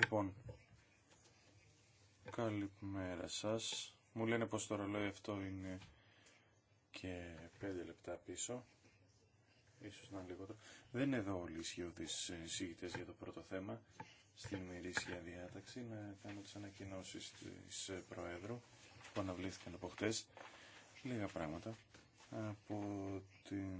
Λοιπόν, καλημέρα σας. Μου λένε πως το ρολόι αυτό είναι και 5 λεπτά πίσω. Ίσως να είναι λιγότερο. Δεν είναι εδώ όλοι οι ισχυώδεις εισηγητές για το πρώτο θέμα στην μυρίσια διάταξη. Να κάνω τις ανακοινώσεις της Προέδρου που αναβλήθηκαν από χτες. Λίγα πράγματα από την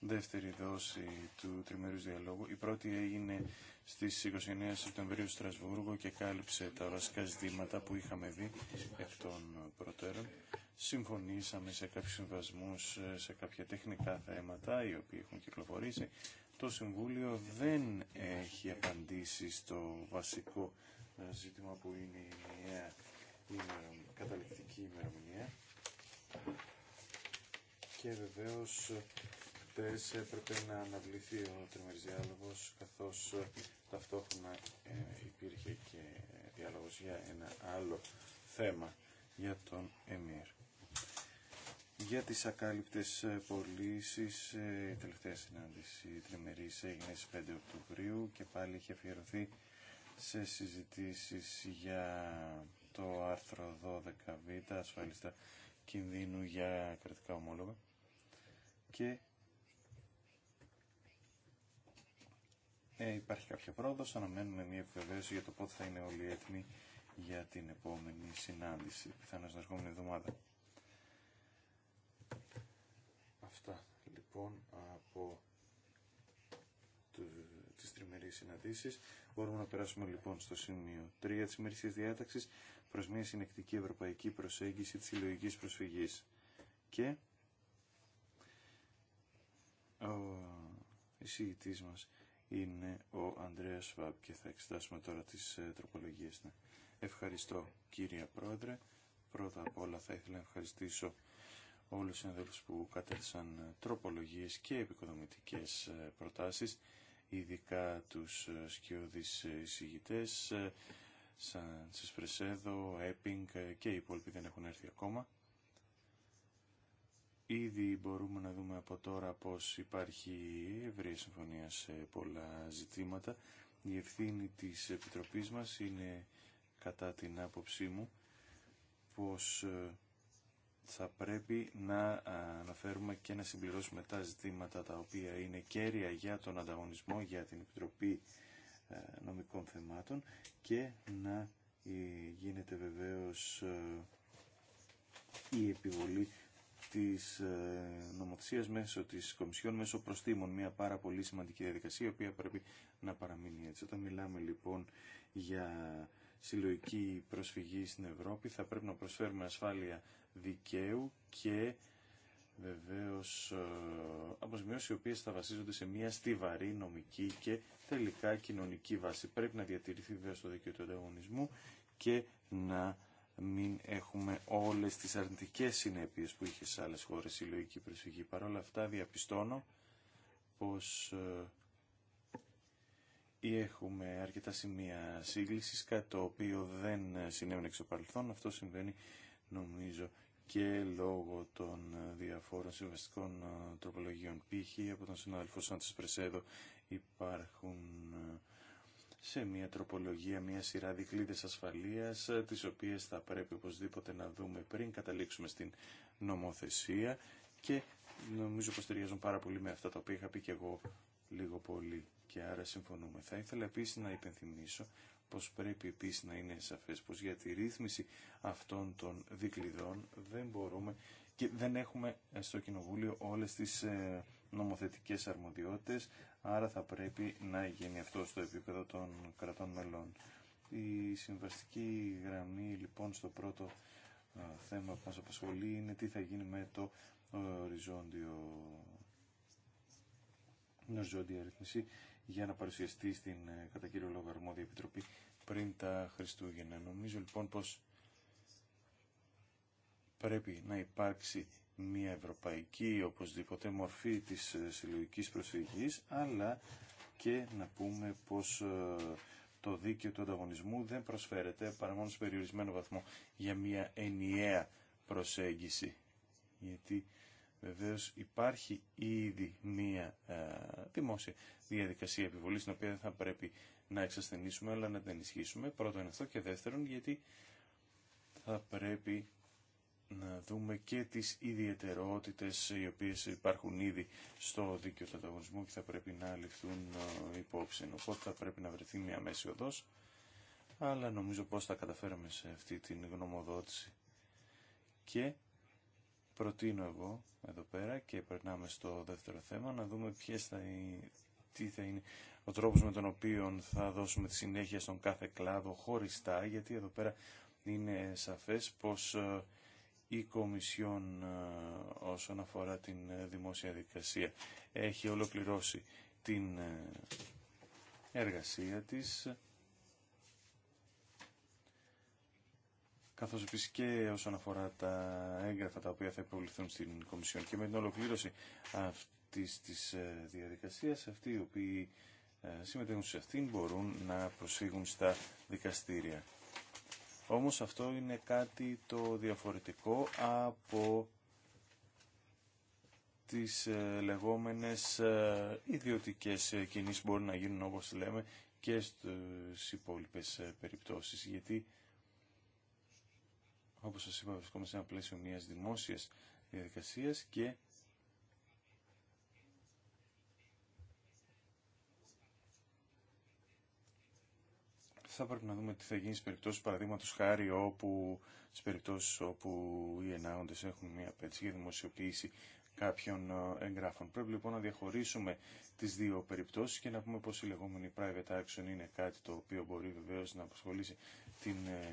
δεύτερη δόση του τριμερούς διαλόγου. Η πρώτη έγινε στις 29 Σεπτεμβρίου στο Στρασβούργο και κάλυψε τα βασικά ζητήματα που είχαμε δει εκ των προτέρων. Συμφωνήσαμε σε κάποιους συμβασμούς, σε κάποια τεχνικά θέματα, οι οποίοι έχουν κυκλοφορήσει. Το Συμβούλιο δεν έχει απαντήσει στο βασικό ε, ζήτημα που είναι η, ε, καταληκτική ημερομηνία. Και βεβαίως αυτές έπρεπε να αναβληθεί ο τριμερής διάλογος καθώς ε, ταυτόχρονα ε, υπήρχε και διάλογος για ένα άλλο θέμα για τον ΕΜΙΡ. Για τις ακάλυπτες ε, πωλήσει, η τελευταία συνάντηση τριμερής έγινε στις 5 Οκτωβρίου και πάλι είχε αφιερωθεί σε συζητήσεις για το άρθρο 12β ασφαλιστά κινδύνου για κρατικά ομόλογα και Ε, υπάρχει κάποια πρόοδος, αναμένουμε μια επιβεβαίωση για το πότε θα είναι όλοι έτοιμοι για την επόμενη συνάντηση, πιθανώς την ερχόμενη εβδομάδα. Αυτά λοιπόν από τις τριμερείς συναντήσεις. Μπορούμε να περάσουμε λοιπόν στο σημείο 3 της ημερησίας διάταξης προς μια συνεκτική ευρωπαϊκή προσέγγιση της συλλογικής προσφυγής. Και ο εισηγητής μας είναι ο Ανδρέας Σβάμπ και θα εξετάσουμε τώρα τις ε, τροπολογίες. Ναι. Ευχαριστώ κύριε Πρόεδρε. Πρώτα απ' όλα θα ήθελα να ευχαριστήσω όλους τους συναδέλφους που κατέθεσαν ε, τροπολογίες και επικοδομητικές ε, προτάσεις, ειδικά τους σκιώδεις εισηγητές, σαν Σεσπρεσέδο, Έπινγκ και οι υπόλοιποι δεν έχουν έρθει ακόμα. Ήδη μπορούμε να δούμε από τώρα πως υπάρχει ευρία συμφωνία σε πολλά ζητήματα. Η ευθύνη της Επιτροπής μας είναι κατά την άποψή μου πως ε, θα πρέπει να ε, αναφέρουμε και να συμπληρώσουμε τα ζητήματα τα οποία είναι κέρια για τον ανταγωνισμό, για την Επιτροπή ε, Νομικών Θεμάτων και να γίνεται βεβαίως η επιβολή της ε, νομοθεσίας μέσω της Κομισιόν, μέσω προστήμων. Μια πάρα πολύ σημαντική διαδικασία, η οποία πρέπει να παραμείνει έτσι. Όταν μιλάμε λοιπόν για συλλογική προσφυγή στην Ευρώπη, θα πρέπει να προσφέρουμε ασφάλεια δικαίου και βεβαίως ε, αποσμιώσεις οι οποίες θα βασίζονται σε μια στιβαρή νομική και τελικά κοινωνική βάση. Πρέπει να διατηρηθεί βέβαια στο δίκαιο του ανταγωνισμού και να μην έχουμε όλες τις αρνητικές συνέπειες που είχε σε άλλες χώρες η λογική προσφυγή. Παρ' όλα αυτά διαπιστώνω πως ή ε, έχουμε αρκετά σημεία σύγκληση κάτι το οποίο δεν συνέβαινε εξ Αυτό συμβαίνει νομίζω και λόγω των ε, διαφόρων συμβαστικών ε, τροπολογιών. Π.χ. από τον συνάδελφο Σάντσε Πρεσέδο υπάρχουν σε μια τροπολογία, μια σειρά δικλείδες ασφαλείας, ε, τις οποίες θα πρέπει οπωσδήποτε να δούμε πριν καταλήξουμε στην νομοθεσία και νομίζω πως ταιριάζουν πάρα πολύ με αυτά τα οποία είχα πει και εγώ λίγο πολύ και άρα συμφωνούμε. Θα ήθελα επίσης να υπενθυμίσω πως πρέπει επίσης να είναι σαφές πως για τη ρύθμιση αυτών των δικλειδών δεν μπορούμε και δεν έχουμε στο Κοινοβούλιο όλες τις ε, νομοθετικές αρμοδιότητες άρα θα πρέπει να γίνει αυτό στο επίπεδο των κρατών μελών. Η συμβαστική γραμμή λοιπόν στο πρώτο θέμα που μας απασχολεί είναι τι θα γίνει με το οριζόντιο οριζόντια αριθμισή για να παρουσιαστεί στην ε, κατά κύριο λόγο αρμόδια επιτροπή πριν τα Χριστούγεννα. Νομίζω λοιπόν πως πρέπει να υπάρξει μια ευρωπαϊκή οπωσδήποτε μορφή της ε, συλλογικής προσφυγής αλλά και να πούμε πως ε, το δίκαιο του ανταγωνισμού δεν προσφέρεται παρά μόνο σε περιορισμένο βαθμό για μια ενιαία προσέγγιση γιατί βεβαίως υπάρχει ήδη μια ε, δημόσια διαδικασία επιβολής την οποία δεν θα πρέπει να εξασθενήσουμε αλλά να την ενισχύσουμε πρώτον αυτό και δεύτερον γιατί θα πρέπει να δούμε και τις ιδιαιτερότητες οι οποίες υπάρχουν ήδη στο δίκαιο του ανταγωνισμού και θα πρέπει να ληφθούν ε, υπόψη. Οπότε θα πρέπει να βρεθεί μια μέση οδός, αλλά νομίζω πως θα καταφέρουμε σε αυτή την γνωμοδότηση. Και προτείνω εγώ εδώ πέρα και περνάμε στο δεύτερο θέμα να δούμε ποιες θα τι θα είναι ο τρόπος με τον οποίο θα δώσουμε τη συνέχεια στον κάθε κλάδο χωριστά γιατί εδώ πέρα είναι σαφές πως ε, η Κομισιόν ε, όσον αφορά την ε, δημόσια δικασία. Έχει ολοκληρώσει την ε, εργασία της, καθώς επίσης και όσον αφορά τα έγγραφα τα οποία θα υποβληθούν στην Κομισιόν. Και με την ολοκλήρωση αυτής της διαδικασίας, αυτοί οι οποίοι συμμετέχουν σε αυτήν μπορούν να προσφύγουν στα δικαστήρια. Όμως αυτό είναι κάτι το διαφορετικό από τις ε, λεγόμενες ε, ιδιωτικές κινήσεις που να γίνουν όπως λέμε και στις υπόλοιπες ε, περιπτώσεις γιατί όπως σας είπα βρισκόμαστε σε ένα πλαίσιο μιας δημόσιας διαδικασίας και θα πρέπει να δούμε τι θα γίνει στις περιπτώσεις παραδείγματο χάρη όπου, στις περιπτώσεις όπου οι ενάγοντες έχουν μια απέτηση για δημοσιοποίηση κάποιων ε, εγγράφων. Πρέπει λοιπόν να διαχωρίσουμε τις δύο περιπτώσεις και να πούμε πως η λεγόμενη private action είναι κάτι το οποίο μπορεί βεβαίω να απασχολήσει την ε,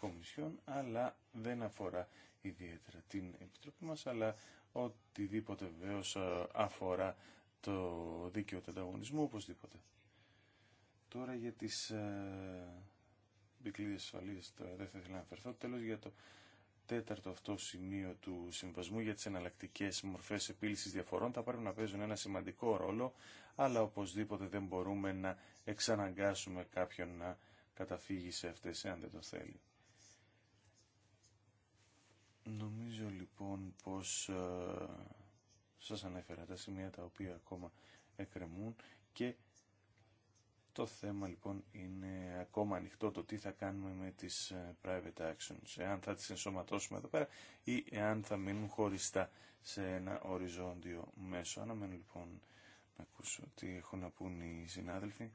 Κομισιόν, αλλά δεν αφορά ιδιαίτερα την Επιτροπή μας, αλλά οτιδήποτε βεβαίω ε, αφορά το δίκαιο του ανταγωνισμού οπωσδήποτε. Τώρα για τις μπικλίδες ε, ασφαλείας, δεν θα ήθελα να αναφερθώ. Τέλος για το τέταρτο αυτό σημείο του συμβασμού για τις εναλλακτικέ μορφές επίλυσης διαφορών θα πρέπει να παίζουν ένα σημαντικό ρόλο, αλλά οπωσδήποτε δεν μπορούμε να εξαναγκάσουμε κάποιον να καταφύγει σε αυτές εάν δεν το θέλει. Νομίζω λοιπόν πως ε, σας ανέφερα τα σημεία τα οποία ακόμα εκκρεμούν και το θέμα λοιπόν είναι ακόμα ανοιχτό το τι θα κάνουμε με τις ε, private actions, εάν θα τις ενσωματώσουμε εδώ πέρα ή εάν θα μείνουν χωριστά σε ένα οριζόντιο μέσο. Αναμένω λοιπόν να ακούσω τι έχουν να πούν οι συνάδελφοι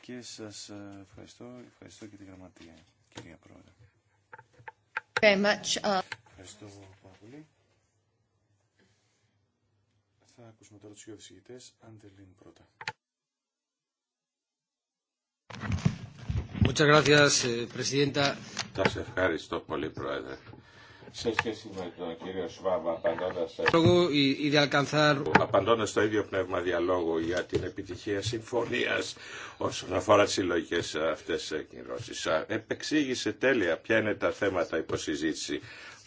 και σας ε, ευχαριστώ, ευχαριστώ και τη γραμματεία, κυρία Πρόεδρε. Uh, ευχαριστώ πάρα πολύ. Θα ακούσουμε τώρα τους δεν λύνουν πρώτα. Muchas eh, Σας ευχαριστώ πολύ, Πρόεδρε. Σε σχέση με τον κύριο Σβάμπ, απαντώντας... στο ίδιο πνεύμα διαλόγου για την επιτυχία συμφωνίας όσον αφορά τις συλλογικές ε, αυτές εκκυρώσεις, επεξήγησε τέλεια ποια είναι τα θέματα υποσυζήτηση.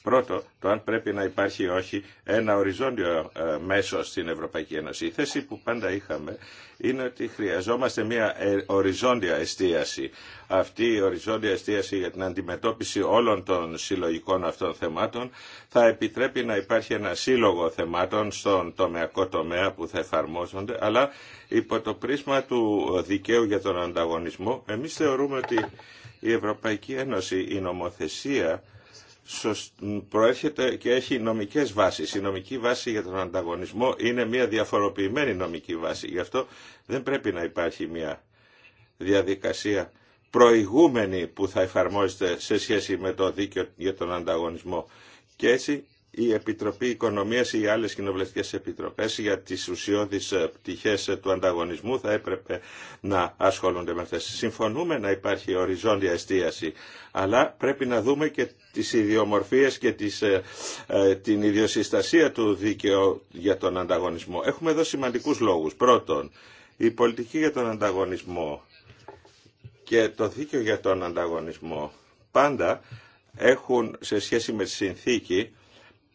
Πρώτο, το αν πρέπει να υπάρχει ή όχι ένα οριζόντιο ε, μέσο στην Ευρωπαϊκή Ένωση. Η θέση που πάντα είχαμε είναι ότι χρειαζόμαστε μια ε, οριζόντια εστίαση. Αυτή η οριζόντια εστίαση για την αντιμετώπιση όλων των συλλογικών αυτών θεμάτων θα επιτρέπει να υπάρχει ένα σύλλογο θεμάτων στον τομεακό τομέα που θα εφαρμόζονται, αλλά υπό το πρίσμα του δικαίου για τον ανταγωνισμό, εμείς θεωρούμε ότι η Ευρωπαϊκή Ένωση, η νομοθεσία προέρχεται και έχει νομικές βάσεις. Η νομική βάση για τον ανταγωνισμό είναι μια διαφοροποιημένη νομική βάση. Γι' αυτό δεν πρέπει να υπάρχει μια διαδικασία προηγούμενη που θα εφαρμόζεται σε σχέση με το δίκαιο για τον ανταγωνισμό. Και έτσι η Επιτροπή Οικονομίας ή οι άλλες κοινοβουλευτικές επιτροπές για τις ουσιώδεις ε, πτυχές ε, του ανταγωνισμού θα έπρεπε να ασχολούνται με αυτές. Συμφωνούμε να υπάρχει οριζόντια εστίαση, αλλά πρέπει να δούμε και τις ιδιομορφίες και τις, ε, την ιδιοσυστασία του δίκαιου για τον ανταγωνισμό. Έχουμε εδώ σημαντικούς λόγους. Πρώτον, η πολιτική για τον ανταγωνισμό και το δίκαιο για τον ανταγωνισμό πάντα έχουν σε σχέση με τη συνθήκη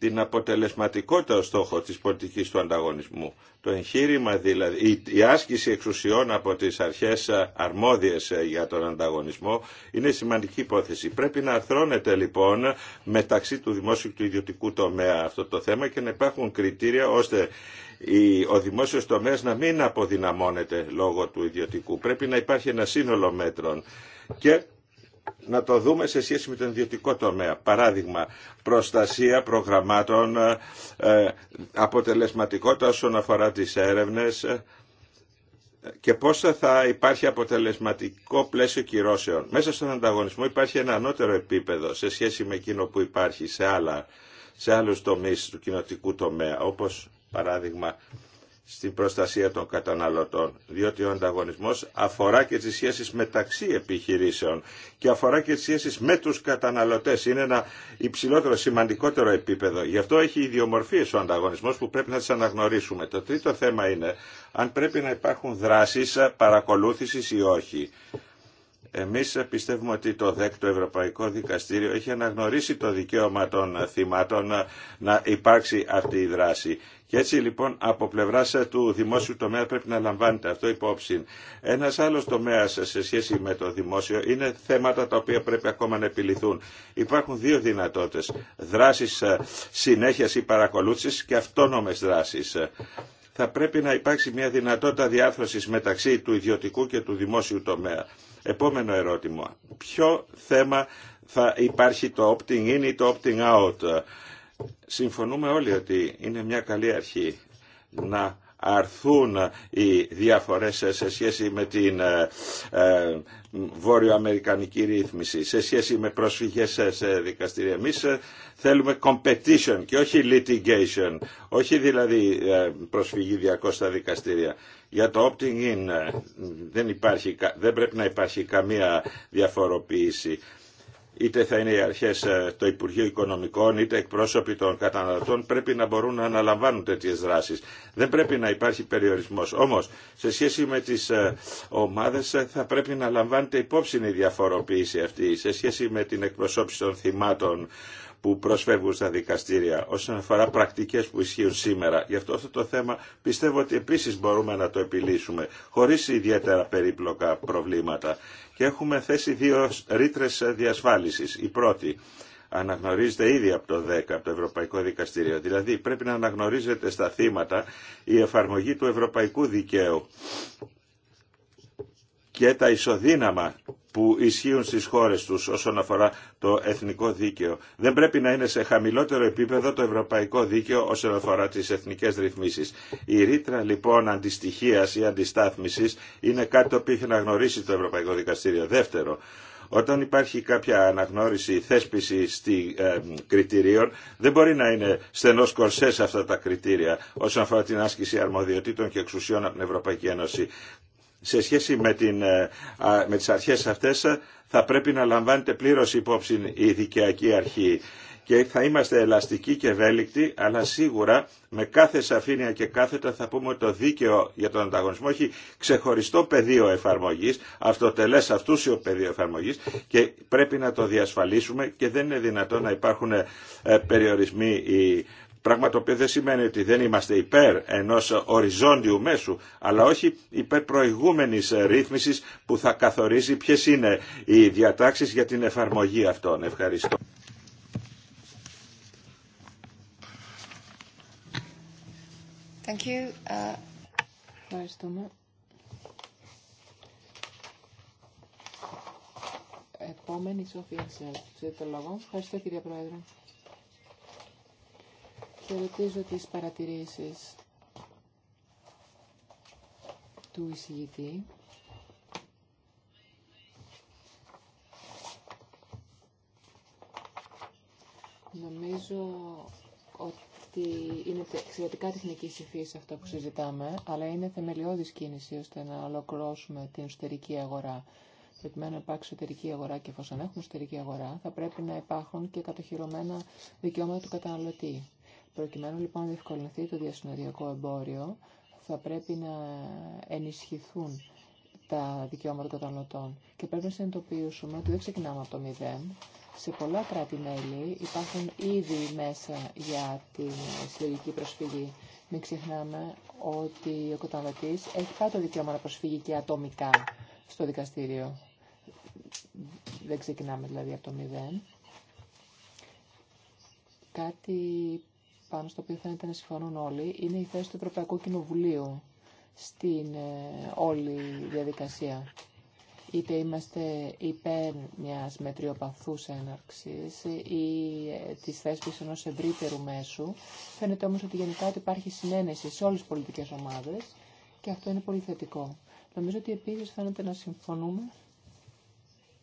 την αποτελεσματικότητα ως στόχο της πολιτικής του ανταγωνισμού. Το εγχείρημα δηλαδή, η, άσκηση εξουσιών από τις αρχές ε, αρμόδιες ε, για τον ανταγωνισμό είναι σημαντική υπόθεση. Πρέπει να αρθρώνεται λοιπόν μεταξύ του δημόσιου και του ιδιωτικού τομέα αυτό το θέμα και να υπάρχουν κριτήρια ώστε ο δημόσιος τομέας να μην αποδυναμώνεται λόγω του ιδιωτικού. Πρέπει να υπάρχει ένα σύνολο μέτρων και να το δούμε σε σχέση με τον ιδιωτικό τομέα. Παράδειγμα, προστασία προγραμμάτων, ε, ε, αποτελεσματικότητα όσον αφορά τις έρευνες, ε, και πώς θα υπάρχει αποτελεσματικό πλαίσιο κυρώσεων. Μέσα στον ανταγωνισμό υπάρχει ένα ανώτερο επίπεδο σε σχέση με εκείνο που υπάρχει σε, άλλα, σε άλλους τομείς του κοινοτικού τομέα, όπως παράδειγμα στην προστασία των καταναλωτών, διότι ο ανταγωνισμός αφορά και τις σχέσεις μεταξύ επιχειρήσεων και αφορά και τις σχέσεις με τους καταναλωτές. Είναι ένα υψηλότερο, σημαντικότερο επίπεδο. Γι' αυτό έχει ιδιομορφίες ο ανταγωνισμός που πρέπει να τις αναγνωρίσουμε. Το τρίτο θέμα είναι αν πρέπει να υπάρχουν δράσεις παρακολούθησης ή όχι. Εμείς πιστεύουμε ότι το ΔΕΚ, το Ευρωπαϊκό Δικαστήριο, έχει αναγνωρίσει το δικαίωμα των θυμάτων να υπάρξει αυτή η δράση και έτσι λοιπόν από πλευρά ε, του δημόσιου τομέα πρέπει να λαμβάνετε αυτό υπόψη. Ένα άλλο τομέα ε, σε σχέση με το δημόσιο είναι θέματα τα οποία πρέπει ακόμα να επιληθούν. Υπάρχουν δύο δυνατότητε. Δράσει ε, συνέχεια ή παρακολούθηση και αυτόνομε δράσει. Θα πρέπει να υπάρξει μια δυνατότητα διάρθρωση μεταξύ του ιδιωτικού και του δημόσιου τομέα. Επόμενο ερώτημα. Ποιο θέμα θα υπάρχει το opting in ή το opting out Συμφωνούμε όλοι ότι είναι μια καλή αρχή να αρθούν οι διαφορές σε σχέση με την ε, ε, βόρειο-αμερικανική ρύθμιση, σε σχέση με προσφυγές σε δικαστήρια. Εμείς ε, θέλουμε competition και όχι litigation, όχι δηλαδή προσφυγή 200 δικαστήρια. Για το opting in δεν, υπάρχει, δεν πρέπει να υπάρχει καμία διαφοροποίηση είτε θα είναι οι αρχές ε, το Υπουργείο Οικονομικών, είτε εκπρόσωποι των καταναλωτών, πρέπει να μπορούν να αναλαμβάνουν τέτοιες δράσεις. Δεν πρέπει να υπάρχει περιορισμός. Όμως, σε σχέση με τις ε, ομάδες ε, θα πρέπει να λαμβάνεται υπόψη η διαφοροποίηση αυτή, σε σχέση με την εκπροσώπηση των θυμάτων που προσφεύγουν στα δικαστήρια όσον αφορά πρακτικές που ισχύουν σήμερα. Γι' αυτό αυτό το θέμα πιστεύω ότι επίσης μπορούμε να το επιλύσουμε χωρίς ιδιαίτερα περίπλοκα προβλήματα. Και έχουμε θέσει δύο ρήτρε διασφάλισης. Η πρώτη αναγνωρίζεται ήδη από το 10, από το Ευρωπαϊκό Δικαστήριο. Δηλαδή πρέπει να αναγνωρίζεται στα θύματα η εφαρμογή του ευρωπαϊκού δικαίου και τα ισοδύναμα που ισχύουν στις χώρες τους όσον αφορά το εθνικό δίκαιο. Δεν πρέπει να είναι σε χαμηλότερο επίπεδο το ευρωπαϊκό δίκαιο όσον αφορά τις εθνικές ρυθμίσεις. Η ρήτρα λοιπόν αντιστοιχίας ή αντιστάθμισης είναι κάτι το οποίο έχει να γνωρίσει το Ευρωπαϊκό Δικαστήριο. Δεύτερο, όταν υπάρχει κάποια αναγνώριση, θέσπιση στη, ε, κριτηρίων, δεν μπορεί να είναι στενό κορσέ αυτά τα κριτήρια όσον αφορά την άσκηση αρμοδιοτήτων και εξουσιών από την Ευρωπαϊκή Ένωση σε σχέση με, την, ε, με τις αρχές αυτές θα πρέπει να λαμβάνεται πλήρως υπόψη η δικαιακή αρχή και θα είμαστε ελαστικοί και ευέλικτοι, αλλά σίγουρα με κάθε σαφήνεια και κάθετα θα πούμε ότι το δίκαιο για τον ανταγωνισμό έχει ξεχωριστό πεδίο εφαρμογής, αυτοτελές αυτούσιο πεδίο εφαρμογής και πρέπει να το διασφαλίσουμε και δεν είναι δυνατό να υπάρχουν ε, περιορισμοί Πράγμα το οποίο δεν σημαίνει ότι δεν είμαστε υπέρ ενός οριζόντιου μέσου, αλλά όχι υπέρ προηγούμενης ρύθμισης που θα καθορίζει ποιες είναι οι διατάξεις για την εφαρμογή αυτών. Ευχαριστώ. Thank you. Uh, Επόμενη Σοφία Σελ. Ευχαριστώ κύριε Πρόεδρε χαιρετίζω τις παρατηρήσεις του εισηγητή. Νομίζω ότι είναι εξαιρετικά τεχνική συμφίση αυτό που συζητάμε, αλλά είναι θεμελιώδης κίνηση ώστε να ολοκληρώσουμε την εσωτερική αγορά. Προκειμένου να υπάρξει εσωτερική αγορά και εφόσον έχουμε εσωτερική αγορά, θα πρέπει να υπάρχουν και κατοχυρωμένα δικαιώματα του καταναλωτή. Προκειμένου λοιπόν να διευκολυνθεί το διασυνοριακό εμπόριο, θα πρέπει να ενισχυθούν τα δικαιώματα των καταναλωτών. Και πρέπει να συνειδητοποιήσουμε ότι δεν ξεκινάμε από το μηδέν. Σε πολλά κράτη-μέλη υπάρχουν ήδη μέσα για τη συλλογική προσφυγή. Μην ξεχνάμε ότι ο καταναλωτή έχει πάντα δικαίωμα να προσφύγει και ατομικά στο δικαστήριο. Δεν ξεκινάμε δηλαδή από το μηδέν. Κάτι πάνω στο οποίο φαίνεται να συμφωνούν όλοι είναι η θέση του Ευρωπαϊκού Κοινοβουλίου στην ε, όλη διαδικασία. Είτε είμαστε υπέρ μιας μετριοπαθούς έναρξης ή ε, της θέσπισης ενός ευρύτερου μέσου. Φαίνεται όμως ότι γενικά υπάρχει συνένεση σε όλες τις πολιτικές ομάδες και αυτό είναι πολύ θετικό. Νομίζω ότι επίσης φαίνεται να συμφωνούμε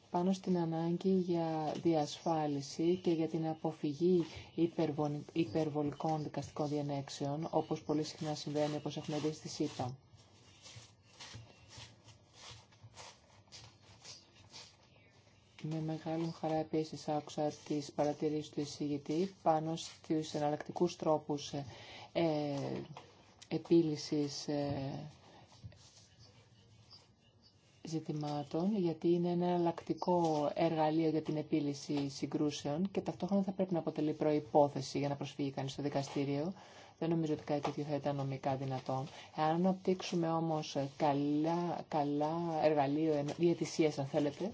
πάνω στην ανάγκη για διασφάλιση και για την αποφυγή υπερβολικών δικαστικών διενέξεων, όπως πολύ συχνά συμβαίνει, όπως έχουμε δει στη ΣΥΠΑ. Με μεγάλη χαρά επίσης άκουσα τις παρατηρήσεις του εισηγητή πάνω στους εναλλακτικούς τρόπους ε, ε επίλυσης ε, ζητημάτων, γιατί είναι ένα εναλλακτικό εργαλείο για την επίλυση συγκρούσεων και ταυτόχρονα θα πρέπει να αποτελεί προϋπόθεση για να προσφύγει κανείς στο δικαστήριο. Δεν νομίζω ότι κάτι τέτοιο θα ήταν νομικά δυνατόν. Αν αναπτύξουμε όμως καλά, καλά εργαλείο διαιτησία, αν θέλετε,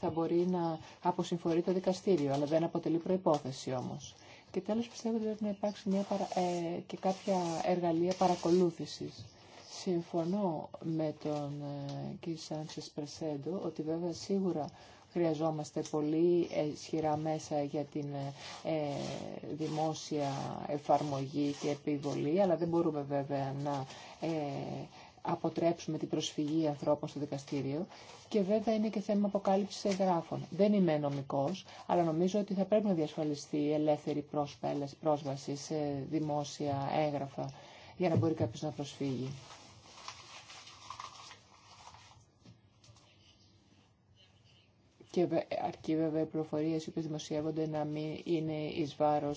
θα μπορεί να αποσυμφορεί το δικαστήριο, αλλά δεν αποτελεί προϋπόθεση όμως. Και τέλος πιστεύω ότι πρέπει να υπάρξει μια παρα... ε, και κάποια εργαλεία παρακολούθησης Συμφωνώ με τον ε, κ. Σάντσες Πρεσέντο ότι βέβαια σίγουρα χρειαζόμαστε πολύ ε, ισχυρά μέσα για την ε, δημόσια εφαρμογή και επιβολή, αλλά δεν μπορούμε βέβαια να αποτρέψουμε την προσφυγή ανθρώπων στο δικαστήριο. Και βέβαια είναι και θέμα αποκάλυψη εγγράφων. Δεν είμαι νομικό, αλλά νομίζω ότι θα πρέπει να διασφαλιστεί η ελεύθερη πρόσβαση σε δημόσια έγγραφα για να μπορεί κάποιο να προσφύγει. και αρκεί βέβαια οι πληροφορίε οι οποίες δημοσιεύονται να μην είναι ει βάρο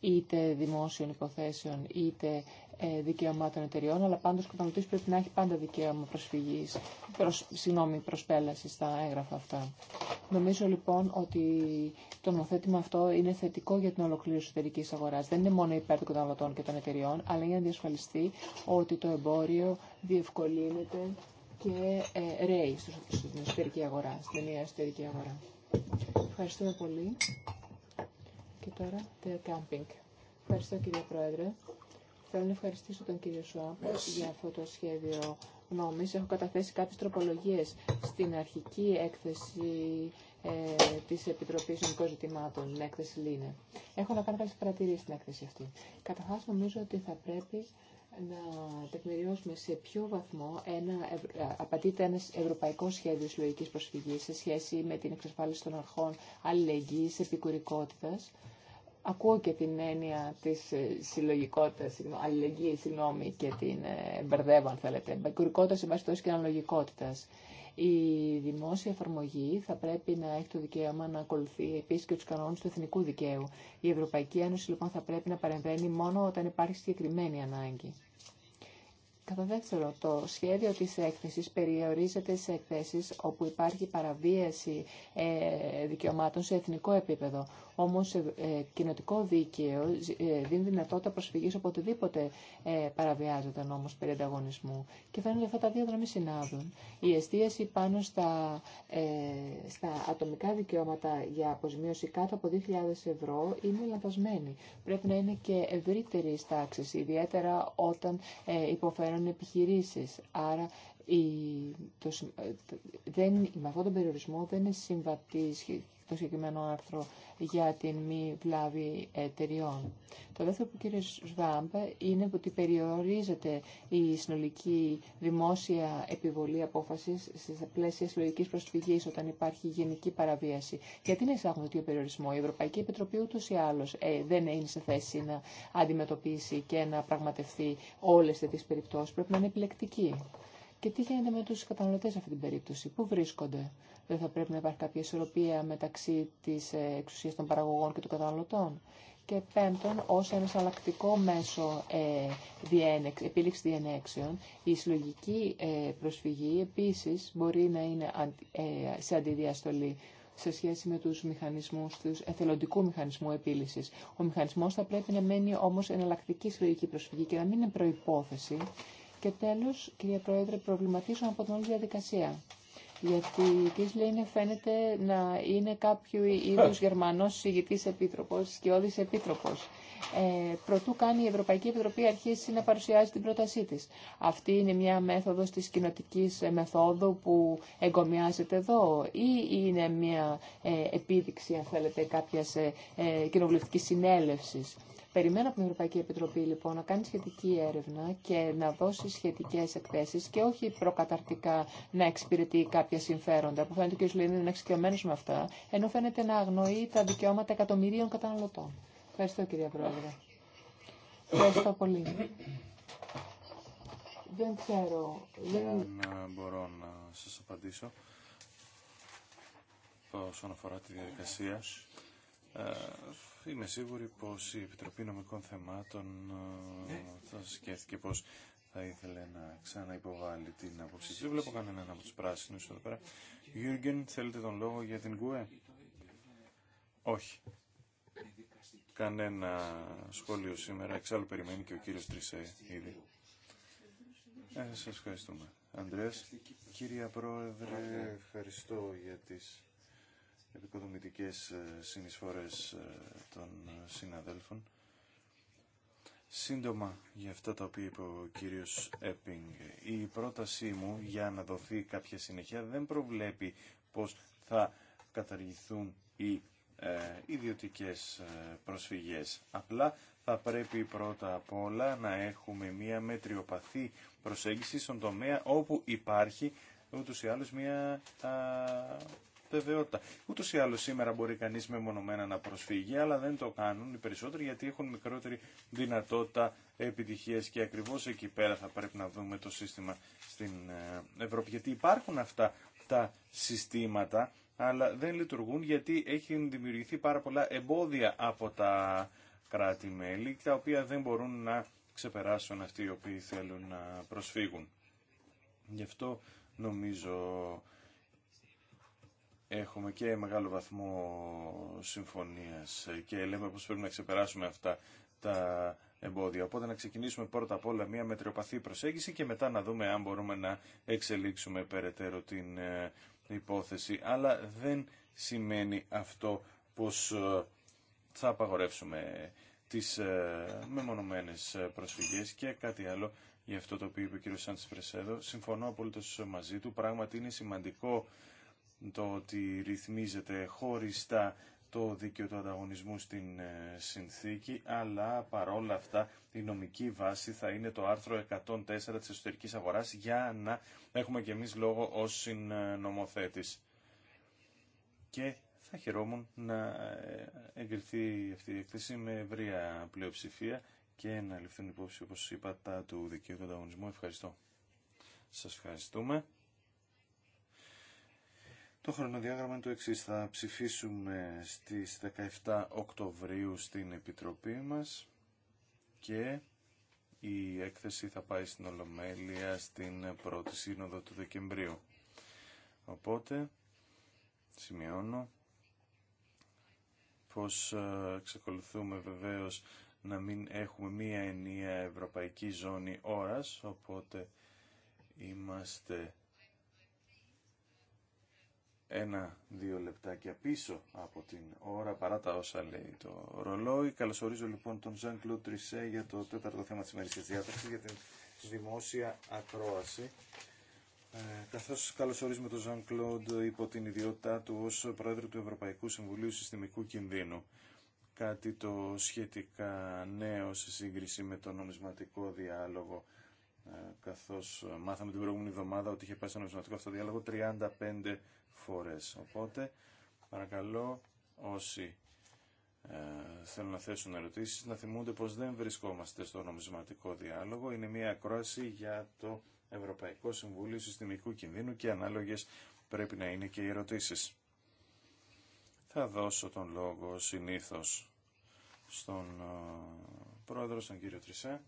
είτε δημόσιων υποθέσεων είτε ε, δικαιωμάτων εταιριών, αλλά πάντως ο καταναλωτή πρέπει να έχει πάντα δικαίωμα προσφυγής, προς, συγγνώμη, προσπέλαση στα έγγραφα αυτά. Νομίζω λοιπόν ότι το νομοθέτημα αυτό είναι θετικό για την ολοκλήρωση εταιρική αγορά. Δεν είναι μόνο υπέρ των καταναλωτών και των εταιριών, αλλά για να διασφαλιστεί ότι το εμπόριο διευκολύνεται και ε, ρέι στην εσωτερική αγορά, στην ενιαία εσωτερική αγορά. Ευχαριστούμε πολύ. Και τώρα, The Camping. Ευχαριστώ κύριε Πρόεδρε. Θέλω να ευχαριστήσω τον κύριο Σουάμπ για αυτό το σχέδιο νόμης. Έχω καταθέσει κάποιες τροπολογίες στην αρχική έκθεση ε, της Επιτροπής Νομικών Ζητημάτων, την έκθεση ΛΙΝΕ. Έχω να κάνω κάποιες παρατηρήσεις στην έκθεση αυτή. Καταρχά νομίζω ότι θα πρέπει να τεκμηριώσουμε σε ποιο βαθμό ένα, ε, απατείται ένα ευρωπαϊκό σχέδιο συλλογική προσφυγή σε σχέση με την εξασφάλιση των αρχών αλληλεγγύη, επικουρικότητα. Ακούω και την έννοια τη ε, συλλογικότητα, αλληλεγγύη, συγγνώμη, και την ε, μπερδεύω, αν θέλετε. Επικουρικότητα, εν πάση και αναλογικότητα. Η δημόσια εφαρμογή θα πρέπει να έχει το δικαίωμα να ακολουθεί επίση και του κανόνε του εθνικού δικαίου. Η Ευρωπαϊκή Ένωση λοιπόν θα πρέπει να παρεμβαίνει μόνο όταν υπάρχει συγκεκριμένη ανάγκη. Κατά δεύτερο, το σχέδιο της έκθεσης περιορίζεται σε εκθέσεις όπου υπάρχει παραβίαση ε, δικαιωμάτων σε εθνικό επίπεδο. Όμω ε, ε, κοινοτικό δίκαιο ε, δίνει δυνατότητα προσφυγής οποτεδήποτε ε, παραβιάζεται ο νόμος περί ανταγωνισμού. Και φαίνεται αυτά τα δύο να μην συνάδουν. Η εστίαση πάνω στα, ατομικά δικαιώματα για αποζημίωση κάτω από 2.000 ευρώ είναι λανθασμένη. Πρέπει να είναι και ευρύτερη στάξη, ιδιαίτερα όταν υποφέρουν επιχειρήσει. Άρα η, δεν, με αυτόν τον περιορισμό δεν είναι συμβατή το συγκεκριμένο άρθρο για την μη βλάβη εταιριών. Το δεύτερο που κύριε Σβάμπ είναι ότι περιορίζεται η συνολική δημόσια επιβολή απόφαση σε πλαίσια συλλογική προσφυγή όταν υπάρχει γενική παραβίαση. Γιατί να εισάγουμε τέτοιο περιορισμό. Η Ευρωπαϊκή Επιτροπή ούτω ή άλλω ε, δεν είναι σε θέση να αντιμετωπίσει και να πραγματευτεί όλε τι περιπτώσει. Πρέπει να είναι επιλεκτική. Και τι γίνεται με τους καταναλωτές σε αυτή την περίπτωση, πού βρίσκονται. Δεν θα πρέπει να υπάρχει κάποια ισορροπία μεταξύ της ε, εξουσίας των παραγωγών και των καταναλωτών. Και πέμπτον, ω ένα αλλακτικό μέσο ε, διένεξ, επίληξη διενέξεων, η συλλογική ε, προσφυγή επίση μπορεί να είναι ε, σε αντιδιαστολή σε σχέση με τους μηχανισμούς, του εθελοντικού μηχανισμού επίλυσης. Ο μηχανισμός θα πρέπει να μένει όμως εναλλακτική συλλογική προσφυγή και να μην είναι προϋπόθεση και τέλος, κυρία Πρόεδρε, προβληματίζω από την όλη διαδικασία. Γιατί η Κίσλεϊν φαίνεται να είναι κάποιο είδου Γερμανό ηγητή επίτροπο, σκιώδη επίτροπο ε, προτού κάνει η Ευρωπαϊκή Επιτροπή αρχίσει να παρουσιάζει την πρότασή της. Αυτή είναι μια μέθοδος της κοινοτική ε, μεθόδου που εγκομιάζεται εδώ ή είναι μια ε, επίδειξη, αν θέλετε, κάποιας ε, ε, κοινοβουλευτικής συνέλευσης. Περιμένω από την Ευρωπαϊκή Επιτροπή λοιπόν να κάνει σχετική έρευνα και να δώσει σχετικέ εκθέσει και όχι προκαταρτικά να εξυπηρετεί κάποια συμφέροντα που φαίνεται ο κ. Λίνιν είναι εξοικειωμένο με αυτά, ενώ φαίνεται να αγνοεί τα δικαιώματα εκατομμυρίων καταναλωτών. Ευχαριστώ κυρία Πρόεδρε. Ευχαριστώ πολύ. Δεν ξέρω. Δεν ε, μπορώ να σα απαντήσω όσον αφορά τη διαδικασία. Ε, είμαι σίγουρη πως η Επιτροπή Νομικών Θεμάτων ε, ναι. θα σκέφτηκε πως θα ήθελε να ξαναυποβάλει την άποψη. Δεν βλέπω κανέναν από τους πράσινους εδώ πέρα. Γιούργεν, θέλετε τον λόγο για την ΚΟΕ. Όχι κανένα σχόλιο σήμερα. Εξάλλου περιμένει και ο κύριος Τρισέ ήδη. Ε, σας ευχαριστούμε. Ανδρέας. Κυρία Πρόεδρε, ευχαριστώ για τις επικοδομητικές ε, συνεισφορές ε, των συναδέλφων. Σύντομα για αυτά τα οποία είπε ο κύριος Έπινγκ. Η πρότασή μου για να δοθεί κάποια συνεχεία δεν προβλέπει πως θα καταργηθούν οι ε, ιδιωτικές ε, προσφυγές. Απλά θα πρέπει πρώτα απ' όλα να έχουμε μία μετριοπαθή προσέγγιση στον τομέα όπου υπάρχει ούτως ή άλλως μία βεβαιότητα. Ούτως ή άλλως σήμερα μπορεί κανείς μεμονωμένα να προσφύγει, αλλά δεν το κάνουν οι περισσότεροι γιατί έχουν μικρότερη δυνατότητα επιτυχίας και ακριβώς εκεί πέρα θα πρέπει να δούμε το σύστημα στην ε, Ευρώπη. Γιατί υπάρχουν αυτά τα συστήματα αλλά δεν λειτουργούν γιατί έχουν δημιουργηθεί πάρα πολλά εμπόδια από τα κράτη-μέλη, τα οποία δεν μπορούν να ξεπεράσουν αυτοί οι οποίοι θέλουν να προσφύγουν. Γι' αυτό νομίζω έχουμε και μεγάλο βαθμό συμφωνίας και λέμε πως πρέπει να ξεπεράσουμε αυτά τα εμπόδια. Οπότε να ξεκινήσουμε πρώτα απ' όλα μια μετριοπαθή προσέγγιση και μετά να δούμε αν μπορούμε να εξελίξουμε περαιτέρω την ε, υπόθεση, αλλά δεν σημαίνει αυτό πως ε, θα απαγορεύσουμε τις ε, μεμονωμένες ε, προσφυγές και κάτι άλλο για αυτό το οποίο είπε ο κ. Σάντς Φρεσέδο. Συμφωνώ απολύτως μαζί του. Πράγματι είναι σημαντικό το ότι ρυθμίζεται χωριστά το δίκαιο του ανταγωνισμού στην ε, συνθήκη, αλλά παρόλα αυτά η νομική βάση θα είναι το άρθρο 104 της εσωτερικής αγοράς για να έχουμε και εμείς λόγο ως συνομοθέτης. Και θα χαιρόμουν να ε, εγκριθεί αυτή η εκθέση με ευρεία πλειοψηφία και να ληφθούν υπόψη, όπως είπα, τα του δικαίου του ανταγωνισμού. Ευχαριστώ. Σας ευχαριστούμε. Το χρονοδιάγραμμα είναι το εξή. Θα ψηφίσουμε στις 17 Οκτωβρίου στην Επιτροπή μας και η έκθεση θα πάει στην Ολομέλεια στην πρώτη σύνοδο του Δεκεμβρίου. Οπότε, σημειώνω πως ε, εξακολουθούμε βεβαίως να μην έχουμε μία ενιαία ευρωπαϊκή ζώνη ώρας, οπότε είμαστε ένα-δύο λεπτάκια πίσω από την ώρα παρά τα όσα λέει το ρολόι. Καλωσορίζω λοιπόν τον Ζαν Κλου Τρισέ για το τέταρτο θέμα της ημερικής διάταξης για την δημόσια ακρόαση. Ε, καθώς καλωσορίζουμε τον Ζαν Κλοντ υπό την ιδιότητά του ως Πρόεδρο του Ευρωπαϊκού Συμβουλίου Συστημικού Κινδύνου. Κάτι το σχετικά νέο σε σύγκριση με τον νομισματικό διάλογο ε, καθώς μάθαμε την προηγούμενη εβδομάδα ότι είχε πάει στο νομισματικό αυτό διάλογο 35 φορέ. Οπότε, παρακαλώ όσοι ε, θέλουν να θέσουν ερωτήσεις να θυμούνται πως δεν βρισκόμαστε στο νομισματικό διάλογο. Είναι μια ακρόαση για το Ευρωπαϊκό Συμβούλιο Συστημικού Κινδύνου και ανάλογε πρέπει να είναι και οι ερωτήσει. Θα δώσω τον λόγο συνήθω στον ε, πρόεδρο, στον κύριο Τρισέ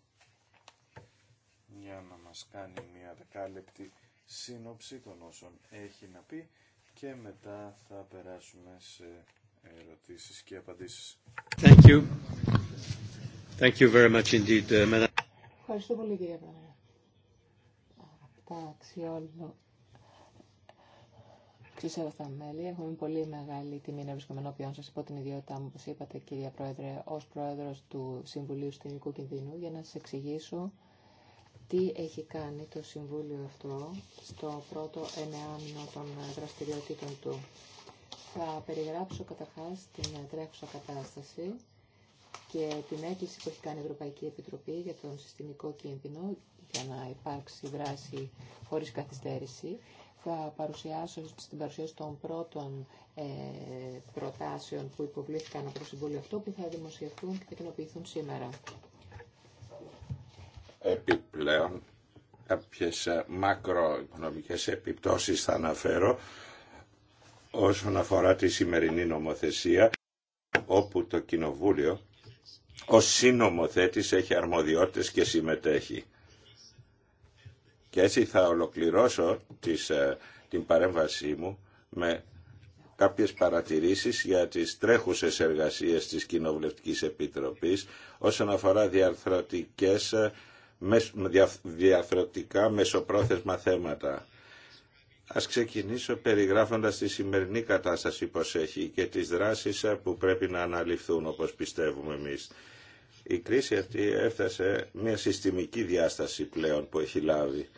για να μας κάνει μια δεκάλεπτη σύνοψη των όσων έχει να πει και μετά θα περάσουμε σε ερωτήσεις και απαντήσεις. Uh, Ευχαριστώ πολύ κύριε Πρόεδρε. Αγαπητά αξιόλου στα μέλη, έχουμε πολύ μεγάλη τιμή να βρίσκομαι ενώπιον σα υπό την ιδιότητά μου, όπω είπατε, κυρία Πρόεδρε, ω πρόεδρο του Συμβουλίου Συντηρικού Κινδύνου, για να σα εξηγήσω τι έχει κάνει το Συμβούλιο αυτό στο πρώτο εννεάμινο των δραστηριοτήτων του. Θα περιγράψω καταρχάς την τρέχουσα κατάσταση και την έκκληση που έχει κάνει η Ευρωπαϊκή Επιτροπή για τον συστημικό κίνδυνο για να υπάρξει δράση χωρίς καθυστέρηση. Θα παρουσιάσω στην παρουσίαση των πρώτων ε, προτάσεων που υποβλήθηκαν από το Συμβούλιο αυτό που θα δημοσιευτούν και θα κοινοποιηθούν σήμερα. Επιπλέον, κάποιες ε, μακροοικονομικές επιπτώσεις θα αναφέρω όσον αφορά τη σημερινή νομοθεσία όπου το Κοινοβούλιο ως συνομοθέτης έχει αρμοδιότητες και συμμετέχει. Και έτσι θα ολοκληρώσω τις, ε, την παρέμβασή μου με κάποιες παρατηρήσεις για τις τρέχουσες εργασίες της Κοινοβουλευτικής Επιτροπής όσον αφορά διαρθρωτικές ε, διαφορετικά μεσοπρόθεσμα θέματα. Ας ξεκινήσω περιγράφοντας τη σημερινή κατάσταση πως έχει και τις δράσεις που πρέπει να αναλυφθούν όπως πιστεύουμε εμείς. Η κρίση αυτή έφτασε μια συστημική διάσταση πλέον που έχει λάβει.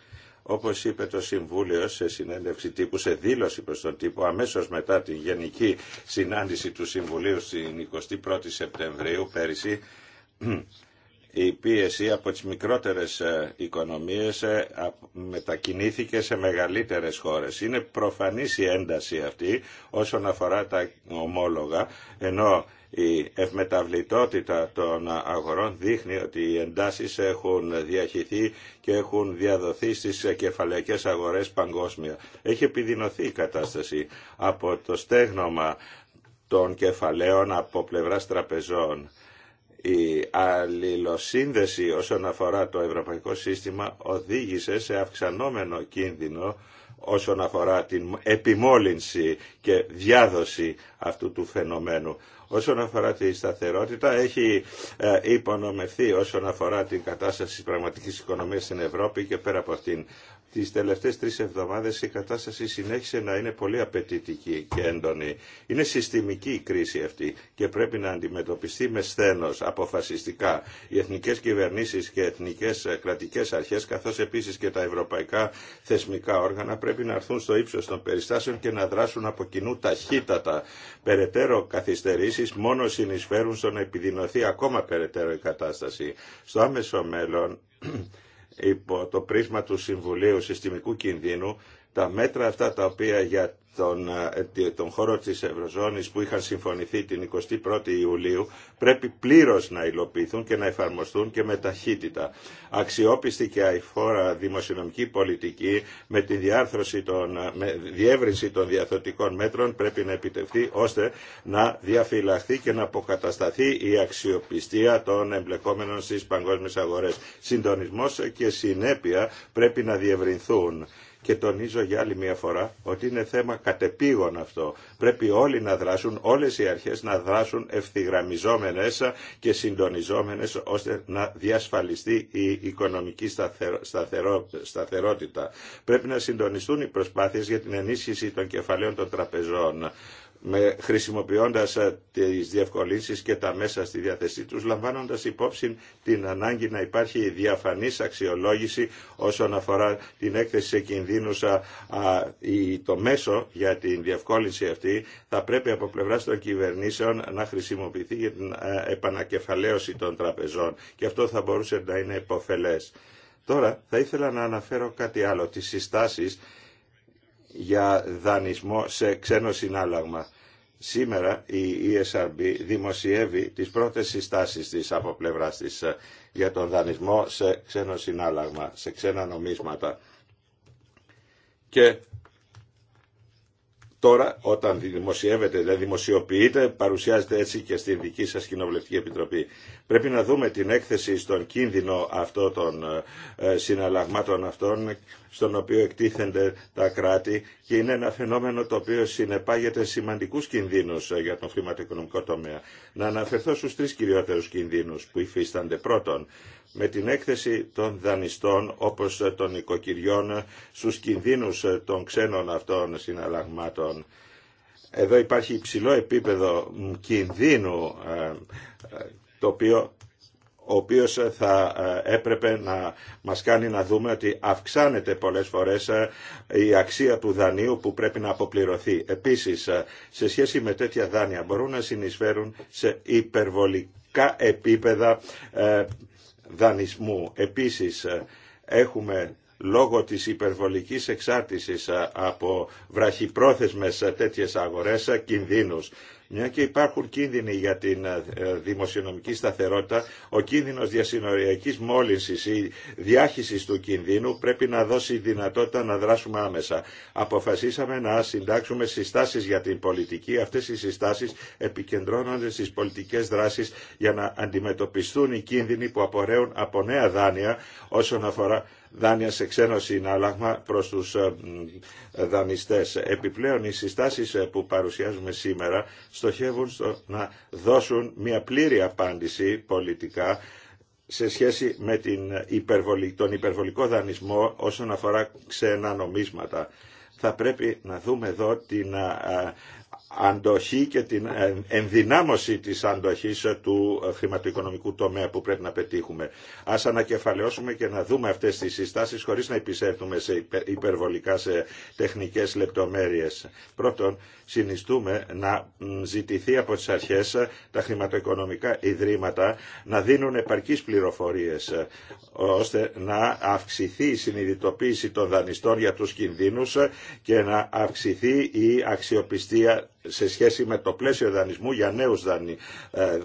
Όπως είπε το Συμβούλιο σε συνέντευξη τύπου, σε δήλωση προς τον τύπο, αμέσως μετά την γενική συνάντηση του Συμβουλίου στην 21η Σεπτεμβρίου πέρυσι, η πίεση από τις μικρότερες ε, οικονομίες ε, μετακινήθηκε σε μεγαλύτερες χώρες. Είναι προφανής η ένταση αυτή όσον αφορά τα ομόλογα, ενώ η ευμεταβλητότητα των αγορών δείχνει ότι οι εντάσεις έχουν διαχυθεί και έχουν διαδοθεί στις κεφαλαϊκές αγορές παγκόσμια. Έχει επιδεινωθεί η κατάσταση από το στέγνομα των κεφαλαίων από πλευράς τραπεζών η αλληλοσύνδεση όσον αφορά το ευρωπαϊκό σύστημα οδήγησε σε αυξανόμενο κίνδυνο όσον αφορά την επιμόλυνση και διάδοση αυτού του φαινομένου. Όσον αφορά τη σταθερότητα, έχει ε, υπονομευθεί όσον αφορά την κατάσταση της πραγματικής οικονομίας στην Ευρώπη και πέρα από αυτήν τις τελευταίες τρεις εβδομάδες η κατάσταση συνέχισε να είναι πολύ απαιτητική και έντονη. Είναι συστημική η κρίση αυτή και πρέπει να αντιμετωπιστεί με σθένος αποφασιστικά. Οι εθνικές κυβερνήσεις και οι εθνικές ε, κρατικές αρχές καθώς επίσης και τα ευρωπαϊκά θεσμικά όργανα πρέπει να έρθουν στο ύψος των περιστάσεων και να δράσουν από κοινού ταχύτατα. Περαιτέρω καθυστερήσεις μόνο συνεισφέρουν στο να επιδεινωθεί ακόμα περαιτέρω η κατάσταση. Στο άμεσο μέλλον υπό το πρίσμα του Συμβουλίου Συστημικού Κινδύνου τα μέτρα αυτά τα οποία για τον, ε, τον χώρο της Ευρωζώνης που είχαν συμφωνηθεί την 21η Ιουλίου πρέπει πλήρως να υλοποιηθούν και να εφαρμοστούν και με ταχύτητα. Αξιόπιστη και αηφόρα δημοσιονομική πολιτική με τη διάρθρωση των, ε, με διεύρυνση των διαθωτικών μέτρων πρέπει να επιτευχθεί ώστε να διαφυλαχθεί και να αποκατασταθεί η αξιοπιστία των εμπλεκόμενων στις παγκόσμιες αγορές. Συντονισμός και συνέπεια πρέπει να διευρυνθούν και τονίζω για άλλη μια φορά ότι είναι θέμα κατεπήγον αυτό. Πρέπει όλοι να δράσουν, όλες οι αρχές να δράσουν ευθυγραμμιζόμενες και συντονιζόμενες ώστε να διασφαλιστεί η οικονομική σταθερότητα. Πρέπει να συντονιστούν οι προσπάθειες για την ενίσχυση των κεφαλαίων των τραπεζών με, χρησιμοποιώντας ε, τις διευκολύνσεις και τα μέσα στη διάθεσή τους, λαμβάνοντας υπόψη την ανάγκη να υπάρχει διαφανής αξιολόγηση όσον αφορά την έκθεση σε κινδύνους το μέσο για την διευκόλυνση αυτή θα πρέπει από πλευρά των κυβερνήσεων να χρησιμοποιηθεί για την α, ε, επανακεφαλαίωση των τραπεζών και αυτό θα μπορούσε να είναι υποφελές. Τώρα θα ήθελα να αναφέρω κάτι άλλο, τις συστάσεις για δανεισμό σε ξένο συνάλλαγμα. Σήμερα η ESRB δημοσιεύει τις πρώτες συστάσεις της από πλευράς της ε, για τον δανεισμό σε ξένο συνάλλαγμα, σε ξένα νομίσματα. Και Τώρα όταν δημοσιεύεται, δεν δημοσιοποιείται, παρουσιάζεται έτσι και στη δική σας Κοινοβουλευτική Επιτροπή. Πρέπει να δούμε την έκθεση στον κίνδυνο αυτών των ε, συναλλαγμάτων αυτών, στον οποίο εκτίθενται τα κράτη και είναι ένα φαινόμενο το οποίο συνεπάγεται σημαντικούς κινδύνους ε, για τον χρηματοοικονομικό τομέα. Να αναφερθώ στους τρεις κυριότερους κινδύνους που υφίστανται. Πρώτον, με την έκθεση των δανειστών όπως των οικοκυριών στους κινδύνους των ξένων αυτών συναλλαγμάτων. Εδώ υπάρχει υψηλό επίπεδο κινδύνου ε, το οποίο ο θα ε, έπρεπε να μας κάνει να δούμε ότι αυξάνεται πολλές φορές ε, η αξία του δανείου που πρέπει να αποπληρωθεί. Επίσης, σε σχέση με τέτοια δάνεια μπορούν να συνεισφέρουν σε υπερβολικά επίπεδα δανεισμού. Επίσης ε, έχουμε λόγω της υπερβολικής εξάρτησης ε, από βραχυπρόθεσμες ε, τέτοιες αγορές κινδύνους. Μια και υπάρχουν κίνδυνοι για την ε, δημοσιονομική σταθερότητα, ο κίνδυνος διασυνοριακής μόλυνσης ή διάχυσης του κινδύνου πρέπει να δώσει δυνατότητα να δράσουμε άμεσα. Αποφασίσαμε να συντάξουμε συστάσεις για την πολιτική. Αυτές οι συστάσεις επικεντρώνονται στις πολιτικές δράσεις για να αντιμετωπιστούν οι κίνδυνοι που απορρέουν από νέα δάνεια όσον αφορά δάνεια σε ξένο συνάλλαγμα προς τους ε, δανειστές. Επιπλέον οι συστάσεις ε, που παρουσιάζουμε σήμερα στοχεύουν στο να δώσουν μια πλήρη απάντηση πολιτικά σε σχέση με την υπερβολη, τον υπερβολικό δανεισμό όσον αφορά ξένα νομίσματα. Θα πρέπει να δούμε εδώ την ε, αντοχή και την ε, ενδυνάμωση της αντοχής ε, του ε, χρηματοοικονομικού τομέα που πρέπει να πετύχουμε. Ας ανακεφαλαιώσουμε και να δούμε αυτές τις συστάσεις χωρίς να επισέλθουμε σε υπερβολικά σε τεχνικές λεπτομέρειες. Πρώτον, συνιστούμε να ζητηθεί από τις αρχές τα χρηματοοικονομικά ιδρύματα να δίνουν επαρκείς πληροφορίες ώστε να αυξηθεί η συνειδητοποίηση των δανειστών για τους κινδύνους και να αυξηθεί η αξιοπιστία σε σχέση με το πλαίσιο δανεισμού για νέους δανει, ε,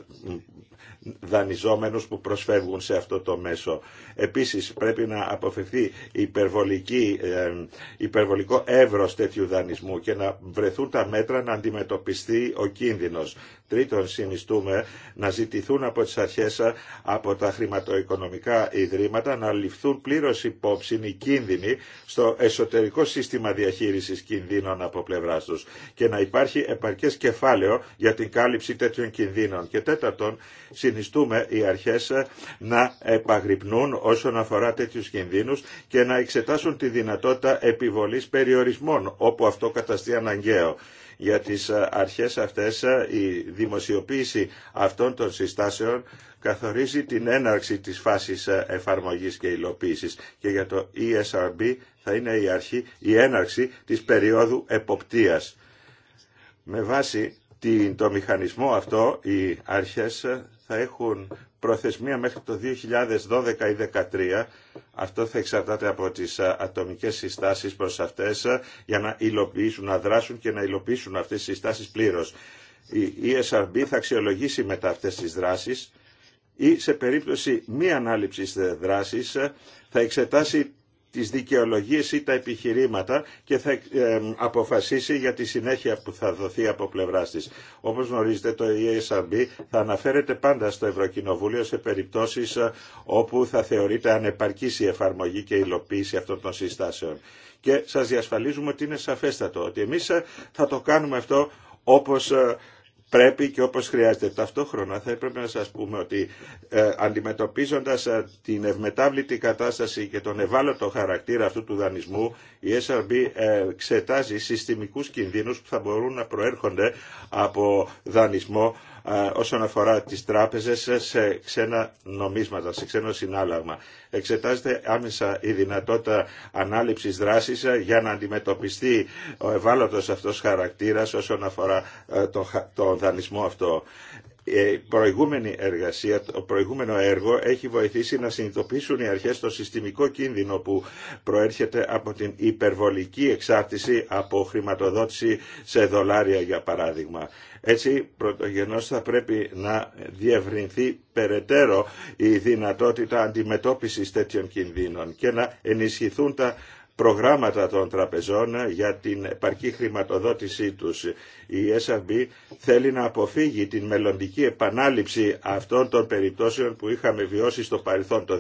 δανειζόμενους που προσφεύγουν σε αυτό το μέσο. Επίσης πρέπει να αποφευθεί υπερβολική, ε, υπερβολικό εύρος τέτοιου δανεισμού και να βρεθούν τα μέτρα να αντιμετωπιστεί ο κίνδυνος. Τρίτον, συνιστούμε να ζητηθούν από τις αρχές από τα χρηματοοικονομικά ιδρύματα να ληφθούν πλήρως υπόψη οι κίνδυνοι στο εσωτερικό σύστημα διαχείρισης κινδύνων από πλευρά τους και να υπάρχει επαρκές κεφάλαιο για την κάλυψη τέτοιων κινδύνων. Και τέταρτον, συνιστούμε οι αρχές να επαγρυπνούν όσον αφορά τέτοιους κινδύνους και να εξετάσουν τη δυνατότητα επιβολής περιορισμών όπου αυτό καταστεί αναγκαίο για τις ε, αρχές αυτές ε, η δημοσιοποίηση αυτών των συστάσεων καθορίζει την έναρξη της φάσης ε, εφαρμογής και υλοποίησης και για το ESRB θα είναι η αρχή, η έναρξη της περίοδου εποπτείας. Με βάση το μηχανισμό αυτό οι αρχές θα έχουν προθεσμία μέχρι το 2012 ή 2013. Αυτό θα εξαρτάται από τις ατομικές συστάσεις προς αυτές για να υλοποιήσουν, να δράσουν και να υλοποιήσουν αυτές τις συστάσεις πλήρως. Η ESRB θα αξιολογήσει μετά αυτές τις δράσεις ή σε περίπτωση μη ανάληψης ε, δράσης ε, θα εξετάσει τις δικαιολογίες ή τα επιχειρήματα και θα αποφασίσει για τη συνέχεια που θα δοθεί από πλευρά τη. Όπως γνωρίζετε το ESRB θα αναφέρεται πάντα στο Ευρωκοινοβούλιο σε περιπτώσεις ε, όπου θα θεωρείται ανεπαρκής η εφαρμογή και η υλοποίηση αυτών των συστάσεων. Και σας διασφαλίζουμε ότι είναι σαφέστατο ότι εμείς ε, θα το κάνουμε αυτό όπως ε, πρέπει και όπως χρειάζεται. Ταυτόχρονα θα έπρεπε να σας πούμε ότι ε, αντιμετωπίζοντας ε, την ευμετάβλητη κατάσταση και τον ευάλωτο χαρακτήρα αυτού του δανεισμού, η SRB ε, εξετάζει συστημικούς κινδύνους που θα μπορούν να προέρχονται από δανεισμό όσον αφορά τις τράπεζες σε ξένα νομίσματα, σε ξένο συνάλλαγμα. Εξετάζεται άμεσα η δυνατότητα ανάληψης δράσης ε, για να αντιμετωπιστεί ο ευάλωτος αυτός χαρακτήρας όσον αφορά ε, τον δανεισμό αυτό η ε, προηγούμενη εργασία, το προηγούμενο έργο έχει βοηθήσει να συνειδητοποιήσουν οι αρχές το συστημικό κίνδυνο που προέρχεται από την υπερβολική εξάρτηση από χρηματοδότηση σε δολάρια για παράδειγμα. Έτσι πρωτογενώς θα πρέπει να διευρυνθεί περαιτέρω η δυνατότητα αντιμετώπισης τέτοιων κινδύνων και να ενισχυθούν τα προγράμματα των τραπεζών για την επαρκή χρηματοδότησή τους. Η SRB θέλει να αποφύγει την μελλοντική επανάληψη αυτών των περιπτώσεων που είχαμε βιώσει στο παρελθόν το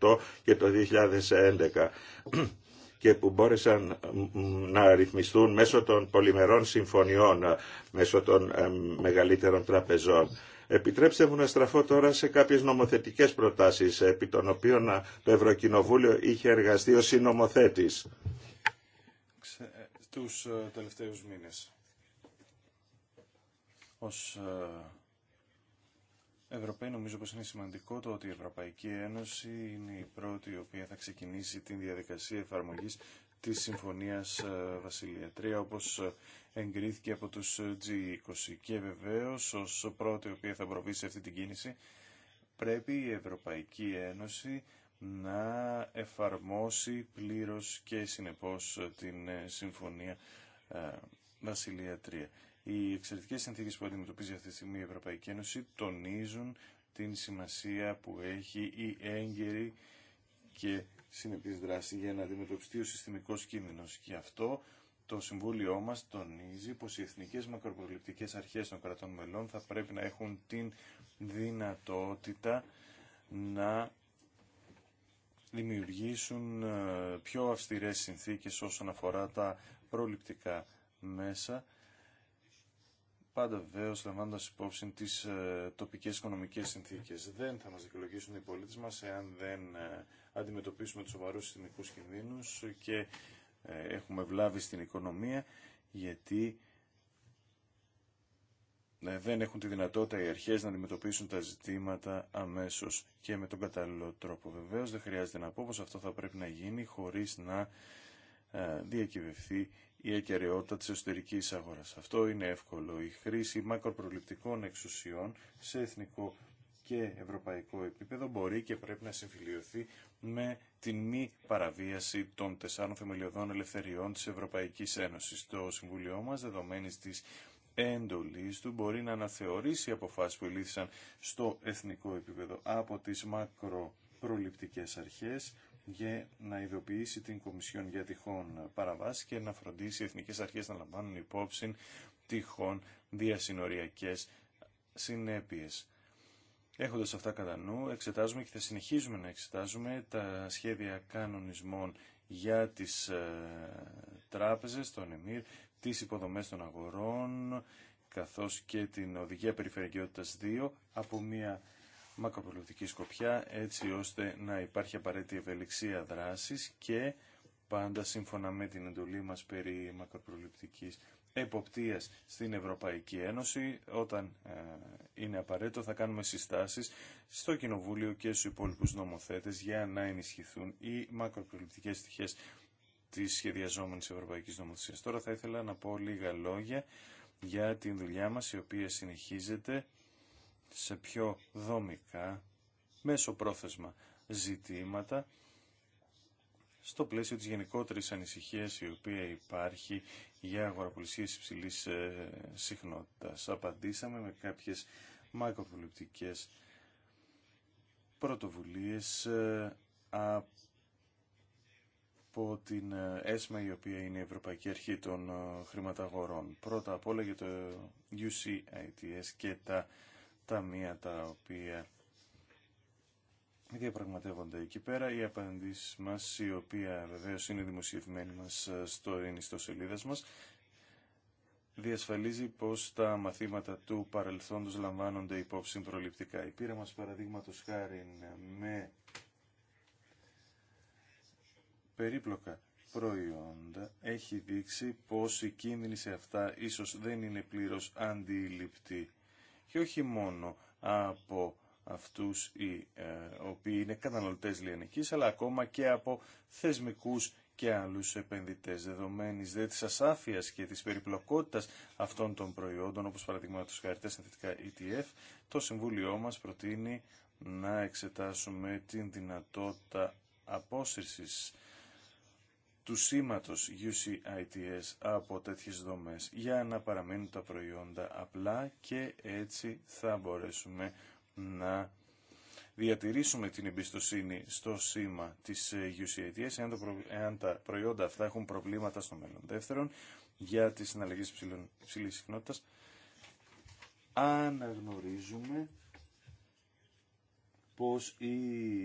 2008 και το 2011 και που μπόρεσαν να ρυθμιστούν μέσω των πολυμερών συμφωνιών, μέσω των μεγαλύτερων τραπεζών. Επιτρέψτε μου να στραφώ τώρα σε κάποιες νομοθετικές προτάσεις επί των οποίων το Ευρωκοινοβούλιο είχε εργαστεί ως συνομοθέτης. Ε, τους ε, τελευταίους μήνες ως ε, Ευρωπαίοι νομίζω πως είναι σημαντικό το ότι η Ευρωπαϊκή Ένωση είναι η πρώτη η οποία θα ξεκινήσει την διαδικασία εφαρμογής τη Συμφωνίας ε, Βασιλεία 3 όπως ε, εγκρίθηκε από τους ε, G20 και βεβαίως ως πρώτη η οποία θα προβεί σε αυτή την κίνηση πρέπει η Ευρωπαϊκή Ένωση να εφαρμόσει πλήρως και συνεπώς την Συμφωνία Βασιλεία 3. Οι εξαιρετικές συνθήκες που αντιμετωπίζει αυτή τη στιγμή η Ευρωπαϊκή Ένωση τονίζουν την σημασία που έχει η έγκαιρη και συνεπής δράση για να αντιμετωπιστεί ο συστημικός κίνδυνος. Γι' αυτό το Συμβούλιο μας τονίζει πως οι εθνικές μακροπολιτικές αρχές των κρατών μελών θα πρέπει να έχουν την δυνατότητα να δημιουργήσουν ε, πιο αυστηρές συνθήκες όσον αφορά τα προληπτικά μέσα πάντα βεβαίω λαμβάνοντα υπόψη τι ε, τοπικέ οικονομικέ συνθήκε. Δεν θα μα δικαιολογήσουν οι πολίτε μα εάν δεν ε, αντιμετωπίσουμε του σοβαρού συστημικού κινδύνου και ε, έχουμε βλάβη στην οικονομία γιατί δεν έχουν τη δυνατότητα οι αρχές να αντιμετωπίσουν τα ζητήματα αμέσως και με τον κατάλληλο τρόπο. Βεβαίω. δεν χρειάζεται να πω πω αυτό θα πρέπει να γίνει χωρί να διακυβευτεί η ακαιρεότητα της εσωτερικής αγοράς. Αυτό είναι εύκολο. Η χρήση μακροπροληπτικών εξουσιών σε εθνικό και ευρωπαϊκό επίπεδο μπορεί και πρέπει να συμφιλειωθεί με την μη παραβίαση των τεσσάρων θεμελιωδών ελευθεριών της Ευρωπαϊκής Ένωσης. Το Συμβουλίο μας, δεδομένης της έντολής του, μπορεί να αναθεωρήσει αποφάσεις που ελήφθησαν στο εθνικό επίπεδο από τις μακροπροληπτικές αρχές για να ειδοποιήσει την Κομισιόν για τυχόν παραβάσει και να φροντίσει οι εθνικές αρχές να λαμβάνουν υπόψη τυχόν διασυνοριακές συνέπειες. Έχοντας αυτά κατά νου, εξετάζουμε και θα συνεχίζουμε να εξετάζουμε τα σχέδια κανονισμών για τις ε, τράπεζες, τον ΕΜΗΡ, τις υποδομές των αγορών, καθώς και την Οδηγία Περιφερειακότητας 2 από μια μακροπολιτική σκοπιά έτσι ώστε να υπάρχει απαραίτητη ευελιξία δράσης και πάντα σύμφωνα με την εντολή μας περί μακροπροληπτικής εποπτείας στην Ευρωπαϊκή Ένωση. Όταν ε, είναι απαραίτητο θα κάνουμε συστάσεις στο Κοινοβούλιο και στους υπόλοιπους νομοθέτες για να ενισχυθούν οι μακροπροληπτικές στοιχές της σχεδιαζόμενης Ευρωπαϊκής Νομοθεσίας. Τώρα θα ήθελα να πω λίγα λόγια για την δουλειά μας η οποία συνεχίζεται σε πιο δομικά, μέσω πρόθεσμα ζητήματα, στο πλαίσιο της γενικότερης ανησυχίας η οποία υπάρχει για αγοραπολισίες υψηλής συχνότητα, ε, συχνότητας. Απαντήσαμε με κάποιες μακροβουλευτικές πρωτοβουλίες ε, από την ε, ΕΣΜΑ η οποία είναι η Ευρωπαϊκή Αρχή των Χρηματαγορών. Πρώτα απ' όλα για το UCITS και τα τα μία τα οποία διαπραγματεύονται εκεί πέρα. Οι απαντήσει μας, η οποία βεβαίως είναι δημοσιευμένη μας ε, στο ενιστοσελίδα μας, διασφαλίζει πως τα μαθήματα του παρελθόντος λαμβάνονται υπόψη προληπτικά. Η πείρα μας παραδείγματος χάρη με περίπλοκα προϊόντα έχει δείξει πως η κίνδυνη σε αυτά ίσως δεν είναι πλήρως αντιληπτή και όχι μόνο από αυτούς οι ε, οποίοι είναι καταναλωτές λιανικής, αλλά ακόμα και από θεσμικούς και άλλους επενδυτές δεδομένης δε της ασάφειας και της περιπλοκότητας αυτών των προϊόντων, όπως παραδείγματο χάρη τα συνθετικά ETF, το Συμβούλιο μας προτείνει να εξετάσουμε την δυνατότητα απόσυρσης του σήματος UCITS από τέτοιες δομές για να παραμείνουν τα προϊόντα απλά και έτσι θα μπορέσουμε να διατηρήσουμε την εμπιστοσύνη στο σήμα της ε, UCITS εάν, τα προϊόντα αυτά έχουν προβλήματα στο μέλλον. Δεύτερον, για τις συναλλαγές υψηλής συχνότητας αναγνωρίζουμε πως η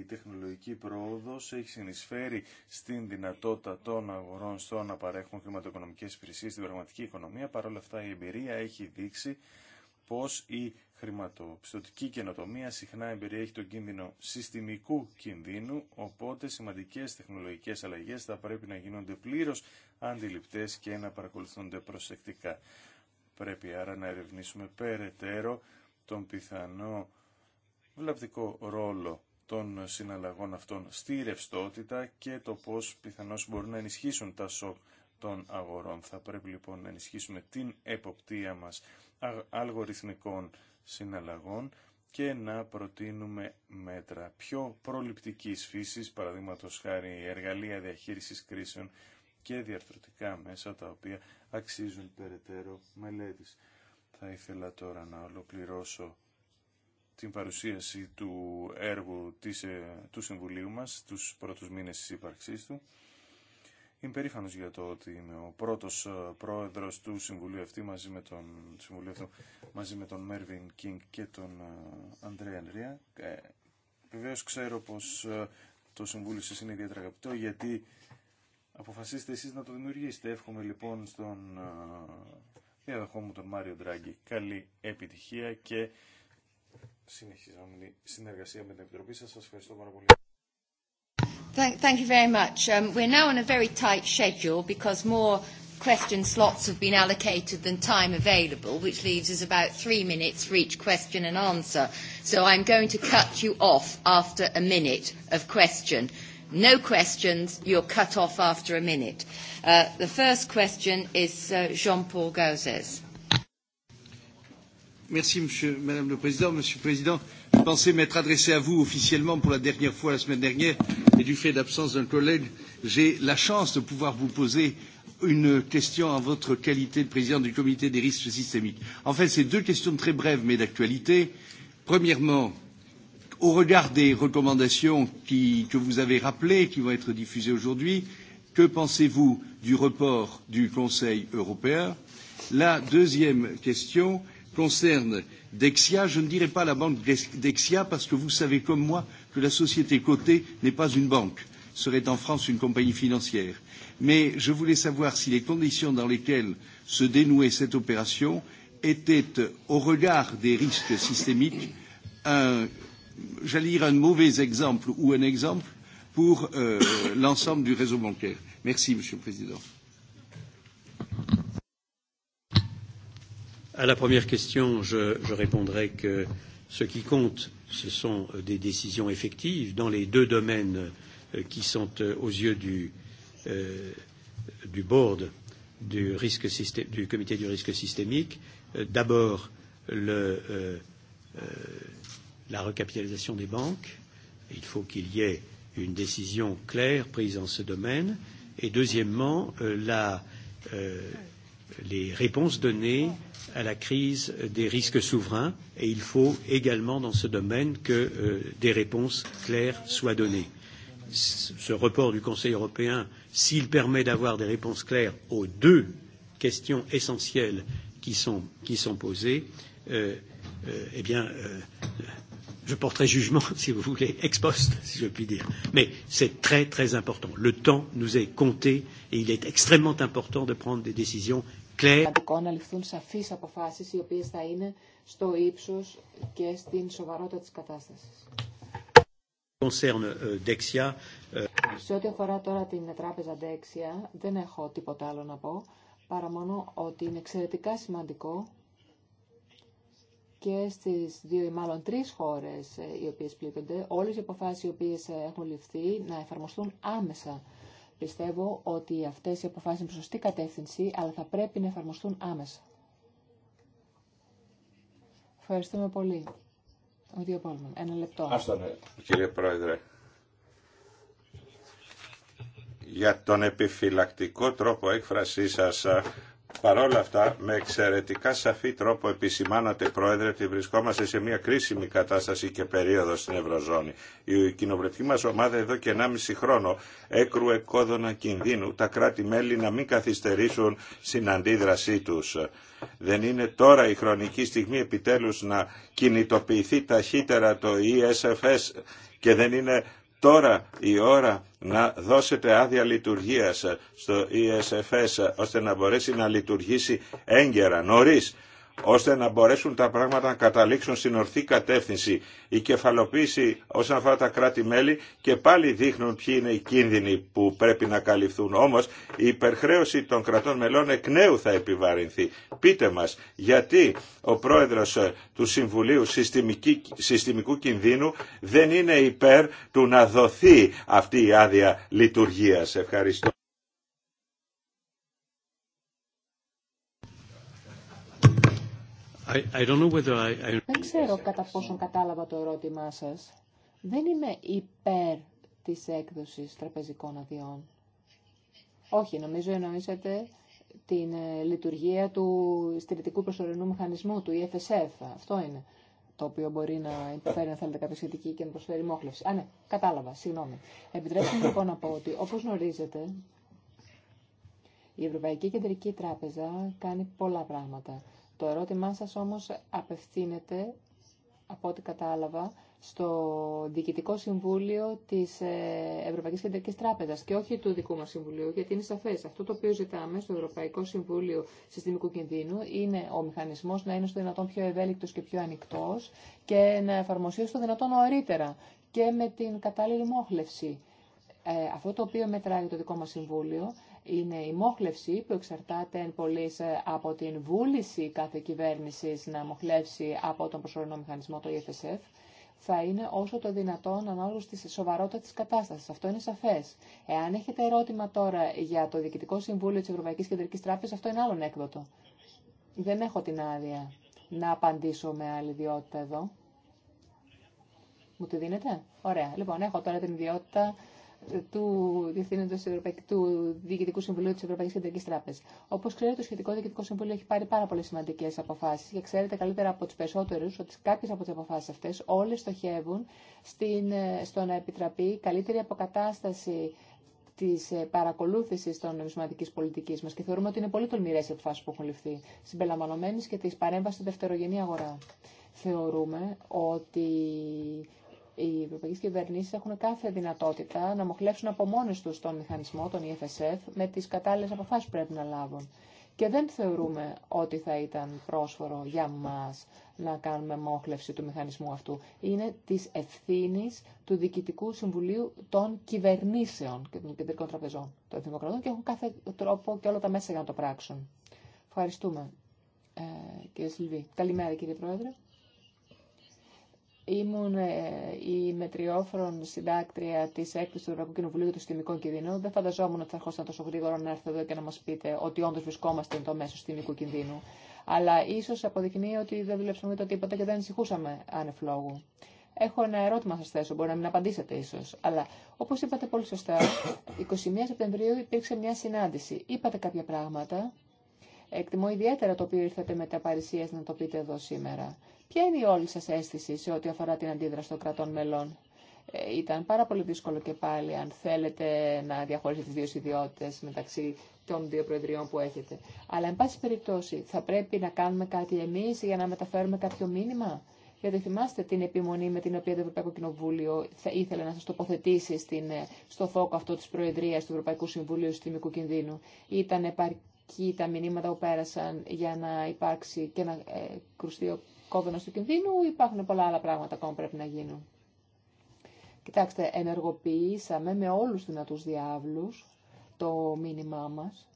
τεχνολογική πρόοδος έχει συνεισφέρει στην δυνατότητα των αγορών στο να παρέχουν χρηματοοικονομικές υπηρεσίες στην πραγματική οικονομία. Παρ' όλα αυτά η εμπειρία έχει δείξει πως η χρηματοπιστωτική καινοτομία συχνά εμπεριέχει τον κίνδυνο συστημικού κινδύνου, οπότε σημαντικές τεχνολογικές αλλαγές θα πρέπει να γίνονται πλήρως αντιληπτές και να παρακολουθούνται προσεκτικά. Πρέπει άρα να ερευνήσουμε περαιτέρω τον πιθανό βλαπτικό ρόλο των συναλλαγών αυτών στη ρευστότητα και το πώς πιθανώς μπορούν να ενισχύσουν τα σοκ των αγορών. Θα πρέπει λοιπόν να ενισχύσουμε την εποπτεία μας αλγοριθμικών συναλλαγών και να προτείνουμε μέτρα πιο προληπτικής φύσης, παραδείγματος χάρη εργαλεία διαχείρισης κρίσεων και διαρθρωτικά μέσα τα οποία αξίζουν περαιτέρω μελέτης. Θα ήθελα τώρα να ολοκληρώσω την παρουσίαση του έργου της, ε, του Συμβουλίου μας τους πρώτους μήνες της ύπαρξής του. Είμαι περήφανο για το ότι είμαι ο πρώτος ε, πρόεδρος του Συμβουλίου αυτή μαζί με τον, Συμβουλίου μαζί με τον Μέρβιν Κίνγκ και τον ε, Ανδρέα Ανδρέα. ξέρω πως το Συμβούλιο σας είναι ιδιαίτερα αγαπητό γιατί αποφασίσετε εσείς να το δημιουργήσετε. Εύχομαι λοιπόν στον διαδοχό μου τον Μάριο Ντράγκη καλή επιτυχία και συνεργασία με την Επιτροπή ευχαριστώ πολύ. Thank, you very much. Um, we're now on a very tight schedule because more question slots have been allocated than time available, which leaves us about three minutes for each question and answer. So I'm going to cut you off after a minute of question. No questions, you're cut off after a minute. The first question is Jean-Paul Gauzès. Merci, Madame la Présidente. Monsieur le Président, je pensais m'être adressé à vous officiellement pour la dernière fois la semaine dernière, et du fait de l'absence d'un collègue, j'ai la chance de pouvoir vous poser une question en votre qualité de président du comité des risques systémiques. En fait, c'est deux questions très brèves, mais d'actualité. Premièrement, au regard des recommandations que vous avez rappelées, qui vont être diffusées aujourd'hui, que pensez-vous du report du Conseil européen La deuxième question, concerne Dexia, je ne dirai pas la banque Dexia parce que vous savez comme moi que la société cotée n'est pas une banque, serait en France une compagnie financière. Mais je voulais savoir si les conditions dans lesquelles se dénouait cette opération étaient, au regard des risques systémiques, j'allais dire un mauvais exemple ou un exemple pour l'ensemble du réseau bancaire. Merci, Monsieur le Président. À la première question, je répondrai que ce qui compte, ce sont des décisions effectives dans les deux domaines qui sont aux yeux du board du comité du risque systémique. D'abord, la recapitalisation des banques. Il faut qu'il y ait une décision claire prise en ce domaine. Et deuxièmement, la les réponses données à la crise des risques souverains et il faut également dans ce domaine que des réponses claires soient données. Ce report du Conseil européen, s'il permet d'avoir des réponses claires aux deux questions essentielles qui sont posées, eh bien, je porterai jugement, si vous voulez, ex post, si je puis dire. Mais c'est très, très important. Le temps nous est compté et il est extrêmement important de prendre des décisions Σημαντικό να ληφθούν σαφείς αποφάσεις οι οποίες θα είναι στο ύψος και στην σοβαρότητα της κατάστασης. Ε, ε, Σε ό,τι αφορά τώρα την τράπεζα Dexia, δεν έχω τίποτα άλλο να πω, παρά μόνο ότι είναι εξαιρετικά σημαντικό και στις δύο ή μάλλον τρεις χώρες ε, οι οποίες πλήττονται, όλες οι αποφάσεις οι οποίες έχουν ληφθεί να εφαρμοστούν άμεσα Πιστεύω ότι αυτές οι αποφάσεις είναι σωστή κατεύθυνση, αλλά θα πρέπει να εφαρμοστούν άμεσα. Ευχαριστούμε πολύ. Ο δύο πόλμα. Ένα λεπτό. Ας Άστονε, κύριε Πρόεδρε. Για τον επιφυλακτικό τρόπο έκφρασή σας παρόλα αυτά με εξαιρετικά σαφή τρόπο επισημάνατε Πρόεδρε ότι βρισκόμαστε σε μια κρίσιμη κατάσταση και περίοδο στην Ευρωζώνη. Η κοινοβουλευτική μα ομάδα εδώ και 1,5 χρόνο έκρουε κόδωνα κινδύνου τα κράτη-μέλη να μην καθυστερήσουν στην αντίδρασή τους. Δεν είναι τώρα η χρονική στιγμή επιτέλους να κινητοποιηθεί ταχύτερα το ESFS και δεν είναι τώρα η ώρα να δώσετε άδεια λειτουργίας στο ESFS ώστε να μπορέσει να λειτουργήσει έγκαιρα, νωρίς ώστε να μπορέσουν τα πράγματα να καταλήξουν στην ορθή κατεύθυνση. Η κεφαλοποίηση όσον αφορά τα κράτη-μέλη και πάλι δείχνουν ποιοι είναι οι κίνδυνοι που πρέπει να καλυφθούν. Όμως η υπερχρέωση των κρατών μελών εκ νέου θα επιβαρυνθεί. Πείτε μας γιατί ο πρόεδρος ε, του Συμβουλίου Συστημικού Κινδύνου δεν είναι υπέρ του να δοθεί αυτή η άδεια λειτουργίας. Ευχαριστώ. Δεν ξέρω κατά πόσον κατάλαβα το ερώτημά σας. Δεν είμαι υπέρ της έκδοσης τραπεζικών αδειών. Όχι, νομίζω εννοήσατε την ε, λειτουργία του στηρητικού προσωρινού μηχανισμού, του EFSF. Αυτό είναι το οποίο μπορεί να υποφέρει να θέλετε, κάποια σχετική και να προσφέρει μόχλευση. Α, ναι, κατάλαβα, συγγνώμη. Επιτρέψτε μου λοιπόν να πω ότι, όπως γνωρίζετε, η Ευρωπαϊκή Κεντρική Τράπεζα κάνει πολλά πράγματα. Το ερώτημά σας όμως απευθύνεται, από ό,τι κατάλαβα, στο Διοικητικό Συμβούλιο της ε, Ευρωπαϊκής Κεντρικής Τράπεζας και όχι του δικού μας Συμβουλίου, γιατί είναι σαφές. Αυτό το οποίο ζητάμε στο Ευρωπαϊκό Συμβούλιο Συστημικού Κινδύνου είναι ο μηχανισμός να είναι στο δυνατόν πιο ευέλικτος και πιο ανοιχτός και να εφαρμοστεί στο δυνατόν νωρίτερα και με την κατάλληλη μόχλευση. Ε, αυτό το οποίο μετράει το δικό μας Συμβούλιο είναι η μόχλευση που εξαρτάται εν πολλής ε, από την βούληση κάθε κυβέρνηση να μοχλεύσει από τον προσωρινό μηχανισμό, το EFSF, θα είναι όσο το δυνατόν ανάλογο στη σοβαρότητα τη κατάσταση. Αυτό είναι σαφέ. Εάν έχετε ερώτημα τώρα για το Διοικητικό Συμβούλιο τη Ευρωπαϊκή Κεντρική Τράπεζα, αυτό είναι άλλον έκδοτο. Δεν έχω την άδεια να απαντήσω με άλλη ιδιότητα εδώ. Μου τη δίνετε? Ωραία. Λοιπόν, έχω τώρα την ιδιότητα του Διευθύνοντο του Διοικητικού Συμβουλίου τη Ευρωπαϊκή Κεντρική Τράπεζα. Όπω ξέρετε, το σχετικό Διοικητικό Συμβούλιο έχει πάρει πάρα πολλέ σημαντικέ αποφάσει και ξέρετε καλύτερα από του περισσότερου ότι κάποιε από τι αποφάσει αυτέ όλε στοχεύουν στην, στο να επιτραπεί καλύτερη αποκατάσταση τη ε, παρακολούθηση των νομισματική πολιτική μα και θεωρούμε ότι είναι πολύ τολμηρέ οι αποφάσει που έχουν ληφθεί, συμπεριλαμβανομένη και τη παρέμβαση στην δευτερογενή αγορά. Θεωρούμε ότι οι ευρωπαϊκέ κυβερνήσει έχουν κάθε δυνατότητα να μοχλεύσουν από μόνε τους τον μηχανισμό, τον EFSF, με τι κατάλληλε αποφάσει που πρέπει να λάβουν. Και δεν θεωρούμε ότι θα ήταν πρόσφορο για μα να κάνουμε μόχλευση του μηχανισμού αυτού. Είναι τη ευθύνη του Διοικητικού Συμβουλίου των Κυβερνήσεων και των Κεντρικών Τραπεζών των Εθνικών και έχουν κάθε τρόπο και όλα τα μέσα για να το πράξουν. Ευχαριστούμε, ε, κύριε Σιλβί. Καλημέρα, κύριε Πρόεδρε. Ήμουν ε, η μετριόφρον συντάκτρια τη έκθεση του Ευρωπαϊκού Κοινοβουλίου για του Συστημικό κίνδυνο. Δεν φανταζόμουν ότι θα ερχόσασταν τόσο γρήγορα να έρθω εδώ και να μα πείτε ότι όντω βρισκόμαστε εν το μέσο συστημικού κινδύνου. Αλλά ίσω αποδεικνύει ότι δεν δουλέψαμε το τίποτα και δεν ανησυχούσαμε ανεφλόγου. Έχω ένα ερώτημα να σα θέσω, μπορεί να μην απαντήσετε ίσω. Αλλά όπω είπατε πολύ σωστά, 21 Σεπτεμβρίου υπήρξε μια συνάντηση. Είπατε κάποια πράγματα Εκτιμώ ιδιαίτερα το οποίο ήρθατε με τα παρησίες να το πείτε εδώ σήμερα. Ποια είναι η όλη σας αίσθηση σε ό,τι αφορά την αντίδραση των κρατών μελών. Ε, ήταν πάρα πολύ δύσκολο και πάλι αν θέλετε να διαχωρίσετε τις δύο ιδιότητες μεταξύ των δύο προεδριών που έχετε. Αλλά, εν πάση περιπτώσει, θα πρέπει να κάνουμε κάτι εμείς για να μεταφέρουμε κάποιο μήνυμα. Γιατί θυμάστε την επιμονή με την οποία το Ευρωπαϊκό Κοινοβούλιο θα ήθελε να σα τοποθετήσει στην, ε, στο φόκο αυτό τη Προεδρία του Ευρωπαϊκού Συμβουλίου Συστημικού Κινδύνου. Ήταν και τα μηνύματα που πέρασαν για να υπάρξει και να ε, κρουστεί ο του κινδύνου, υπάρχουν πολλά άλλα πράγματα ακόμα πρέπει να γίνουν. Κοιτάξτε, ενεργοποιήσαμε με όλους τους δυνατούς διάβλους το μήνυμά μας,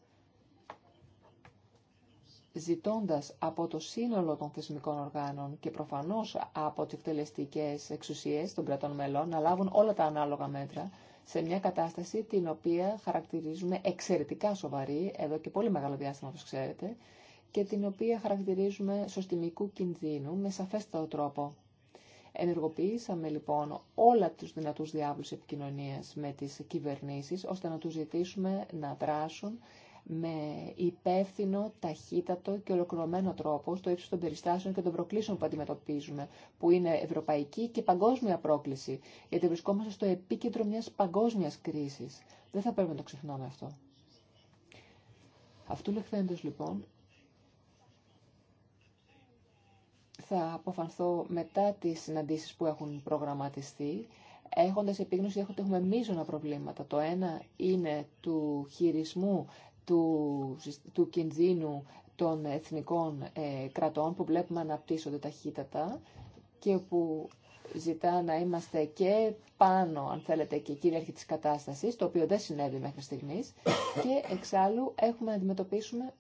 ζητώντα από το σύνολο των θεσμικών οργάνων και προφανώς από τις εκτελεστικές εξουσίες των κρατών μελών να λάβουν όλα τα ανάλογα μέτρα, σε μια κατάσταση την οποία χαρακτηρίζουμε εξαιρετικά σοβαρή, εδώ και πολύ μεγάλο διάστημα όπως ξέρετε, και την οποία χαρακτηρίζουμε σωστημικού κινδύνου με σαφέστατο τρόπο. Ενεργοποιήσαμε λοιπόν όλα τους δυνατούς διάβλους επικοινωνίας με τις κυβερνήσεις, ώστε να τους ζητήσουμε να δράσουν με υπεύθυνο, ταχύτατο και ολοκληρωμένο τρόπο στο ύψο των περιστάσεων και των προκλήσεων που αντιμετωπίζουμε, που είναι ευρωπαϊκή και παγκόσμια πρόκληση, γιατί βρισκόμαστε στο επίκεντρο μια παγκόσμια κρίση. Δεν θα πρέπει να το ξεχνάμε αυτό. Αυτού λεχθέντο λοιπόν θα αποφανθώ μετά τις συναντήσεις που έχουν προγραμματιστεί, έχοντας επίγνωση ότι έχουμε μείζωνα προβλήματα. Το ένα είναι του χειρισμού του, του κινδύνου των εθνικών ε, κρατών που βλέπουμε να αναπτύσσονται ταχύτατα και που ζητά να είμαστε και πάνω, αν θέλετε, και κυρίαρχοι της κατάστασης, το οποίο δεν συνέβη μέχρι στιγμής, και εξάλλου έχουμε να αντιμετωπίσουμε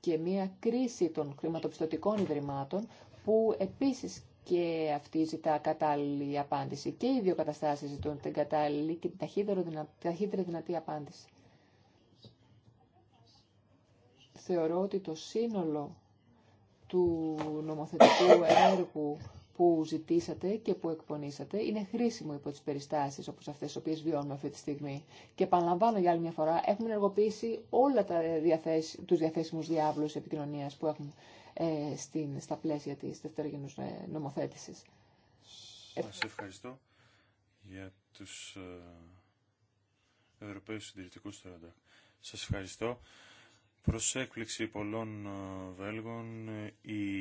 και μία κρίση των χρηματοπιστωτικών ιδρυμάτων, που επίσης και αυτή ζητά κατάλληλη απάντηση. Και οι δύο καταστάσεις ζητούν την κατάλληλη και την ταχύτερη δυνατή απάντηση. θεωρώ ότι το σύνολο του νομοθετικού έργου που ζητήσατε και που εκπονήσατε είναι χρήσιμο υπό τις περιστάσεις όπως αυτές τις οποίες βιώνουμε αυτή τη στιγμή. Και επαναλαμβάνω για άλλη μια φορά, έχουμε ενεργοποιήσει όλα τα διαθέσιμου τους διαθέσιμους διάβλους επικοινωνίας που έχουν ε, στην, στα πλαίσια της δευτερογενούς ε, νομοθέτησης. Σας ευχαριστώ για τους ε, Ευρωπαίους Συντηρητικούς Σας ευχαριστώ. Προς έκπληξη πολλών ε, Βέλγων, ε, η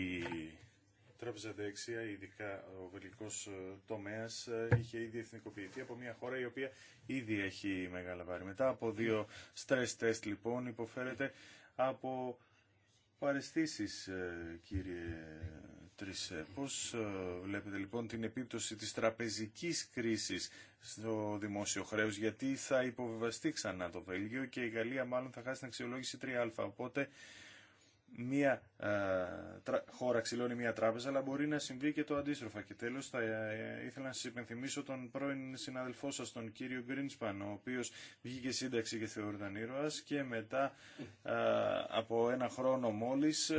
Τράπεζα Δεξιά, ειδικά ο βελγικός ε, τομέας, είχε ήδη εθνικοποιηθεί από μια χώρα η οποία ήδη έχει μεγάλα βάρη. Μετά από δύο stress test λοιπόν υποφέρεται από παρεστήσεις ε, κύριε Τρισέ. Πώς ε, βλέπετε λοιπόν την επίπτωση της τραπεζικής κρίσης στο δημόσιο χρέος γιατί θα υποβεβαστεί ξανά το Βέλγιο και η Γαλλία μάλλον θα χάσει την αξιολόγηση 3α. Οπότε μία ε, χώρα ξυλώνει μία τράπεζα, αλλά μπορεί να συμβεί και το αντίστροφα. Και τέλος θα ε, ήθελα να σα υπενθυμίσω τον πρώην συναδελφό σα, τον κύριο Γκρίνσπαν, ο οποίο βγήκε σύνταξη και θεωρούταν ήρωα και μετά ε, από ένα χρόνο μόλις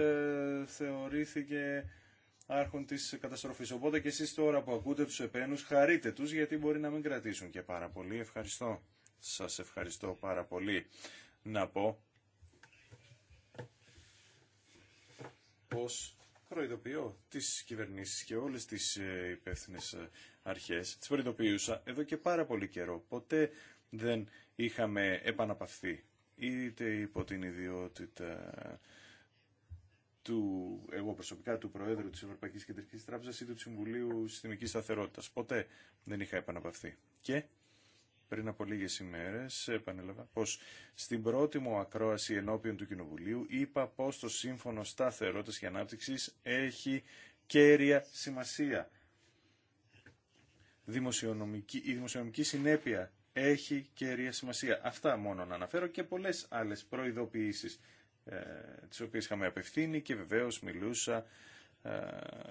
θεωρήθηκε άρχον της καταστροφής. Οπότε και εσείς τώρα που ακούτε τους επένους χαρείτε τους γιατί μπορεί να μην κρατήσουν και πάρα πολύ. Ευχαριστώ. Σας ευχαριστώ πάρα πολύ να πω πως προειδοποιώ τις κυβερνήσεις και όλες τις ε, υπεύθυνε ε, αρχές, τις προειδοποιούσα εδώ και πάρα πολύ καιρό. Ποτέ δεν είχαμε επαναπαυθεί είτε υπό την ιδιότητα του, εγώ προσωπικά, του Προέδρου της Ευρωπαϊκής Κεντρικής Τράπεζας ή του Συμβουλίου Συστημικής Σταθερότητας. Ποτέ δεν είχα επαναπαυθεί. Και πριν από λίγε ημέρες επανέλαβα πως στην πρώτη μου ακρόαση ενώπιον του Κοινοβουλίου είπα πως το Σύμφωνο Σταθερότητας και ανάπτυξη έχει κέρια σημασία. Δημοσιονομική, η δημοσιονομική συνέπεια έχει κέρια σημασία. Αυτά μόνο να αναφέρω και πολλές άλλες προειδοποιήσεις ε, τις οποίες είχαμε απευθύνει και βεβαίως μιλούσα ε,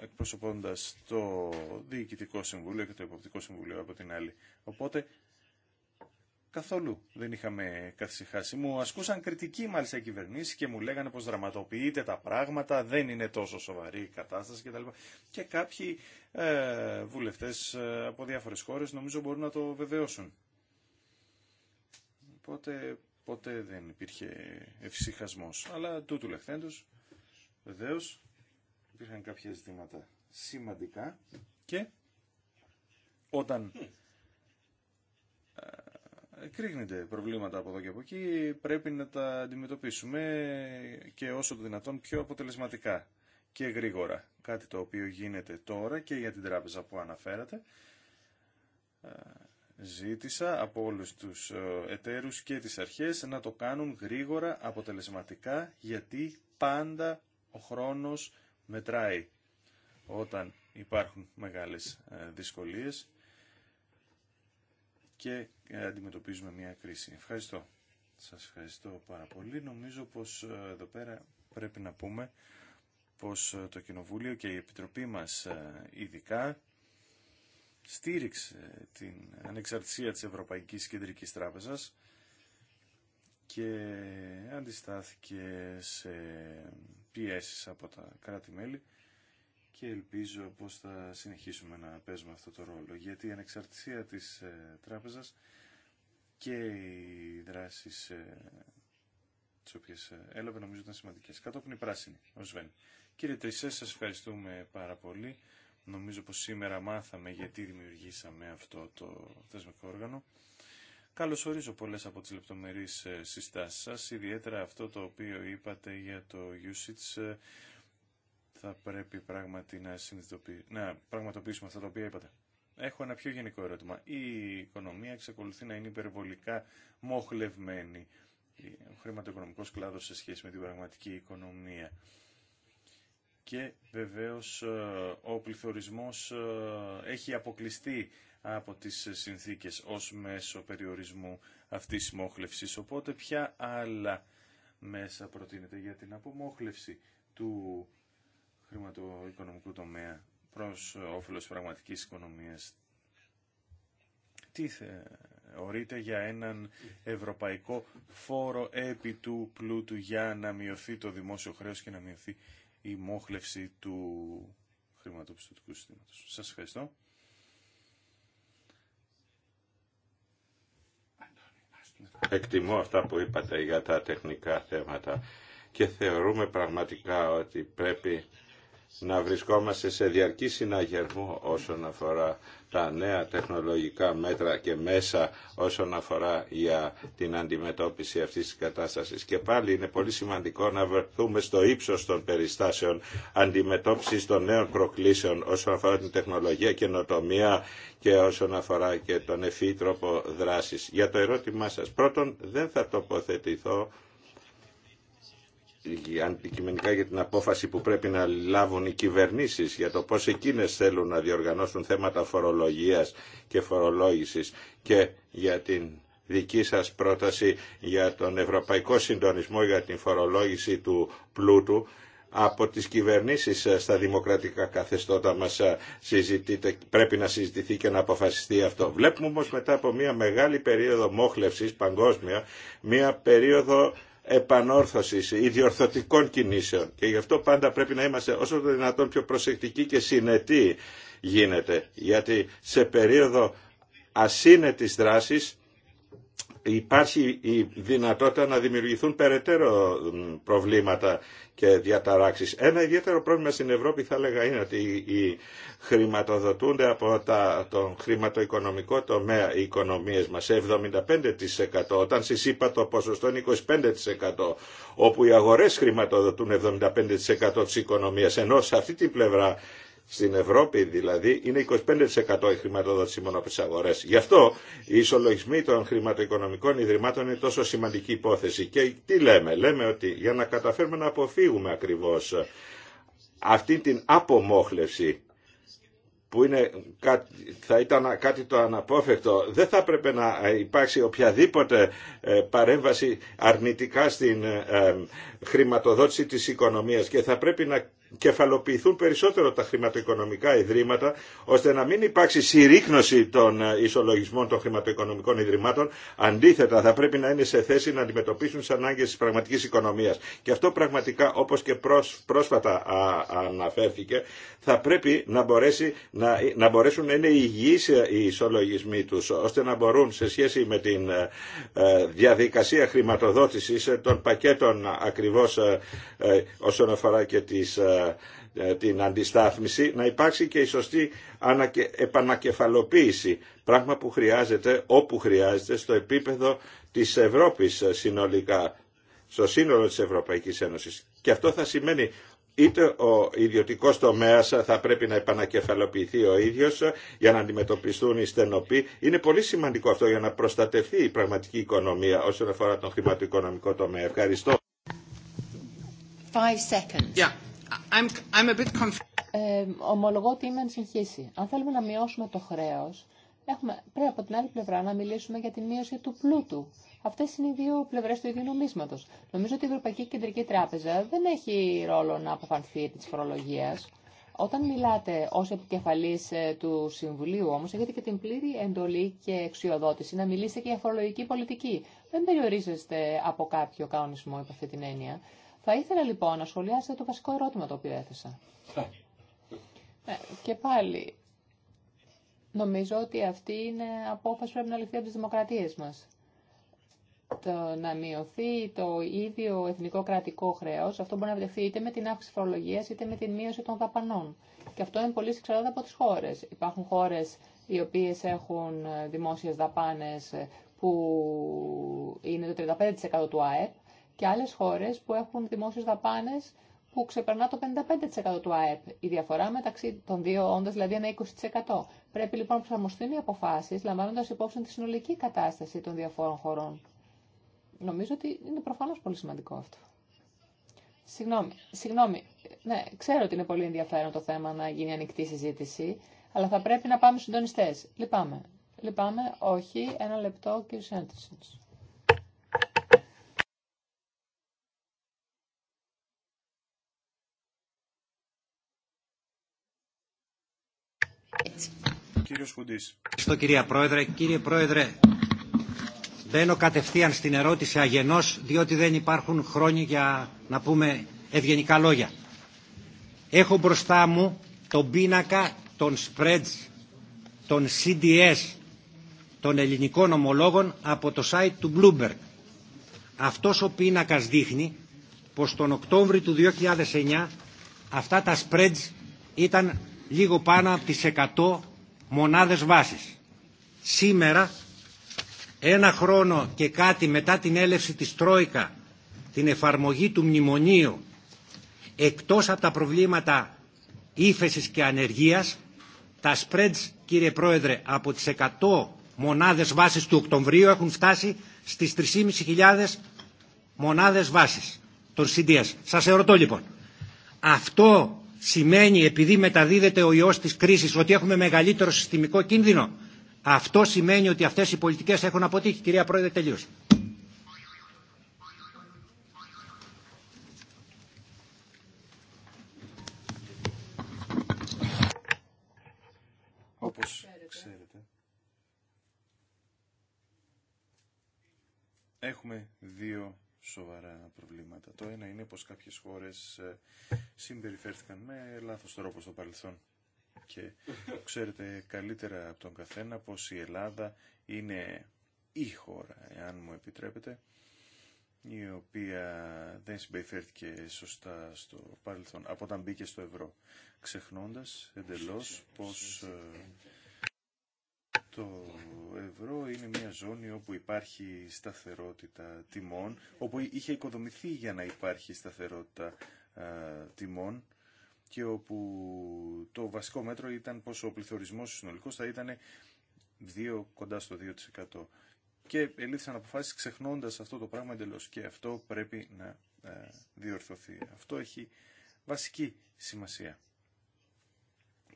εκπροσωπώντας το Διοικητικό Συμβούλιο και το Εποπτικό Συμβούλιο από την άλλη. Οπότε Καθόλου δεν είχαμε καθυσυχάσει. Μου ασκούσαν κριτική μάλιστα οι κυβερνήσει και μου λέγανε πω δραματοποιείται τα πράγματα, δεν είναι τόσο σοβαρή η κατάσταση κτλ. Και κάποιοι ε, βουλευτέ ε, από διάφορε χώρε νομίζω μπορούν να το βεβαιώσουν. Οπότε ποτέ δεν υπήρχε ευσυχασμό. Αλλά τούτου λεχθέντο βεβαίω υπήρχαν κάποια ζητήματα σημαντικά και όταν κρύγνεται προβλήματα από εδώ και από εκεί, πρέπει να τα αντιμετωπίσουμε και όσο το δυνατόν πιο αποτελεσματικά και γρήγορα. Κάτι το οποίο γίνεται τώρα και για την τράπεζα που αναφέρατε. Ε, ζήτησα από όλους τους ε, εταίρους και τις αρχές να το κάνουν γρήγορα, αποτελεσματικά, γιατί πάντα ο χρόνος μετράει όταν υπάρχουν μεγάλες ε, δυσκολίες και ε, αντιμετωπίζουμε μια κρίση. Ευχαριστώ. Σας ευχαριστώ πάρα πολύ. Νομίζω πως ε, εδώ πέρα πρέπει να πούμε πως ε, το Κοινοβούλιο και η Επιτροπή μας ειδικά στήριξε την ανεξαρτησία της Ευρωπαϊκής Κεντρικής Τράπεζας και αντιστάθηκε σε πιέσεις από τα κράτη-μέλη και ελπίζω πως θα συνεχίσουμε να παίζουμε αυτό το ρόλο γιατί η ανεξαρτησία της ε, τράπεζας και οι δράσεις ε, τις οποίες ε, έλαβε νομίζω ήταν σημαντικές. Κατόπιν η πράσινη, ο Σβέν. Κύριε Τρισέ, σας ευχαριστούμε πάρα πολύ. Νομίζω πως σήμερα μάθαμε γιατί δημιουργήσαμε αυτό το θεσμικό όργανο. Καλώς ορίζω πολλές από τις λεπτομερείς συστάσεις σας, ιδιαίτερα αυτό το οποίο είπατε για το usage θα πρέπει πράγματι να, να πραγματοποιήσουμε αυτά τα οποία είπατε. Έχω ένα πιο γενικό ερώτημα. Η οικονομία εξακολουθεί να είναι υπερβολικά μοχλευμένη. Ο χρηματοοικονομικός κλάδος σε σχέση με την πραγματική οικονομία. Και βεβαίως ε, ο πληθωρισμός ε, έχει αποκλειστεί από τις συνθήκες ως μέσο περιορισμού αυτής της μόχλευσης. Οπότε ποια άλλα μέσα προτείνεται για την απομόχλευση του χρηματοοικονομικού τομέα προς όφελος πραγματικής οικονομίας. Τι ορίτε για έναν ευρωπαϊκό φόρο επί του πλούτου για να μειωθεί το δημόσιο χρέος και να μειωθεί η μόχλευση του χρηματοπιστωτικού συστήματος. Σας ευχαριστώ. Εκτιμώ αυτά που είπατε για τα τεχνικά θέματα και θεωρούμε πραγματικά ότι πρέπει να βρισκόμαστε σε διαρκή συναγερμό όσον αφορά τα νέα τεχνολογικά μέτρα και μέσα όσον αφορά για την αντιμετώπιση αυτής της κατάστασης. Και πάλι είναι πολύ σημαντικό να βρεθούμε στο ύψος των περιστάσεων αντιμετώπισης των νέων προκλήσεων όσον αφορά την τεχνολογία καινοτομία και όσον αφορά και τον ευφύ τρόπο δράσης. Για το ερώτημά σας, πρώτον δεν θα τοποθετηθώ ε, αντικειμενικά για την απόφαση που πρέπει να λάβουν οι κυβερνήσεις για το πώ εκείνε θέλουν να διοργανώσουν θέματα φορολογίας και φορολόγηση και για την δική σας πρόταση για τον Ευρωπαϊκό Συντονισμό για την φορολόγηση του πλούτου από τις κυβερνήσεις ε, στα δημοκρατικά καθεστώτα μας ε, πρέπει να συζητηθεί και να αποφασιστεί αυτό. Βλέπουμε όμως μετά από μια μεγάλη περίοδο μόχλευσης παγκόσμια, μια περίοδο επανόρθωσης ή διορθωτικών κινήσεων και γι' αυτό πάντα πρέπει να είμαστε όσο το δυνατόν πιο προσεκτικοί και συνετοί γίνεται γιατί σε περίοδο ασύνετης δράσης υπάρχει η δυνατότητα να δημιουργηθούν περαιτέρω προβλήματα και διαταράξεις. Ένα ιδιαίτερο πρόβλημα στην Ευρώπη θα έλεγα είναι ότι οι χρηματοδοτούνται από τα, τον χρηματοοικονομικό τομέα οι οικονομίες μας σε 75% όταν σας είπα το ποσοστό είναι 25% όπου οι αγορές χρηματοδοτούν 75% της οικονομίας ενώ σε αυτή την πλευρά στην Ευρώπη δηλαδή είναι 25% η χρηματοδότηση μόνο από τι αγορέ. Γι' αυτό οι ισολογισμοί των χρηματοοικονομικών ιδρυμάτων είναι τόσο σημαντική υπόθεση. Και τι λέμε, λέμε ότι για να καταφέρουμε να αποφύγουμε ακριβώ αυτή την απομόχλευση που είναι, θα ήταν κάτι το αναπόφευκτο. Δεν θα πρέπει να υπάρξει οποιαδήποτε ε, παρέμβαση αρνητικά στην ε, ε, χρηματοδότηση της οικονομίας και θα πρέπει να κεφαλοποιηθούν περισσότερο τα χρηματοοικονομικά ιδρύματα, ώστε να μην υπάρξει συρρήκνωση των ε, ισολογισμών των χρηματοοικονομικών ιδρυμάτων. Αντίθετα, θα πρέπει να είναι σε θέση να αντιμετωπίσουν τι ανάγκε τη πραγματική οικονομία. Και αυτό πραγματικά, όπω και πρόσφατα αναφέρθηκε, θα πρέπει να, μπορέσει, να, να μπορέσουν να είναι υγιεί ε, οι ισολογισμοί του, ώστε να μπορούν σε σχέση με την ε, διαδικασία χρηματοδότηση των πακέτων ακριβώ όσον αφορά και τις ε, την αντιστάθμιση, να υπάρξει και η σωστή επανακεφαλοποίηση, πράγμα που χρειάζεται όπου χρειάζεται στο επίπεδο της Ευρώπης συνολικά, στο σύνολο της Ευρωπαϊκής Ένωσης. Και αυτό θα σημαίνει είτε ο ιδιωτικός τομέας θα πρέπει να επανακεφαλοποιηθεί ο ίδιος για να αντιμετωπιστούν οι στενοποί. Είναι πολύ σημαντικό αυτό για να προστατευτεί η πραγματική οικονομία όσον αφορά τον χρηματοοικονομικό τομέα. Ευχαριστώ ομολογώ ότι είμαι ανησυχήση. Αν θέλουμε να μειώσουμε το χρέο, πρέπει από την άλλη πλευρά να μιλήσουμε για τη μείωση του πλούτου. Αυτέ είναι οι δύο πλευρέ του ίδιου νομίσματο. Νομίζω ότι η Ευρωπαϊκή Κεντρική Τράπεζα δεν έχει ρόλο να αποφανθεί τη φορολογία. Όταν μιλάτε ω επικεφαλή ε, του Συμβουλίου όμω, έχετε και την πλήρη εντολή και εξουσιοδότηση να μιλήσετε και για φορολογική πολιτική. Δεν περιορίζεστε από κάποιο κανονισμό υπό αυτή την έννοια. Θα ήθελα λοιπόν να σχολιάσετε το βασικό ερώτημα το οποίο έθεσα. Ε, και πάλι, νομίζω ότι αυτή είναι απόφαση που πρέπει να ληφθεί από τις δημοκρατίες μας. Το να μειωθεί το ίδιο εθνικό κρατικό χρέος, αυτό μπορεί να βρεθεί είτε με την αύξηση φορολογίας είτε με την μείωση των δαπανών. Και αυτό είναι πολύ συξαρτάται από τις χώρες. Υπάρχουν χώρες οι οποίες έχουν δημόσιες δαπάνες που είναι το 35% του ΑΕΠ και άλλες χώρες που έχουν δημόσιες δαπάνες που ξεπερνά το 55% του ΑΕΠ. Η διαφορά μεταξύ των δύο όντα δηλαδή ένα 20%. Πρέπει λοιπόν να προσαρμοστούν οι αποφάσει, λαμβάνοντα υπόψη τη συνολική κατάσταση των διαφόρων χωρών. Νομίζω ότι είναι προφανώ πολύ σημαντικό αυτό. Συγγνώμη, συγγνώμη. Ναι, ξέρω ότι είναι πολύ ενδιαφέρον το θέμα να γίνει ανοιχτή συζήτηση, αλλά θα πρέπει να πάμε συντονιστέ. Λυπάμαι. Λυπάμαι, όχι. Ένα λεπτό, κύριε Σέντρισεν. Ευχαριστώ κυρία Πρόεδρε. Κύριε Πρόεδρε, μπαίνω κατευθείαν στην ερώτηση αγενός, διότι δεν υπάρχουν χρόνια για να πούμε ευγενικά λόγια. Έχω μπροστά μου τον πίνακα των spreads, των CDS, των ελληνικών ομολόγων από το site του Bloomberg. Αυτός ο πίνακας δείχνει πως τον Οκτώβριο του 2009 αυτά τα spreads ήταν λίγο πάνω από τις 100 μονάδες βάσης. Σήμερα, ένα χρόνο και κάτι μετά την έλευση της Τρόικα, την εφαρμογή του μνημονίου, εκτός από τα προβλήματα ύφεση και ανεργίας, τα spreads, κύριε Πρόεδρε, από τις 100 μονάδες βάσης του Οκτωβρίου έχουν φτάσει στις 3.500 μονάδες βάσης των CDS. Σας ερωτώ λοιπόν, αυτό σημαίνει επειδή μεταδίδεται ο ιός της κρίσης ότι έχουμε μεγαλύτερο συστημικό κίνδυνο. Αυτό σημαίνει ότι αυτές οι πολιτικές έχουν αποτύχει. Κυρία Πρόεδρε, τελείωσε. Όπως ξέρετε, έχουμε δύο σοβαρά το ένα είναι πως κάποιες χώρες ε, συμπεριφέρθηκαν με λάθος τρόπο στο παρελθόν. Και ξέρετε καλύτερα από τον καθένα πως η Ελλάδα είναι η χώρα, εάν μου επιτρέπετε, η οποία δεν συμπεριφέρθηκε σωστά στο παρελθόν, από όταν μπήκε στο ευρώ, ξεχνώντας εντελώς πως ε, το ευρώ είναι μια ζώνη όπου υπάρχει σταθερότητα τιμών, όπου είχε οικοδομηθεί για να υπάρχει σταθερότητα τιμών και όπου το βασικό μέτρο ήταν πως ο πληθωρισμός συνολικός θα ήταν 2, κοντά στο 2%. Και ελήφθησαν αποφάσεις ξεχνώντας αυτό το πράγμα εντελώς και αυτό πρέπει να διορθωθεί. Αυτό έχει βασική σημασία.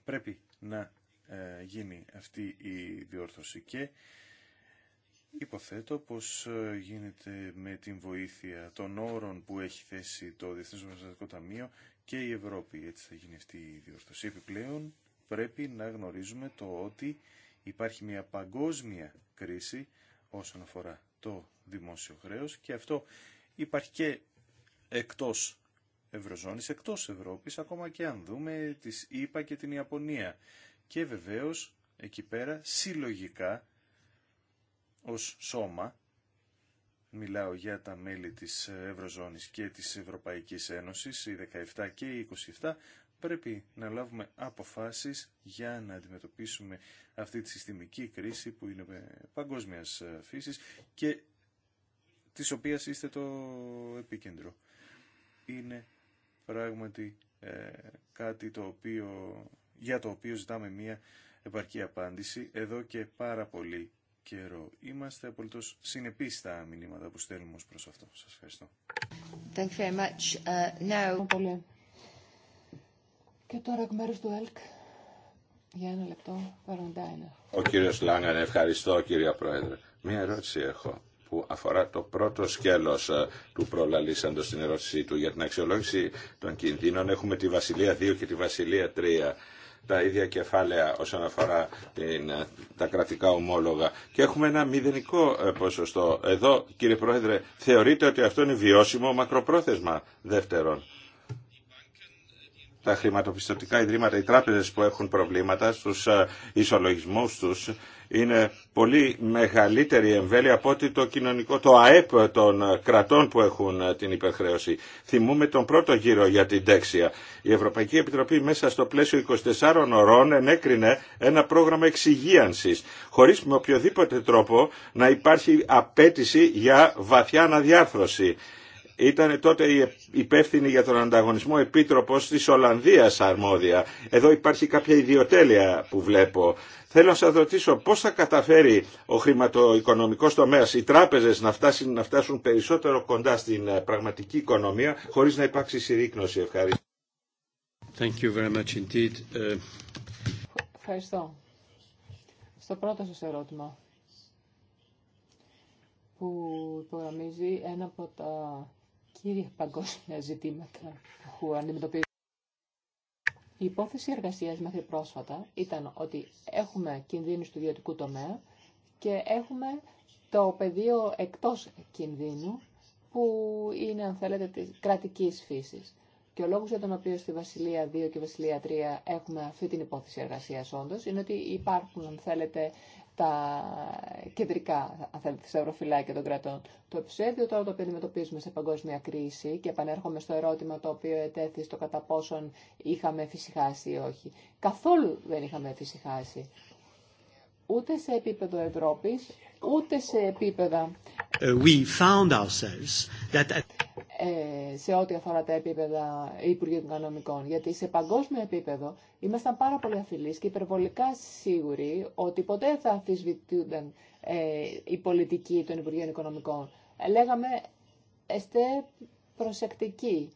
Πρέπει να ε, γίνει αυτή η διόρθωση και υποθέτω πως ε, γίνεται με την βοήθεια των όρων που έχει θέσει το Διεθνές ομοσπονδιακό Ταμείο και η Ευρώπη. Έτσι θα γίνει αυτή η διόρθωση. Επιπλέον πρέπει να γνωρίζουμε το ότι υπάρχει μια παγκόσμια κρίση όσον αφορά το δημόσιο χρέος και αυτό υπάρχει και εκτός Ευρωζώνης, εκτός Ευρώπης, ακόμα και αν δούμε τις ΗΠΑ και την Ιαπωνία και βεβαίως εκεί πέρα συλλογικά ως σώμα μιλάω για τα μέλη της Ευρωζώνης και της Ευρωπαϊκής Ένωσης, οι 17 και οι 27, πρέπει να λάβουμε αποφάσεις για να αντιμετωπίσουμε αυτή τη συστημική κρίση που είναι παγκόσμιας φύσης και της οποίας είστε το επίκεντρο. Είναι πράγματι ε, κάτι το οποίο για το οποίο ζητάμε μία επαρκή απάντηση εδώ και πάρα πολύ καιρό. Είμαστε απολύτω συνεπεί στα μηνύματα που στέλνουμε ω προ αυτό. Σα ευχαριστώ. Thank very much. Uh, now... πολύ. Και τώρα εκ του ΕΛΚ. Για ένα λεπτό, Ο κύριο Λάγκαν, ευχαριστώ κύριε Πρόεδρε. Μία ερώτηση έχω που αφορά το πρώτο σκέλος ε, του προλαλήσαντος στην ερώτησή του για την αξιολόγηση των κινδύνων. Έχουμε τη Βασιλεία 2 και τη Βασιλεία 3 τα ίδια κεφάλαια όσον αφορά την, ε, τα κρατικά ομόλογα και έχουμε ένα μηδενικό ε, ποσοστό. Εδώ κύριε Πρόεδρε θεωρείτε ότι αυτό είναι βιώσιμο μακροπρόθεσμα δεύτερον τα χρηματοπιστωτικά ιδρύματα, οι τράπεζες που έχουν προβλήματα στους ε, ισολογισμούς τους είναι πολύ μεγαλύτερη εμβέλεια από ότι το κοινωνικό, το ΑΕΠ των κρατών που έχουν ε, την υπερχρέωση. Θυμούμε τον πρώτο γύρο για την τέξια. Η Ευρωπαϊκή Επιτροπή μέσα στο πλαίσιο 24 ωρών ενέκρινε ένα πρόγραμμα εξυγίανσης, χωρίς με οποιοδήποτε τρόπο να υπάρχει απέτηση για βαθιά αναδιάρθρωση ήταν τότε η υπεύθυνη για τον ανταγωνισμό επίτροπος της Ολλανδίας αρμόδια. Εδώ υπάρχει κάποια ιδιοτέλεια που βλέπω. Θέλω να σας ρωτήσω πώς θα καταφέρει ο χρηματοοικονομικός τομέας, οι τράπεζες να, φτάσουν, να φτάσουν περισσότερο κοντά στην ε, πραγματική οικονομία χωρίς να υπάρξει συρρήκνωση. Ευχαριστώ. Thank you very much indeed. Ε, Ευχαριστώ. Στο πρώτο σας ερώτημα που υπογραμμίζει ένα από τα κύρια παγκόσμια ζητήματα που αντιμετωπίζουμε. Η υπόθεση εργασία μέχρι πρόσφατα ήταν ότι έχουμε κινδύνους του ιδιωτικού τομέα και έχουμε το πεδίο εκτός κινδύνου που είναι, αν θέλετε, της κρατικής φύσης. Και ο λόγος για τον οποίο στη Βασιλεία 2 και Βασιλεία 3 έχουμε αυτή την υπόθεση εργασία όντως είναι ότι υπάρχουν, αν θέλετε, τα κεντρικά, αν θέλετε, ευρωφυλάκια των κρατών. Το επεισόδιο τώρα το οποίο αντιμετωπίζουμε σε παγκόσμια κρίση και επανέρχομαι στο ερώτημα το οποίο ετέθη στο κατά πόσον είχαμε φυσικάσει ή όχι. Καθόλου δεν είχαμε φυσικάσει. Ούτε σε επίπεδο Ευρώπης, ούτε σε επίπεδα. Uh, we found ourselves that... Ε, σε ό,τι αφορά τα επίπεδα Υπουργείου Οικονομικών. Γιατί σε παγκόσμιο επίπεδο ήμασταν πάρα πολύ αφιλεί και υπερβολικά σίγουροι ότι ποτέ θα αμφισβητούνταν η ε, πολιτική των Υπουργείων Οικονομικών. Λέγαμε, εστέ προσεκτικοί.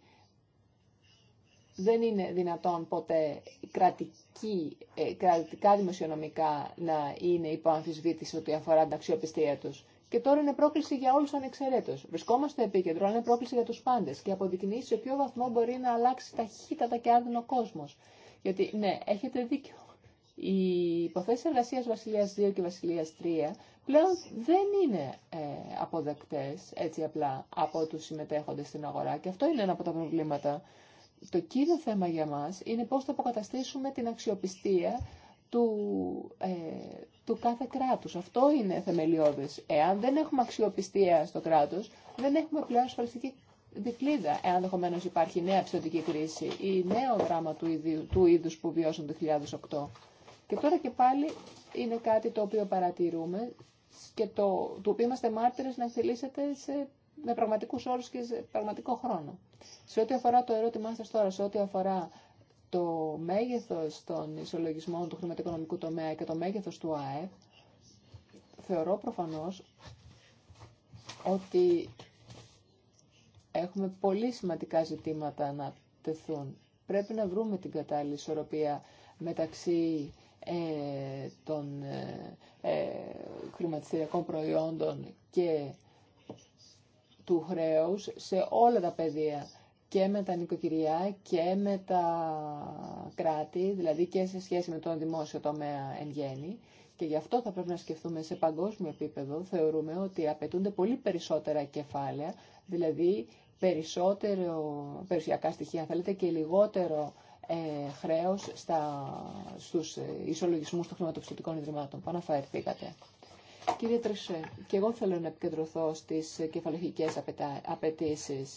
Δεν είναι δυνατόν ποτέ κρατική, ε, κρατικά δημοσιονομικά να είναι υπό αμφισβήτηση ό,τι αφορά την αξιοπιστία τους. Και τώρα είναι πρόκληση για όλου ανεξαιρέτω. Βρισκόμαστε επίκεντρο, αλλά είναι πρόκληση για του πάντε και αποδεικνύει σε ποιο βαθμό μπορεί να αλλάξει ταχύτατα και άρδινο ο κόσμο. Γιατί, ναι, έχετε δίκιο. Οι υποθέσει εργασία Βασιλεία 2 και Βασιλεία 3 πλέον δεν είναι ε, αποδεκτέ έτσι απλά από του συμμετέχοντε στην αγορά. Και αυτό είναι ένα από τα προβλήματα. Το κύριο θέμα για μα είναι πώ θα αποκαταστήσουμε την αξιοπιστία του, ε, κάθε κράτους. Αυτό είναι θεμελιώδες. Εάν δεν έχουμε αξιοπιστία στο κράτος, δεν έχουμε πλέον ασφαλιστική δικλίδα, εάν ενδεχομένω υπάρχει νέα πιστοτική κρίση ή νέο δράμα του, ίδιου, του είδους που βιώσαν το 2008. Και τώρα και πάλι είναι κάτι το οποίο παρατηρούμε και το, το οποίο είμαστε μάρτυρες να εξελίσσεται σε, με πραγματικούς όρους και σε πραγματικό χρόνο. Σε ό,τι αφορά το ερώτημά σας τώρα, σε ό,τι αφορά το μέγεθος των ισολογισμών του χρηματοοικονομικού τομέα και το μέγεθος του ΑΕΠ, θεωρώ προφανώς ότι έχουμε πολύ σημαντικά ζητήματα να τεθούν. Πρέπει να βρούμε την κατάλληλη ισορροπία μεταξύ ε, των ε, χρηματιστηριακών προϊόντων και του χρέους σε όλα τα πεδία και με τα νοικοκυριά και με τα κράτη, δηλαδή και σε σχέση με τον δημόσιο τομέα εν γέννη. Και γι' αυτό θα πρέπει να σκεφτούμε σε παγκόσμιο επίπεδο, θεωρούμε ότι απαιτούνται πολύ περισσότερα κεφάλαια, δηλαδή περισσότερο περιουσιακά στοιχεία, θέλετε, και λιγότερο ε, χρέος στα, στους ισολογισμούς των χρηματοπιστωτικών ιδρυμάτων. Παναφέρθηκατε. Κύριε Τρεσέ, και εγώ θέλω να επικεντρωθώ στις κεφαλαιοχικές απαιτήσει.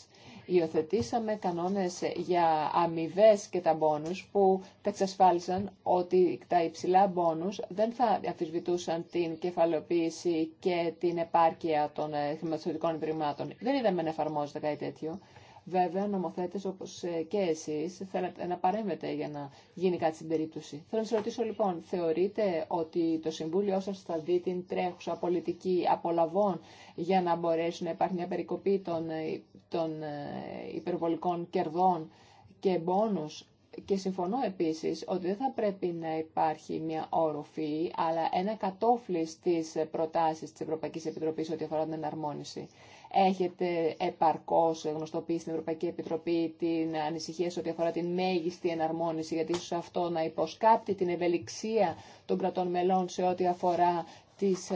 Υιοθετήσαμε κανόνες για αμοιβέ και τα μπόνους που τα εξασφάλισαν ότι τα υψηλά μπόνους δεν θα αφισβητούσαν την κεφαλοποίηση και την επάρκεια των ε, χρηματοδοτικών ιδρυμάτων. Δεν είδαμε να εφαρμόζεται κάτι τέτοιο. Βέβαια, νομοθέτες όπως ε, και εσείς θέλατε να παρέμβετε για να γίνει κάτι στην περίπτωση. Θέλω να σας ρωτήσω λοιπόν, θεωρείτε ότι το Συμβούλιο σα θα δει την τρέχουσα πολιτική απολαβών για να μπορέσει να υπάρχει μια περικοπή των, ε, των ε, υπερβολικών κερδών και μπόνους και συμφωνώ επίσης ότι δεν θα πρέπει να υπάρχει μια όροφη, αλλά ένα κατόφλι στις προτάσεις της Ευρωπαϊκής Επιτροπής ό,τι αφορά την εναρμόνιση. Έχετε επαρκώς γνωστοποιήσει στην Ευρωπαϊκή Επιτροπή την ανησυχία σε ό,τι αφορά την μέγιστη εναρμόνιση, γιατί ίσω αυτό να υποσκάπτει την ευελιξία των κρατών μελών σε ό,τι αφορά τις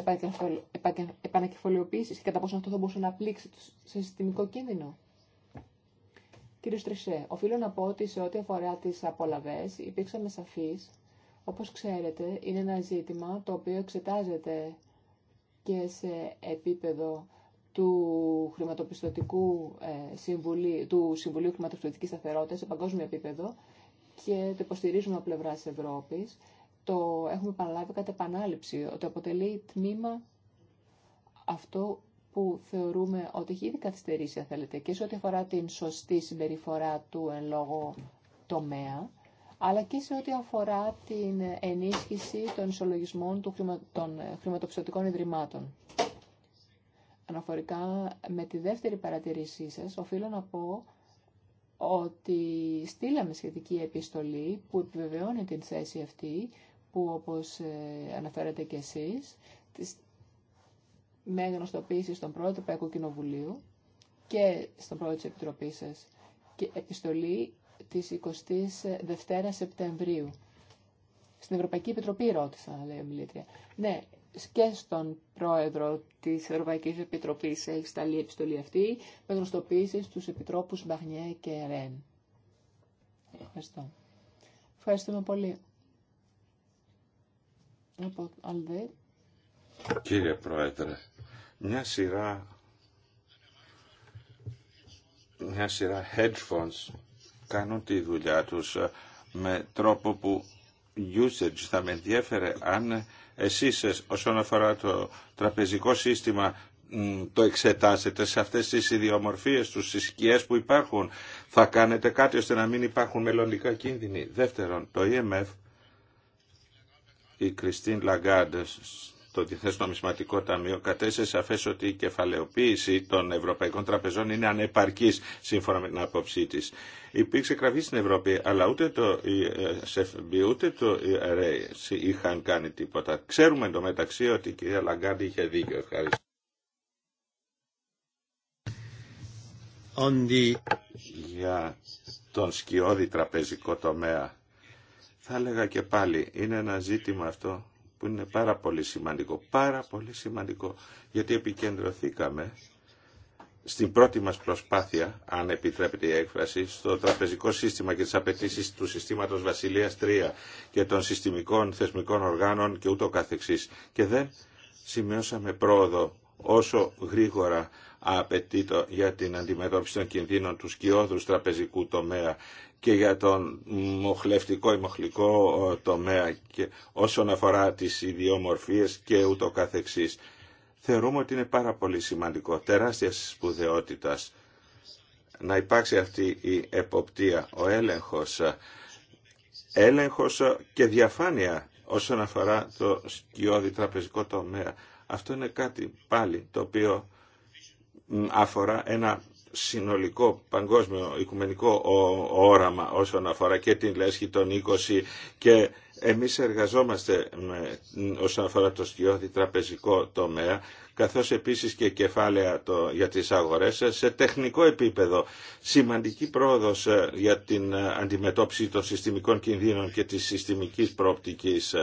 επανακεφαλαιοποιήσει και κατά πόσο αυτό θα μπορούσε να πλήξει σε συστημικό κίνδυνο. Κύριε Στρισέ, οφείλω να πω ότι σε ό,τι αφορά τις απολαυέ, υπήρξαμε σαφεί. όπω ξέρετε, είναι ένα ζήτημα το οποίο εξετάζεται και σε επίπεδο του χρηματοπιστωτικού ε, συμβουλίου, του Συμβουλίου Χρηματοπιστωτικής Σταθερότητας σε παγκόσμιο επίπεδο και το υποστηρίζουμε από πλευρά της Ευρώπης. Το έχουμε επαναλάβει κατά επανάληψη, ότι αποτελεί τμήμα αυτό που θεωρούμε ότι έχει ήδη καθυστερήσει, αν θέλετε, και σε ό,τι αφορά την σωστή συμπεριφορά του εν λόγω τομέα, αλλά και σε ό,τι αφορά την ενίσχυση των ισολογισμών των ε, χρηματοπιστωτικών ιδρυμάτων. Αναφορικά με τη δεύτερη παρατηρήσή σας, οφείλω να πω ότι στείλαμε σχετική επιστολή που επιβεβαιώνει την θέση αυτή, που όπως ε, αναφέρατε και εσείς, με γνωστοποίηση στον πρώτο του Κοινοβουλίου και στον πρώτο της Επιτροπής σας και επιστολή της 22 Σεπτεμβρίου. Στην Ευρωπαϊκή Επιτροπή ρώτησα, λέει ο Μιλήτρια. Ναι, και στον πρόεδρο τη Ευρωπαϊκή Επιτροπή έχει σταλεί η επιστολή αυτή με γνωστοποίηση στου επιτρόπους Μπαγνιέ και Ρεν. Ευχαριστώ. Ευχαριστούμε πολύ. Από Κύριε Πρόεδρε, μια σειρά μια σειρά hedge funds κάνουν τη δουλειά τους ε, με τρόπο που usage θα με ενδιέφερε αν εσείς ε, όσον αφορά το τραπεζικό σύστημα το εξετάσετε σε αυτές τις ιδιομορφίες τους, στις σκιές που υπάρχουν. Θα κάνετε κάτι ώστε να μην υπάρχουν μελλοντικά κίνδυνοι. Δεύτερον, το IMF e η Κριστίν Λαγκάντες το Διεθνές Νομισματικό Ταμείο κατέστησε σαφές ότι η κεφαλαιοποίηση των ευρωπαϊκών τραπεζών είναι ανεπαρκής σύμφωνα με την άποψή της. Υπήρξε κραυγή στην Ευρώπη, αλλά ούτε το SFB ούτε το RAC είχαν κάνει τίποτα. Ξέρουμε εντωμεταξύ ότι η κυρία Λαγκάρντι είχε δίκιο. Ευχαριστώ. Για τον σκιώδη τραπεζικό τομέα. Θα έλεγα και πάλι, είναι ένα ζήτημα αυτό που είναι πάρα πολύ σημαντικό, πάρα πολύ σημαντικό, γιατί επικεντρωθήκαμε στην πρώτη μας προσπάθεια, αν επιτρέπεται η έκφραση, στο τραπεζικό σύστημα και τις απαιτήσει του συστήματος Βασιλείας 3 και των συστημικών θεσμικών οργάνων και ούτω καθεξής. Και δεν σημειώσαμε πρόοδο όσο γρήγορα απαιτείται για την αντιμετώπιση των κινδύνων του σκιώδους τραπεζικού τομέα και για τον μοχλευτικό ή μοχλικό ε, τομέα και όσον αφορά τις ιδιομορφίες και ούτω καθεξής. Θεωρούμε ότι είναι πάρα πολύ σημαντικό, τεράστια σπουδαιότητας να υπάρξει αυτή η εποπτεία, ο έλεγχος, ε, έλεγχος ε, και διαφάνεια ειναι παρα πολυ σημαντικο τεραστια σπουδαιότητα να υπαρξει αυτη αφορά το σκιώδη τραπεζικό τομέα. Αυτό είναι κάτι πάλι το οποίο αφορά ένα συνολικό παγκόσμιο οικουμενικό όραμα όσον αφορά και την λέσχη των 20 και εμείς εργαζόμαστε με, όσον αφορά το στιώδη τραπεζικό τομέα καθώς επίσης και κεφάλαια το, για τις αγορές σε τεχνικό επίπεδο. Σημαντική πρόοδος ε, για την ε, αντιμετώπιση των συστημικών κινδύνων και της συστημικής προοπτικής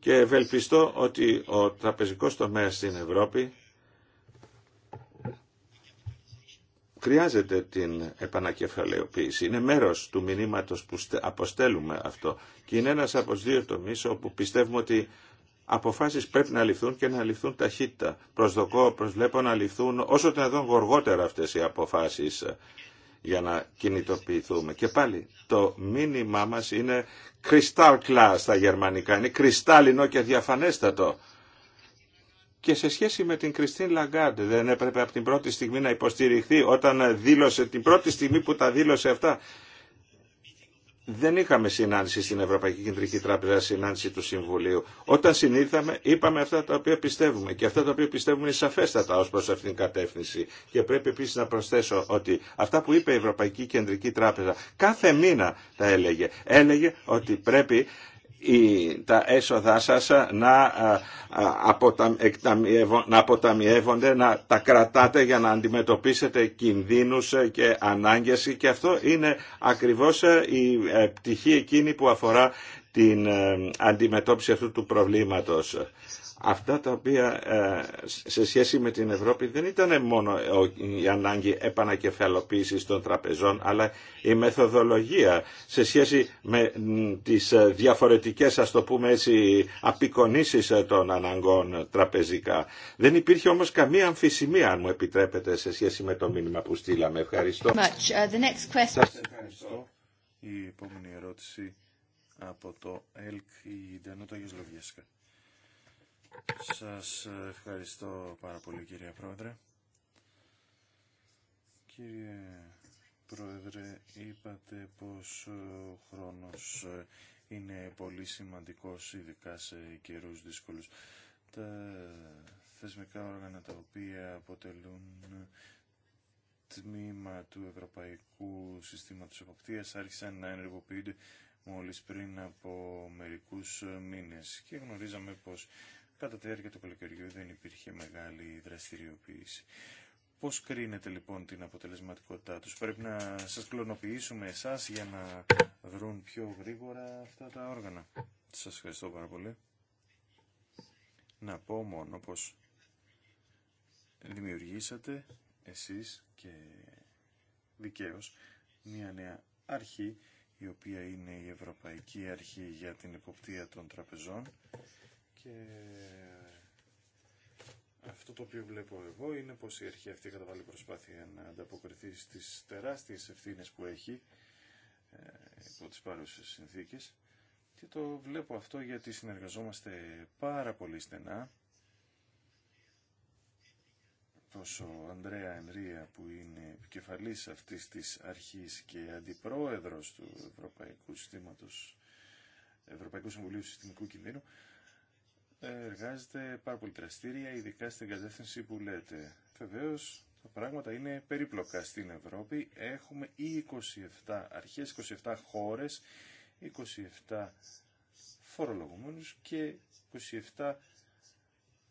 και ευελπιστώ ότι ο τραπεζικός τομέας στην Ευρώπη χρειάζεται την επανακεφαλαιοποίηση. Είναι μέρος του μηνύματος που αποστέλουμε αυτό και είναι ένας από τους δύο τομείς όπου πιστεύουμε ότι αποφάσεις πρέπει να ληφθούν και να ληφθούν ταχύτητα. Προσδοκώ, προσβλέπω να ληφθούν όσο το δυνατόν γοργότερα αυτές οι αποφάσεις ε, για να κινητοποιηθούμε. Και πάλι το μήνυμά μας είναι κρυστάλ κλά στα γερμανικά, είναι κρυστάλλινο και διαφανέστατο και σε σχέση με την Κριστίν Λαγκάντ δεν έπρεπε από την πρώτη στιγμή να υποστηριχθεί όταν δήλωσε, την πρώτη στιγμή που τα δήλωσε αυτά. Δεν είχαμε συνάντηση στην Ευρωπαϊκή Κεντρική Τράπεζα, συνάντηση του Συμβουλίου. Όταν συνήθαμε, είπαμε αυτά τα οποία πιστεύουμε. Και αυτά τα οποία πιστεύουμε είναι σαφέστατα ω προ αυτήν την κατεύθυνση. Και πρέπει επίση να προσθέσω ότι αυτά που είπε η Ευρωπαϊκή Κεντρική Τράπεζα κάθε μήνα τα έλεγε. Έλεγε ότι πρέπει τα έσοδά σας ε, να, ε, ε, να αποταμιεύονται, να τα κρατάτε για να αντιμετωπίσετε κινδύνους και ανάγκες και αυτό είναι ακριβώς η πτυχή εκείνη που αφορά την αντιμετώπιση αυτού του προβλήματος αυτά τα οποία ε, σε σχέση με την Ευρώπη δεν ήταν μόνο η ανάγκη επανακεφαλοποίησης των τραπεζών αλλά η μεθοδολογία σε σχέση με τις ε, διαφορετικές ας το πούμε έτσι απεικονίσεις ε, των αναγκών τραπεζικά. Δεν υπήρχε όμως καμία αμφισημία αν μου επιτρέπετε σε σχέση με το μήνυμα που στείλαμε. Ευχαριστώ. Uh, Σας ευχαριστώ. Η επόμενη ερώτηση από το ΕΛΚ η Ντανούτα Γεσλοβιέσκα. Σας ευχαριστώ πάρα πολύ κύριε Πρόεδρε. Κύριε Πρόεδρε, είπατε πως ο χρόνος είναι πολύ σημαντικός, ειδικά σε καιρούς δύσκολους. Τα θεσμικά όργανα τα οποία αποτελούν τμήμα του Ευρωπαϊκού Συστήματος Εποπτείας άρχισαν να ενεργοποιούνται μόλις πριν από μερικούς μήνες και γνωρίζαμε πως κατά τη διάρκεια του καλοκαιριού δεν υπήρχε μεγάλη δραστηριοποίηση. Πώς κρίνετε λοιπόν την αποτελεσματικότητά τους. Πρέπει να σας κλωνοποιήσουμε εσάς για να βρουν πιο γρήγορα αυτά τα όργανα. Σας ευχαριστώ πάρα πολύ. Να πω μόνο πως δημιουργήσατε εσείς και δικαίως μια νέα αρχή η οποία είναι η Ευρωπαϊκή Αρχή για την Εποπτεία των Τραπεζών και αυτό το οποίο βλέπω εγώ είναι πως η αρχή αυτή καταβάλει προσπάθεια να ανταποκριθεί στις τεράστιες ευθύνες που έχει ε, υπό τις παρούσες συνθήκες και το βλέπω αυτό γιατί συνεργαζόμαστε πάρα πολύ στενά τόσο ο Ανδρέα Ενρία που είναι επικεφαλής αυτής της αρχής και αντιπρόεδρος του Ευρωπαϊκού Συστήματος Ευρωπαϊκού Συμβουλίου Συστημικού Κινδύνου ε, εργάζεται πάρα πολύ τραστήρια ειδικά στην κατεύθυνση που λέτε. Βεβαίω, τα πράγματα είναι περίπλοκα στην Ευρώπη. Έχουμε 27 αρχές, 27 χώρες, 27 φορολογούμενους και 27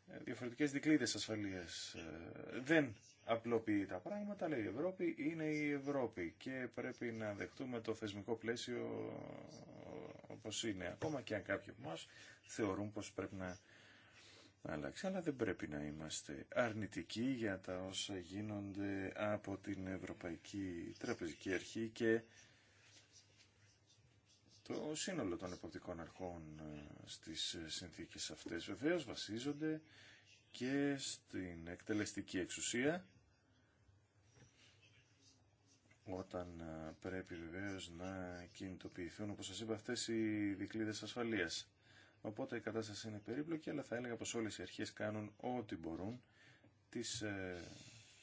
ε, διαφορετικές δικλείδες ασφαλείας. Ε, δεν απλοποιεί τα πράγματα, λέει η Ευρώπη είναι η Ευρώπη και πρέπει να δεχτούμε το θεσμικό πλαίσιο όπως είναι. Ακόμα και αν κάποιοι από θεωρούν πως πρέπει να αλλάξει. Αλλά δεν πρέπει να είμαστε αρνητικοί για τα όσα γίνονται από την Ευρωπαϊκή Τραπεζική Αρχή και το σύνολο των εποπτικών αρχών ε, στις συνθήκες αυτές βεβαίως βασίζονται και στην εκτελεστική εξουσία όταν ε, πρέπει βεβαίως να κινητοποιηθούν, όπως σας είπα, αυτές οι δικλείδες ασφαλείας. Οπότε η κατάσταση είναι περίπλοκη, αλλά θα έλεγα πως όλες οι αρχές κάνουν ό,τι μπορούν τις ε,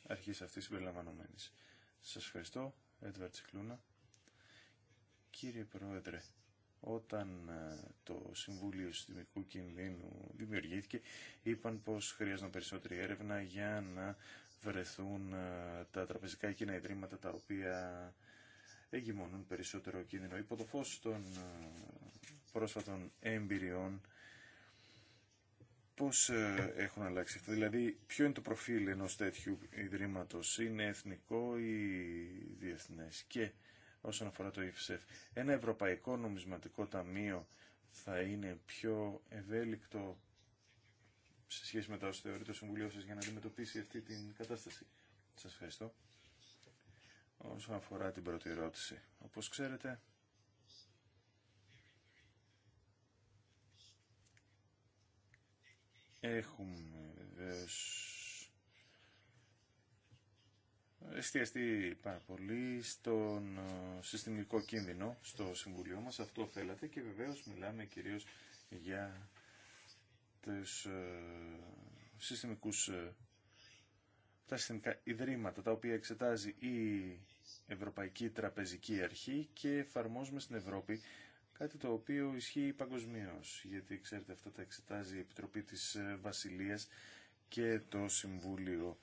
αυτής αυτής συμπεριλαμβανομένης. Σας ευχαριστώ, Έντβαρτ Σικλούνα. Κύριε Πρόεδρε, όταν ε, το Συμβούλιο Συστημικού Κινδύνου δημιουργήθηκε, είπαν πως χρειάζονταν περισσότερη έρευνα για να βρεθούν ε, τα τραπεζικά εκείνα ιδρύματα τα οποία εγκυμονούν περισσότερο κίνδυνο. Υπό το φως των ε, πρόσφατων εμπειριών, πώς ε, έχουν αλλάξει αυτά. Δηλαδή, ποιο είναι το προφίλ ενός τέτοιου ιδρύματος. Είναι εθνικό ή διεθνές. Και όσον αφορά το ΙΦΣΕΦ, ένα ευρωπαϊκό νομισματικό ταμείο θα είναι πιο ευέλικτο σε σχέση με τα όσα θεωρεί το Συμβουλίο σας για να αντιμετωπίσει αυτή την κατάσταση. Σας ευχαριστώ. Όσον αφορά την πρώτη ερώτηση, όπως ξέρετε, έχουμε βεβαίως εστιαστεί πάρα πολύ στον ε, συστημικό κίνδυνο στο Συμβουλίο μας. Αυτό θέλατε και βεβαίως μιλάμε κυρίως για τους ε, συστημικούς ε, τα συστημικά ιδρύματα τα οποία εξετάζει η Ευρωπαϊκή Τραπεζική Αρχή και εφαρμόζουμε στην Ευρώπη κάτι το οποίο ισχύει παγκοσμίω, γιατί ξέρετε αυτά τα εξετάζει η Επιτροπή της ε, Βασιλείας και το Συμβούλιο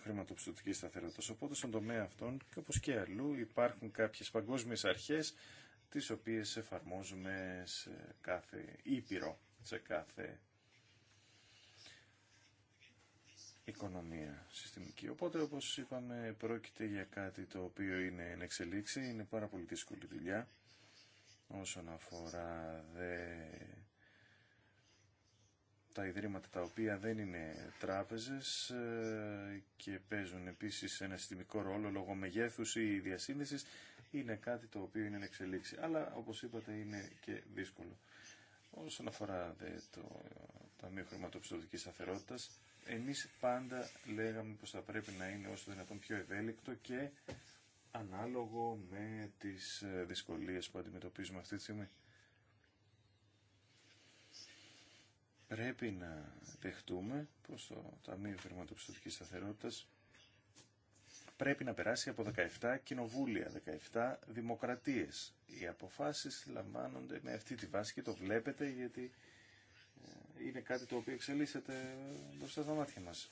Χρηματοπιστωτική Σταθερότητα. Οπότε στον τομέα αυτών και όπως και αλλού υπάρχουν κάποιες παγκόσμιες αρχές τις οποίες εφαρμόζουμε σε κάθε ήπειρο, σε κάθε οικονομία συστημική. Οπότε, όπως είπαμε, πρόκειται για κάτι το οποίο είναι εν εξελίξη, είναι πάρα πολύ δύσκολη δουλειά όσον αφορά δε... τα ιδρύματα τα οποία δεν είναι τράπεζες ε, και παίζουν επίσης ένα συστημικό ρόλο λόγω μεγέθους ή διασύνδεσης είναι κάτι το οποίο είναι εν Αλλά, όπως είπατε, είναι και δύσκολο. Όσον αφορά το Ταμείο Χρηματοπιστωτικής Σταθερότητας, εμείς πάντα λέγαμε πως θα πρέπει να είναι όσο δυνατόν πιο ευέλικτο και ανάλογο με τις ε, δυσκολίες που αντιμετωπίζουμε αυτή τη στιγμή. Πρέπει να δεχτούμε πως το Ταμείο Χρηματοπιστωτικής Σταθερότητας πρέπει να περάσει από 17 κοινοβούλια, 17 δημοκρατίες. Οι αποφάσεις λαμβάνονται με αυτή τη βάση και το βλέπετε γιατί είναι κάτι το οποίο εξελίσσεται μπροστά στα μάτια μας.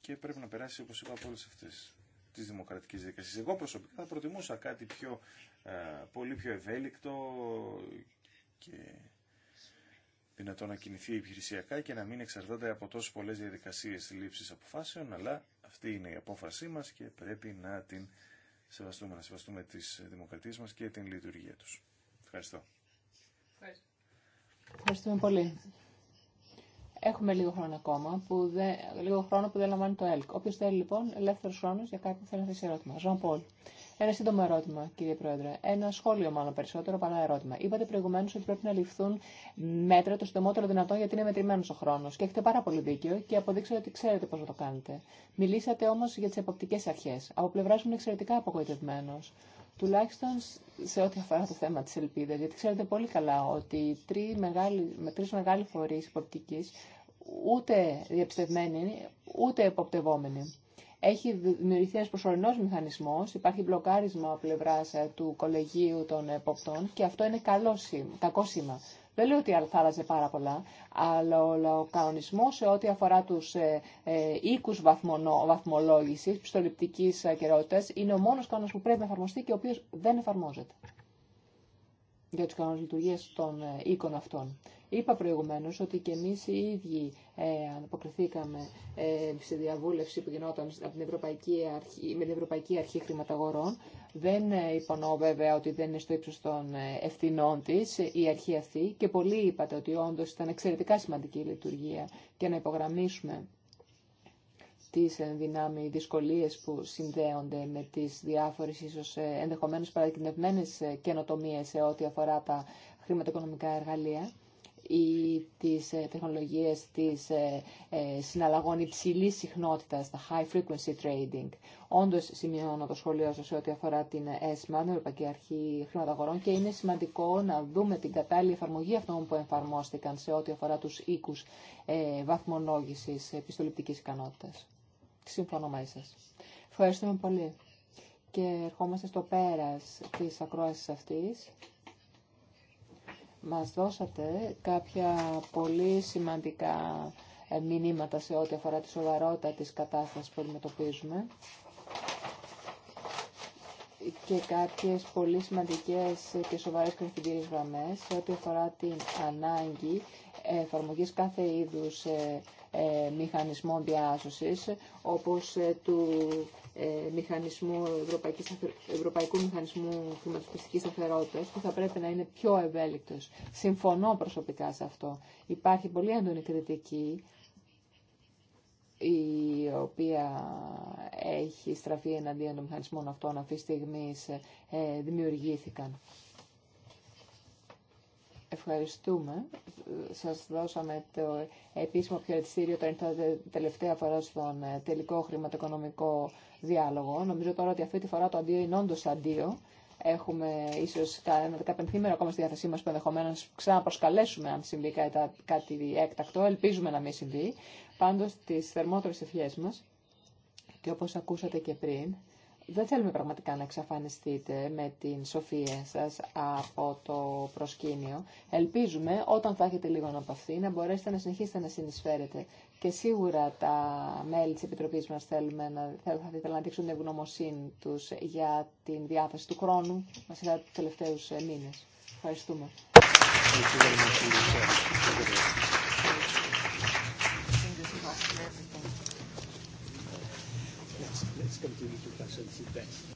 Και πρέπει να περάσει, όπως είπα, από όλες αυτές τις δημοκρατικές δικασίες. Εγώ προσωπικά θα προτιμούσα κάτι πιο, ε, πολύ πιο ευέλικτο και δυνατό να κινηθεί επιχειρησιακά και να μην εξαρτάται από τόσες πολλές διαδικασίες λήψης αποφάσεων, αλλά αυτή είναι η απόφασή μας και πρέπει να την σεβαστούμε, να σεβαστούμε τις δημοκρατίες μας και την λειτουργία τους. Ευχαριστώ. Ευχαριστούμε πολύ. Έχουμε λίγο χρόνο ακόμα, που δεν, λίγο χρόνο που δεν λαμβάνει το ΕΛΚ. Όποιος θέλει λοιπόν ελεύθερος χρόνος για κάποιον θέλει να θέσει ερώτημα. Ζων Πολ. Ένα σύντομο ερώτημα, κύριε Πρόεδρε. Ένα σχόλιο μάλλον περισσότερο παρά ερώτημα. Είπατε προηγουμένω ότι πρέπει να ληφθούν μέτρα το συντομότερο δυνατό γιατί είναι μετρημένο ο χρόνο. Και έχετε πάρα πολύ δίκιο και αποδείξατε ότι ξέρετε πώ να το κάνετε. Μιλήσατε όμω για τι εποπτικέ αρχέ. Από πλευρά μου είναι εξαιρετικά απογοητευμένο. Τουλάχιστον σε ό,τι αφορά το θέμα τη ελπίδα. Γιατί ξέρετε πολύ καλά ότι τρει μεγάλοι, μεγάλοι φορεί υποπτική ούτε διαπιστευμένοι, ούτε εποπτευόμενοι. Έχει δημιουργηθεί ένα προσωρινό μηχανισμό, υπάρχει μπλοκάρισμα από πλευρά ε, του κολεγίου των εποπτών και αυτό είναι καλό σήμα, κακό σήμα. Δεν λέω ότι θα άλλαζε πάρα πολλά, αλλά ο κανονισμό σε ό,τι αφορά του ε, ε, οίκου βαθμολόγηση, πιστοληπτική ακαιρεότητα, είναι ο μόνο κανόνα που πρέπει να εφαρμοστεί και ο οποίο δεν εφαρμόζεται για τις κανόνες λειτουργίας των ε, οίκων αυτών. Είπα προηγουμένως ότι και εμείς οι ίδιοι ε, ε σε διαβούλευση που γινόταν από την Ευρωπαϊκή Αρχή, με την Ευρωπαϊκή Αρχή Χρηματαγορών. Δεν ε, υπονοώ βέβαια ότι δεν είναι στο ύψος των ε, ευθυνών της η αρχή αυτή και πολλοί είπατε ότι όντως ήταν εξαιρετικά σημαντική η λειτουργία και να υπογραμμίσουμε τις ε, δυνάμει δυσκολίες που συνδέονται με τις διάφορες ίσως ε, ενδεχομένως παρακινευμένες ε, καινοτομίες σε ό,τι αφορά τα χρηματοοικονομικά εργαλεία ή τις τεχνολογίες της συναλλαγών υψηλής συχνότητας, τα high frequency trading. Όντως σημειώνω το σχολείο σας σε ό,τι αφορά την ΕΣΜΑ, την Ευρωπαϊκή Αρχή Χρηματαγορών και είναι σημαντικό να δούμε την κατάλληλη εφαρμογή αυτών που εφαρμόστηκαν σε ό,τι αφορά τους οίκους βαθμολόγηση επιστοληπτικής ικανότητας. Συμφωνώ μαζί σας. Ευχαριστούμε πολύ. Και ερχόμαστε στο πέρας της ακρόαση αυτής. Μας δώσατε κάποια πολύ σημαντικά ε, μηνύματα σε ό,τι αφορά τη σοβαρότητα τη κατάστασης που αντιμετωπίζουμε και κάποιες πολύ σημαντικές και σοβαρές κρυφτικές γραμμές σε ό,τι αφορά την ανάγκη εφαρμογή κάθε είδους ε, ε, μηχανισμών διάσωσης, όπως ε, του μηχανισμού Ευρωπαϊκού Μηχανισμού Χρηματοπιστικής Σταθερότητας, που θα πρέπει να είναι πιο ευέλικτο. Συμφωνώ προσωπικά σε αυτό. Υπάρχει πολύ έντονη κριτική η οποία έχει στραφεί εναντίον των μηχανισμών αυτών αυτή τη στιγμή δημιουργήθηκαν. Ευχαριστούμε. Σας δώσαμε το επίσημο χαιρετιστήριο τελευταία φορά στον ε, τελικό χρηματοοικονομικό διάλογο. Νομίζω τώρα ότι αυτή τη φορά το αντίο είναι όντω αντίο. Έχουμε ίσω ένα δεκαπενθήμερο ακόμα στη διάθεσή μα που ενδεχομένω ξαναπροσκαλέσουμε αν συμβεί κάτι έκτακτο. Ελπίζουμε να μην συμβεί. Πάντω, τι θερμότερε ευχέ μα και όπω ακούσατε και πριν, δεν θέλουμε πραγματικά να εξαφανιστείτε με την σοφία σας από το προσκήνιο. Ελπίζουμε όταν θα έχετε λίγο να παυθεί να μπορέσετε να συνεχίσετε να συνεισφέρετε. Και σίγουρα τα μέλη της Επιτροπής μας θέλουμε να, θα ήθελα να δείξουν την ευγνωμοσύνη τους για την διάθεση του χρόνου μας για τους τελευταίους ε, μήνες. Ευχαριστούμε. Ευχαριστώ.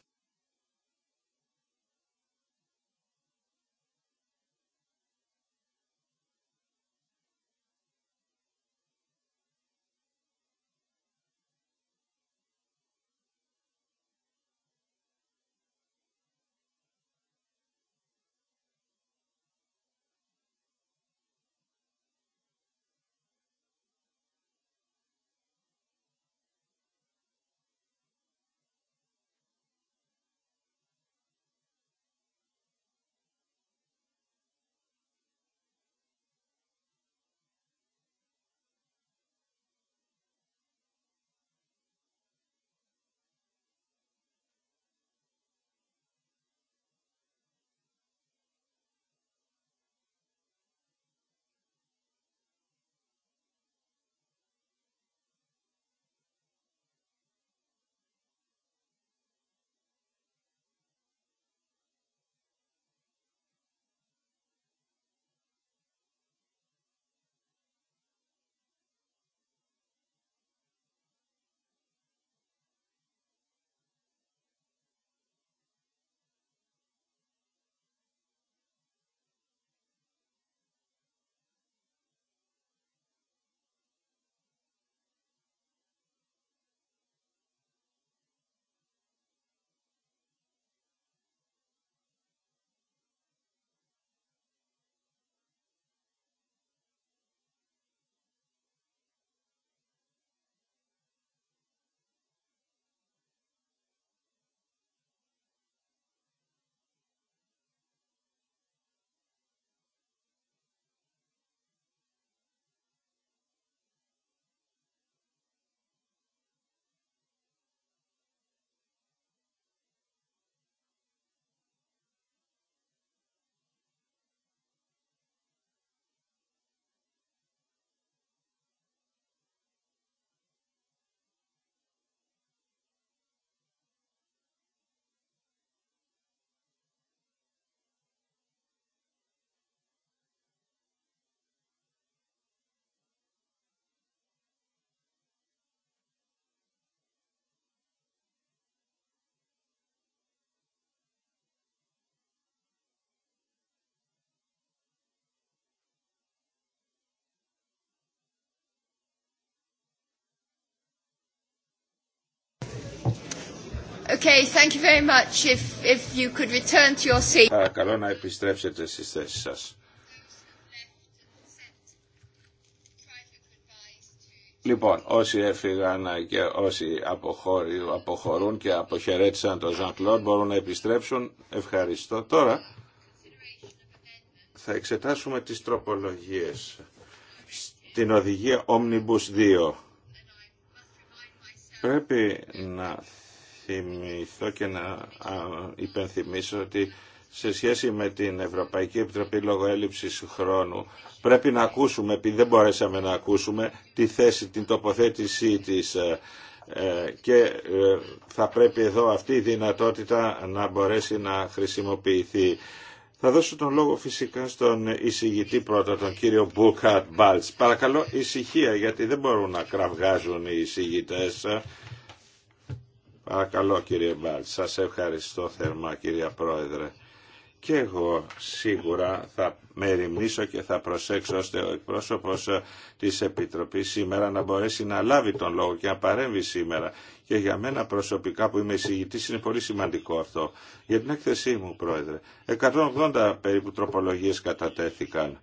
Okay, thank you very much. If, if you could return to your seat. Παρακαλώ να επιστρέψετε στις θέσεις σας. Λοιπόν, όσοι έφυγαν και όσοι αποχωρούν και αποχαιρέτησαν τον Ζαν Κλοντ μπορούν να επιστρέψουν. Ευχαριστώ. Τώρα θα εξετάσουμε τις τροπολογίες στην οδηγία Omnibus 2. Πρέπει να θυμηθώ και να υπενθυμίσω ότι σε σχέση με την Ευρωπαϊκή Επιτροπή λόγω έλλειψης χρόνου πρέπει να ακούσουμε, επειδή δεν μπορέσαμε να ακούσουμε, τη θέση, την τοποθέτησή της ε, ε, και ε, θα πρέπει εδώ αυτή η δυνατότητα να μπορέσει να χρησιμοποιηθεί. Θα δώσω τον λόγο φυσικά στον εισηγητή πρώτα, τον κύριο Μπούκαρτ Μπάλτς. Παρακαλώ ησυχία γιατί δεν μπορούν να κραυγάζουν οι εισηγητές Παρακαλώ κύριε Μπάλτ, σας ευχαριστώ θερμά κύριε Πρόεδρε. Και εγώ σίγουρα θα μεριμνήσω και θα προσέξω ώστε ο εκπρόσωπος ε, της Επιτροπής σήμερα να μπορέσει να λάβει τον λόγο και να παρέμβει σήμερα. Και για μένα προσωπικά που είμαι εισηγητής είναι πολύ σημαντικό αυτό. Για την έκθεσή μου, Πρόεδρε, 180 περίπου τροπολογίες κατατέθηκαν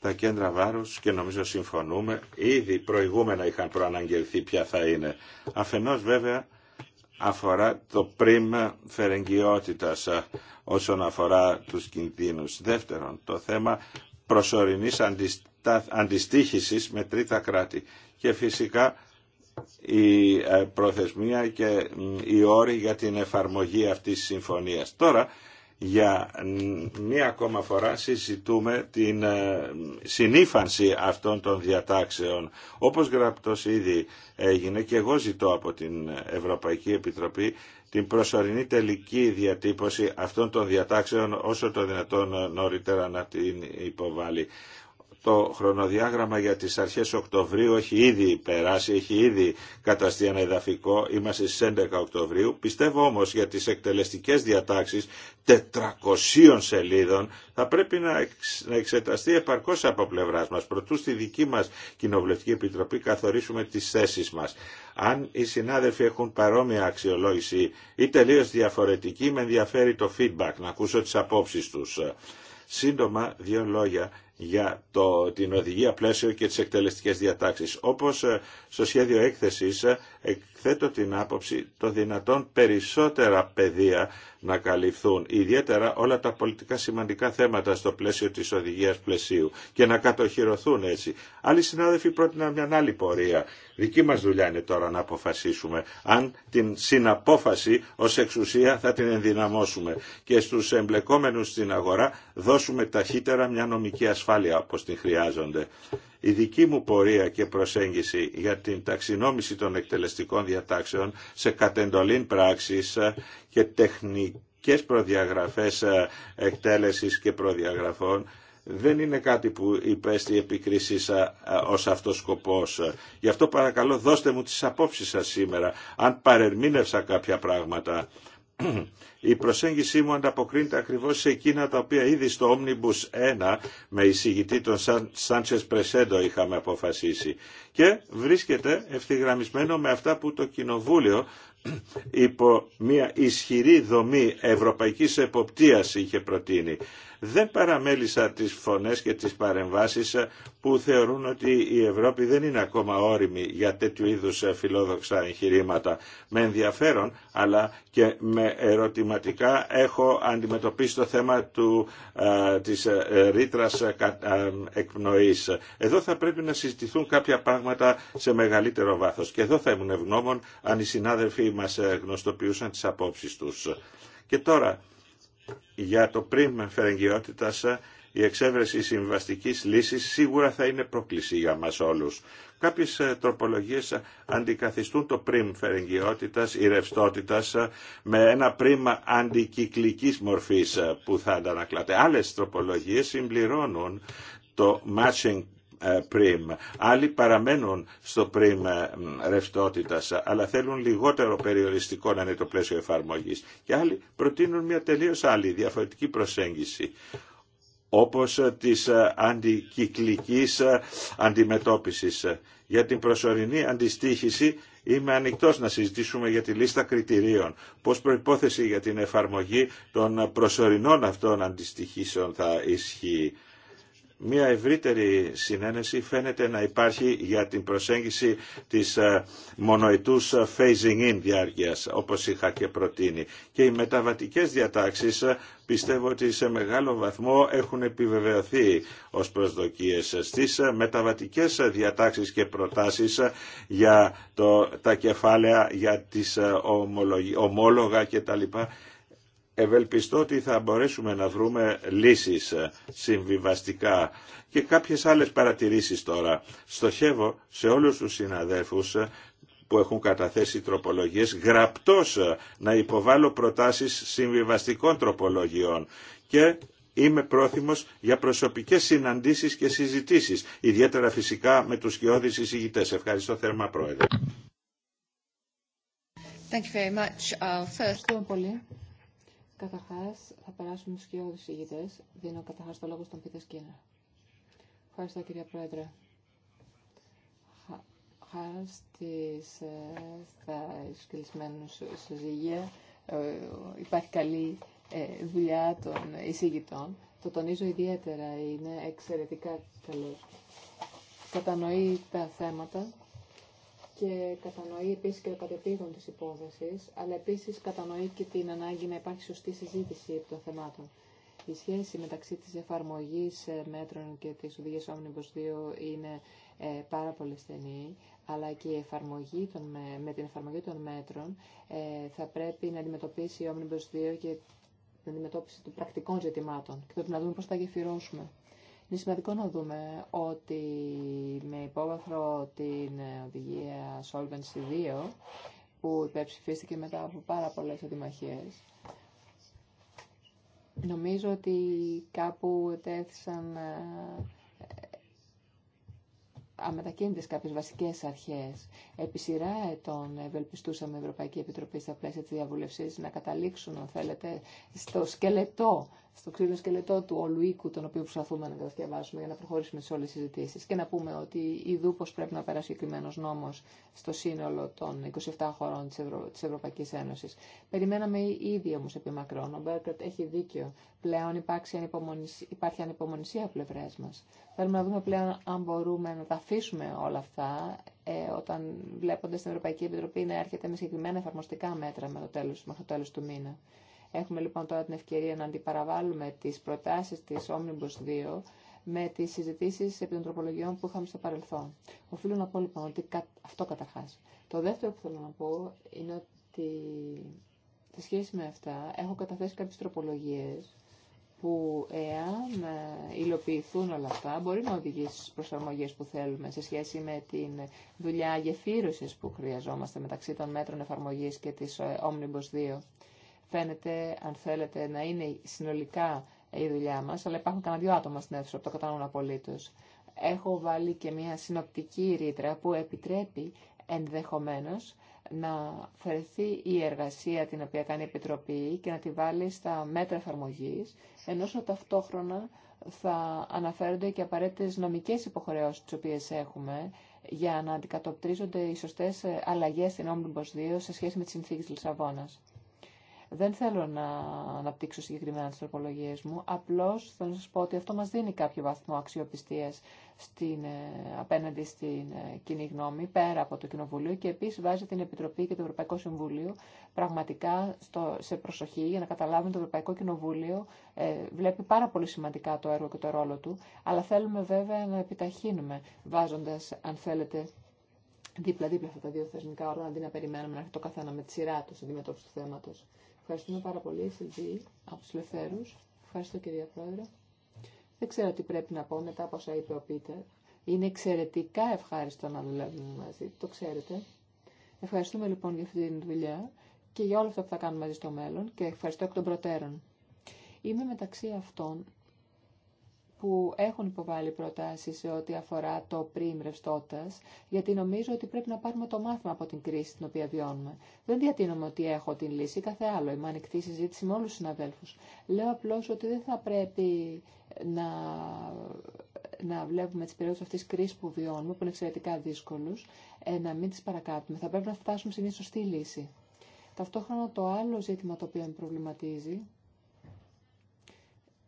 τα κέντρα βάρους και νομίζω συμφωνούμε ήδη προηγούμενα είχαν προαναγγελθεί ποια θα είναι. Αφενός βέβαια αφορά το πρίμα φερεγγιότητας ε, όσον αφορά τους κινδύνους. Δεύτερον, το θέμα προσωρινής αντιστήχησης με τρίτα κράτη. Και φυσικά η ε, προθεσμία και οι όροι για την εφαρμογή αυτής της συμφωνίας. Τώρα για μία ακόμα φορά συζητούμε την ε, συνήφανση αυτών των διατάξεων. Όπως γραπτός ήδη έγινε και εγώ ζητώ από την Ευρωπαϊκή Επιτροπή την προσωρινή τελική διατύπωση αυτών των διατάξεων όσο το δυνατόν νωρίτερα να την υποβάλει το χρονοδιάγραμμα για τις αρχές Οκτωβρίου έχει ήδη περάσει, έχει ήδη καταστεί ένα εδαφικό, είμαστε στις 11 Οκτωβρίου. Πιστεύω όμως για τις εκτελεστικές διατάξεις 400 σελίδων θα πρέπει να, εξεταστεί επαρκώς από πλευράς μας. Προτού στη δική μας Κοινοβουλευτική Επιτροπή καθορίσουμε τις θέσεις μας. Αν οι συνάδελφοι έχουν παρόμοια αξιολόγηση ή τελείω διαφορετική, με ενδιαφέρει το feedback, να ακούσω τις απόψεις τους. Σύντομα, δύο λόγια για την οδηγία πλαίσιο και τις εκτελεστικές διατάξεις. Όπως ε, στο σχέδιο έκθεσης ε, εκθέτω την άποψη το δυνατόν περισσότερα πεδία να καλυφθούν, ιδιαίτερα όλα τα πολιτικά σημαντικά θέματα στο πλαίσιο της οδηγίας πλαισίου και να κατοχυρωθούν έτσι. Άλλοι συνάδελφοι πρότειναν μια άλλη πορεία. Δική μας δουλειά είναι τώρα να αποφασίσουμε αν την συναπόφαση ως εξουσία θα την ενδυναμώσουμε και στους εμπλεκόμενους στην αγορά δώσουμε ταχύτερα μια νομική ασφάλεια όπως την χρειάζονται. Η δική μου πορεία και προσέγγιση για την ταξινόμηση των εκτελεστικών διατάξεων σε κατεντολήν πράξης και τεχνικές προδιαγραφές εκτέλεσης και προδιαγραφών δεν είναι κάτι που υπέστη επικρίση ως αυτός σκοπός. Γι' αυτό παρακαλώ δώστε μου τις απόψεις σας σήμερα, αν παρερμήνευσα κάποια πράγματα η προσέγγιση μου ανταποκρίνεται ακριβώς σε εκείνα τα οποία ήδη στο Omnibus 1 με εισηγητή τον Σάντσες Πρεσέντο είχαμε αποφασίσει και βρίσκεται ευθυγραμμισμένο με αυτά που το Κοινοβούλιο υπό μια ισχυρή δομή ευρωπαϊκής εποπτείας είχε προτείνει δεν παραμέλησα τις φωνές και τις παρεμβάσεις που θεωρούν ότι η Ευρώπη δεν είναι ακόμα όριμη για τέτοιου είδους φιλόδοξα εγχειρήματα. Με ενδιαφέρον αλλά και με ερωτηματικά έχω αντιμετωπίσει το θέμα του, α, της ε, ρήτρας ε, εκπνοής. Εδώ θα πρέπει να συζητηθούν κάποια πράγματα σε μεγαλύτερο βάθος και εδώ θα ήμουν ευγνώμων αν οι συνάδελφοί μας ε, γνωστοποιούσαν τις απόψεις τους. Και τώρα για το πρίμ φερεγγιότητας η εξέβρεση συμβαστική λύσης σίγουρα θα είναι πρόκληση για μας όλους. Κάποιε ε, τροπολογίες αντικαθιστούν το πριμ φερεγγιότητας ή ρευστότητα ε, με ένα πριμ αντικυκλική μορφή ε, που θα αντανακλάται. Άλλες τροπολογίες συμπληρώνουν το matching ε, πριμ. Άλλοι παραμένουν στο πριμ ε, ρευστότητα, αλλά θέλουν λιγότερο περιοριστικό να είναι το πλαίσιο εφαρμογή. Και άλλοι προτείνουν μια τελείω άλλη, διαφορετική προσέγγιση όπως της ε, αντικυκλικής αντιμετώπισης. Για την προσωρινή αντιστήχηση είμαι ανοιχτό να συζητήσουμε για τη λίστα κριτηρίων. Πώς προϋπόθεση για την εφαρμογή των προσωρινών αυτών αντιστοιχήσεων θα ισχύει μια ευρύτερη συνένεση φαίνεται να υπάρχει για την προσέγγιση της ε, μονοετούς ε, phasing in διάρκειας, όπως είχα και προτείνει. Και οι μεταβατικές διατάξεις ε, πιστεύω ότι σε μεγάλο βαθμό έχουν επιβεβαιωθεί ως προσδοκίες στις μεταβατικές διατάξεις και προτάσεις για το, τα κεφάλαια, για τις ομόλογα κτλ ευελπιστώ ότι θα μπορέσουμε να βρούμε λύσεις ε, συμβιβαστικά και κάποιες άλλες παρατηρήσεις τώρα. Στοχεύω σε όλους τους συναδέλφους ε, που έχουν καταθέσει τροπολογίες γραπτός ε, να υποβάλω προτάσεις συμβιβαστικών τροπολογιών και είμαι πρόθυμος για προσωπικές συναντήσεις και συζητήσεις, ιδιαίτερα φυσικά με τους σκιώδεις εισηγητές. Ευχαριστώ θερμά πρόεδρε. Καταρχά, θα περάσουμε στου σκιώδει ηγητέ. Δίνω καταρχά το λόγο στον Πίτερ Σκίνερ. Ευχαριστώ, κυρία Πρόεδρε. Χάρη στις, ε, στα σκελισμένου ε, υπάρχει καλή ε, δουλειά των εισηγητών. Το τονίζω ιδιαίτερα, είναι εξαιρετικά καλό. Κατανοεί τα θέματα και κατανοεί επίσης και το κατεπήγον της υπόθεσης, αλλά επίσης κατανοεί και την ανάγκη να υπάρχει σωστή συζήτηση των θεμάτων. Η σχέση μεταξύ της εφαρμογής ε, μέτρων και της οδηγίας Omnibus 2 είναι ε, πάρα πολύ στενή, αλλά και η εφαρμογή των, με την εφαρμογή των μέτρων ε, θα πρέπει να αντιμετωπίσει η Omnibus 2 και την αντιμετώπιση των πρακτικών ζητημάτων και πρέπει να δούμε πώς θα γεφυρώσουμε είναι σημαντικό να δούμε ότι με υπόβαθρο την οδηγία Solvency 2, που υπερψηφίστηκε μετά από πάρα πολλές αντιμαχίες, νομίζω ότι κάπου τέθησαν ε, αμετακίνητες κάποιες βασικές αρχές. Επί σειρά ετών ευελπιστούσαμε η Ευρωπαϊκή Επιτροπή στα πλαίσια της διαβούλευσης να καταλήξουν, αν θέλετε, στο σκελετό στο ξύλο σκελετό του όλου οίκου, τον οποίο προσπαθούμε να κατασκευάσουμε για να προχωρήσουμε σε όλε τι συζητήσει και να πούμε ότι η πω πρέπει να περάσει συγκεκριμένο νόμο στο σύνολο των 27 χωρών τη Ευρω... Ευρωπαϊκή Ένωση. Περιμέναμε ήδη όμω επί μακρόν. Ο Μπέρκετ έχει δίκιο. Πλέον υπάρχει ανυπομονησία, ανυπομονησία από πλευρέ μα. Θέλουμε να δούμε πλέον αν μπορούμε να τα αφήσουμε όλα αυτά ε, όταν βλέποντα την Ευρωπαϊκή Επιτροπή να έρχεται με συγκεκριμένα εφαρμοστικά μέτρα με μέχρι το τέλο του μήνα. Έχουμε λοιπόν τώρα την ευκαιρία να αντιπαραβάλουμε τις προτάσεις της Omnibus 2 με τις συζητήσεις επί των τροπολογιών που είχαμε στο παρελθόν. Οφείλω να πω λοιπόν ότι αυτό καταρχάς. Το δεύτερο που θέλω να πω είναι ότι σε σχέση με αυτά έχω καταθέσει κάποιες τροπολογίες που εάν ε, υλοποιηθούν όλα αυτά μπορεί να οδηγήσει στις προσαρμογές που θέλουμε σε σχέση με την δουλειά γεφύρωσης που χρειαζόμαστε μεταξύ των μέτρων εφαρμογής και της ε, Omnibus 2 φαίνεται, αν θέλετε, να είναι συνολικά η δουλειά μας, αλλά υπάρχουν κανένα δύο άτομα στην αίθουσα που το κατάλληλο απολύτως. Έχω βάλει και μια συνοπτική ρήτρα που επιτρέπει ενδεχομένως να φερθεί η εργασία την οποία κάνει η Επιτροπή και να τη βάλει στα μέτρα εφαρμογή, ενώ ταυτόχρονα θα αναφέρονται και απαραίτητες νομικές υποχρεώσεις τις οποίες έχουμε για να αντικατοπτρίζονται οι σωστές αλλαγές στην Omnibus 2 σε σχέση με τις συνθήκες Λισαβόνας. Δεν θέλω να αναπτύξω συγκεκριμένα τις τροπολογίες μου, απλώς θέλω να σας πω ότι αυτό μας δίνει κάποιο βαθμό αξιοπιστίας στην, ε, απέναντι στην ε, κοινή γνώμη, πέρα από το Κοινοβουλίο και επίσης βάζει την Επιτροπή και το Ευρωπαϊκό Συμβούλιο πραγματικά στο, σε προσοχή για να καταλάβουν το Ευρωπαϊκό Κοινοβούλιο ε, βλέπει πάρα πολύ σημαντικά το έργο και το ρόλο του, αλλά θέλουμε βέβαια να επιταχύνουμε βάζοντας, αν θέλετε, δίπλα-δίπλα αυτά τα δύο θεσμικά όργανα, αντί να περιμένουμε να έρθει το καθένα με τη σειρά του αντιμετώπιση του θέματος. Ευχαριστούμε πάρα πολύ, Σιλβί, από του Λευθέρου. Ευχαριστώ, κυρία Πρόεδρε. Δεν ξέρω τι πρέπει να πω μετά από όσα είπε ο Πίτερ. Είναι εξαιρετικά ευχάριστο να δουλεύουμε μαζί, το ξέρετε. Ευχαριστούμε λοιπόν για αυτή την δουλειά και για όλα αυτά που θα κάνουμε μαζί στο μέλλον και ευχαριστώ εκ των προτέρων. Είμαι μεταξύ αυτών που έχουν υποβάλει προτάσει σε ό,τι αφορά το πριν ρευστότητα, γιατί νομίζω ότι πρέπει να πάρουμε το μάθημα από την κρίση την οποία βιώνουμε. Δεν διατείνομαι ότι έχω την λύση, κάθε άλλο. Είμαι ανοιχτή συζήτηση με όλου του συναδέλφου. Λέω απλώ ότι δεν θα πρέπει να, να βλέπουμε τι περιόδου αυτή τη κρίση που βιώνουμε, που είναι εξαιρετικά δύσκολου, ε, να μην τι παρακάπτουμε. Θα πρέπει να φτάσουμε σε μια σωστή λύση. Ταυτόχρονα το άλλο ζήτημα το οποίο με προβληματίζει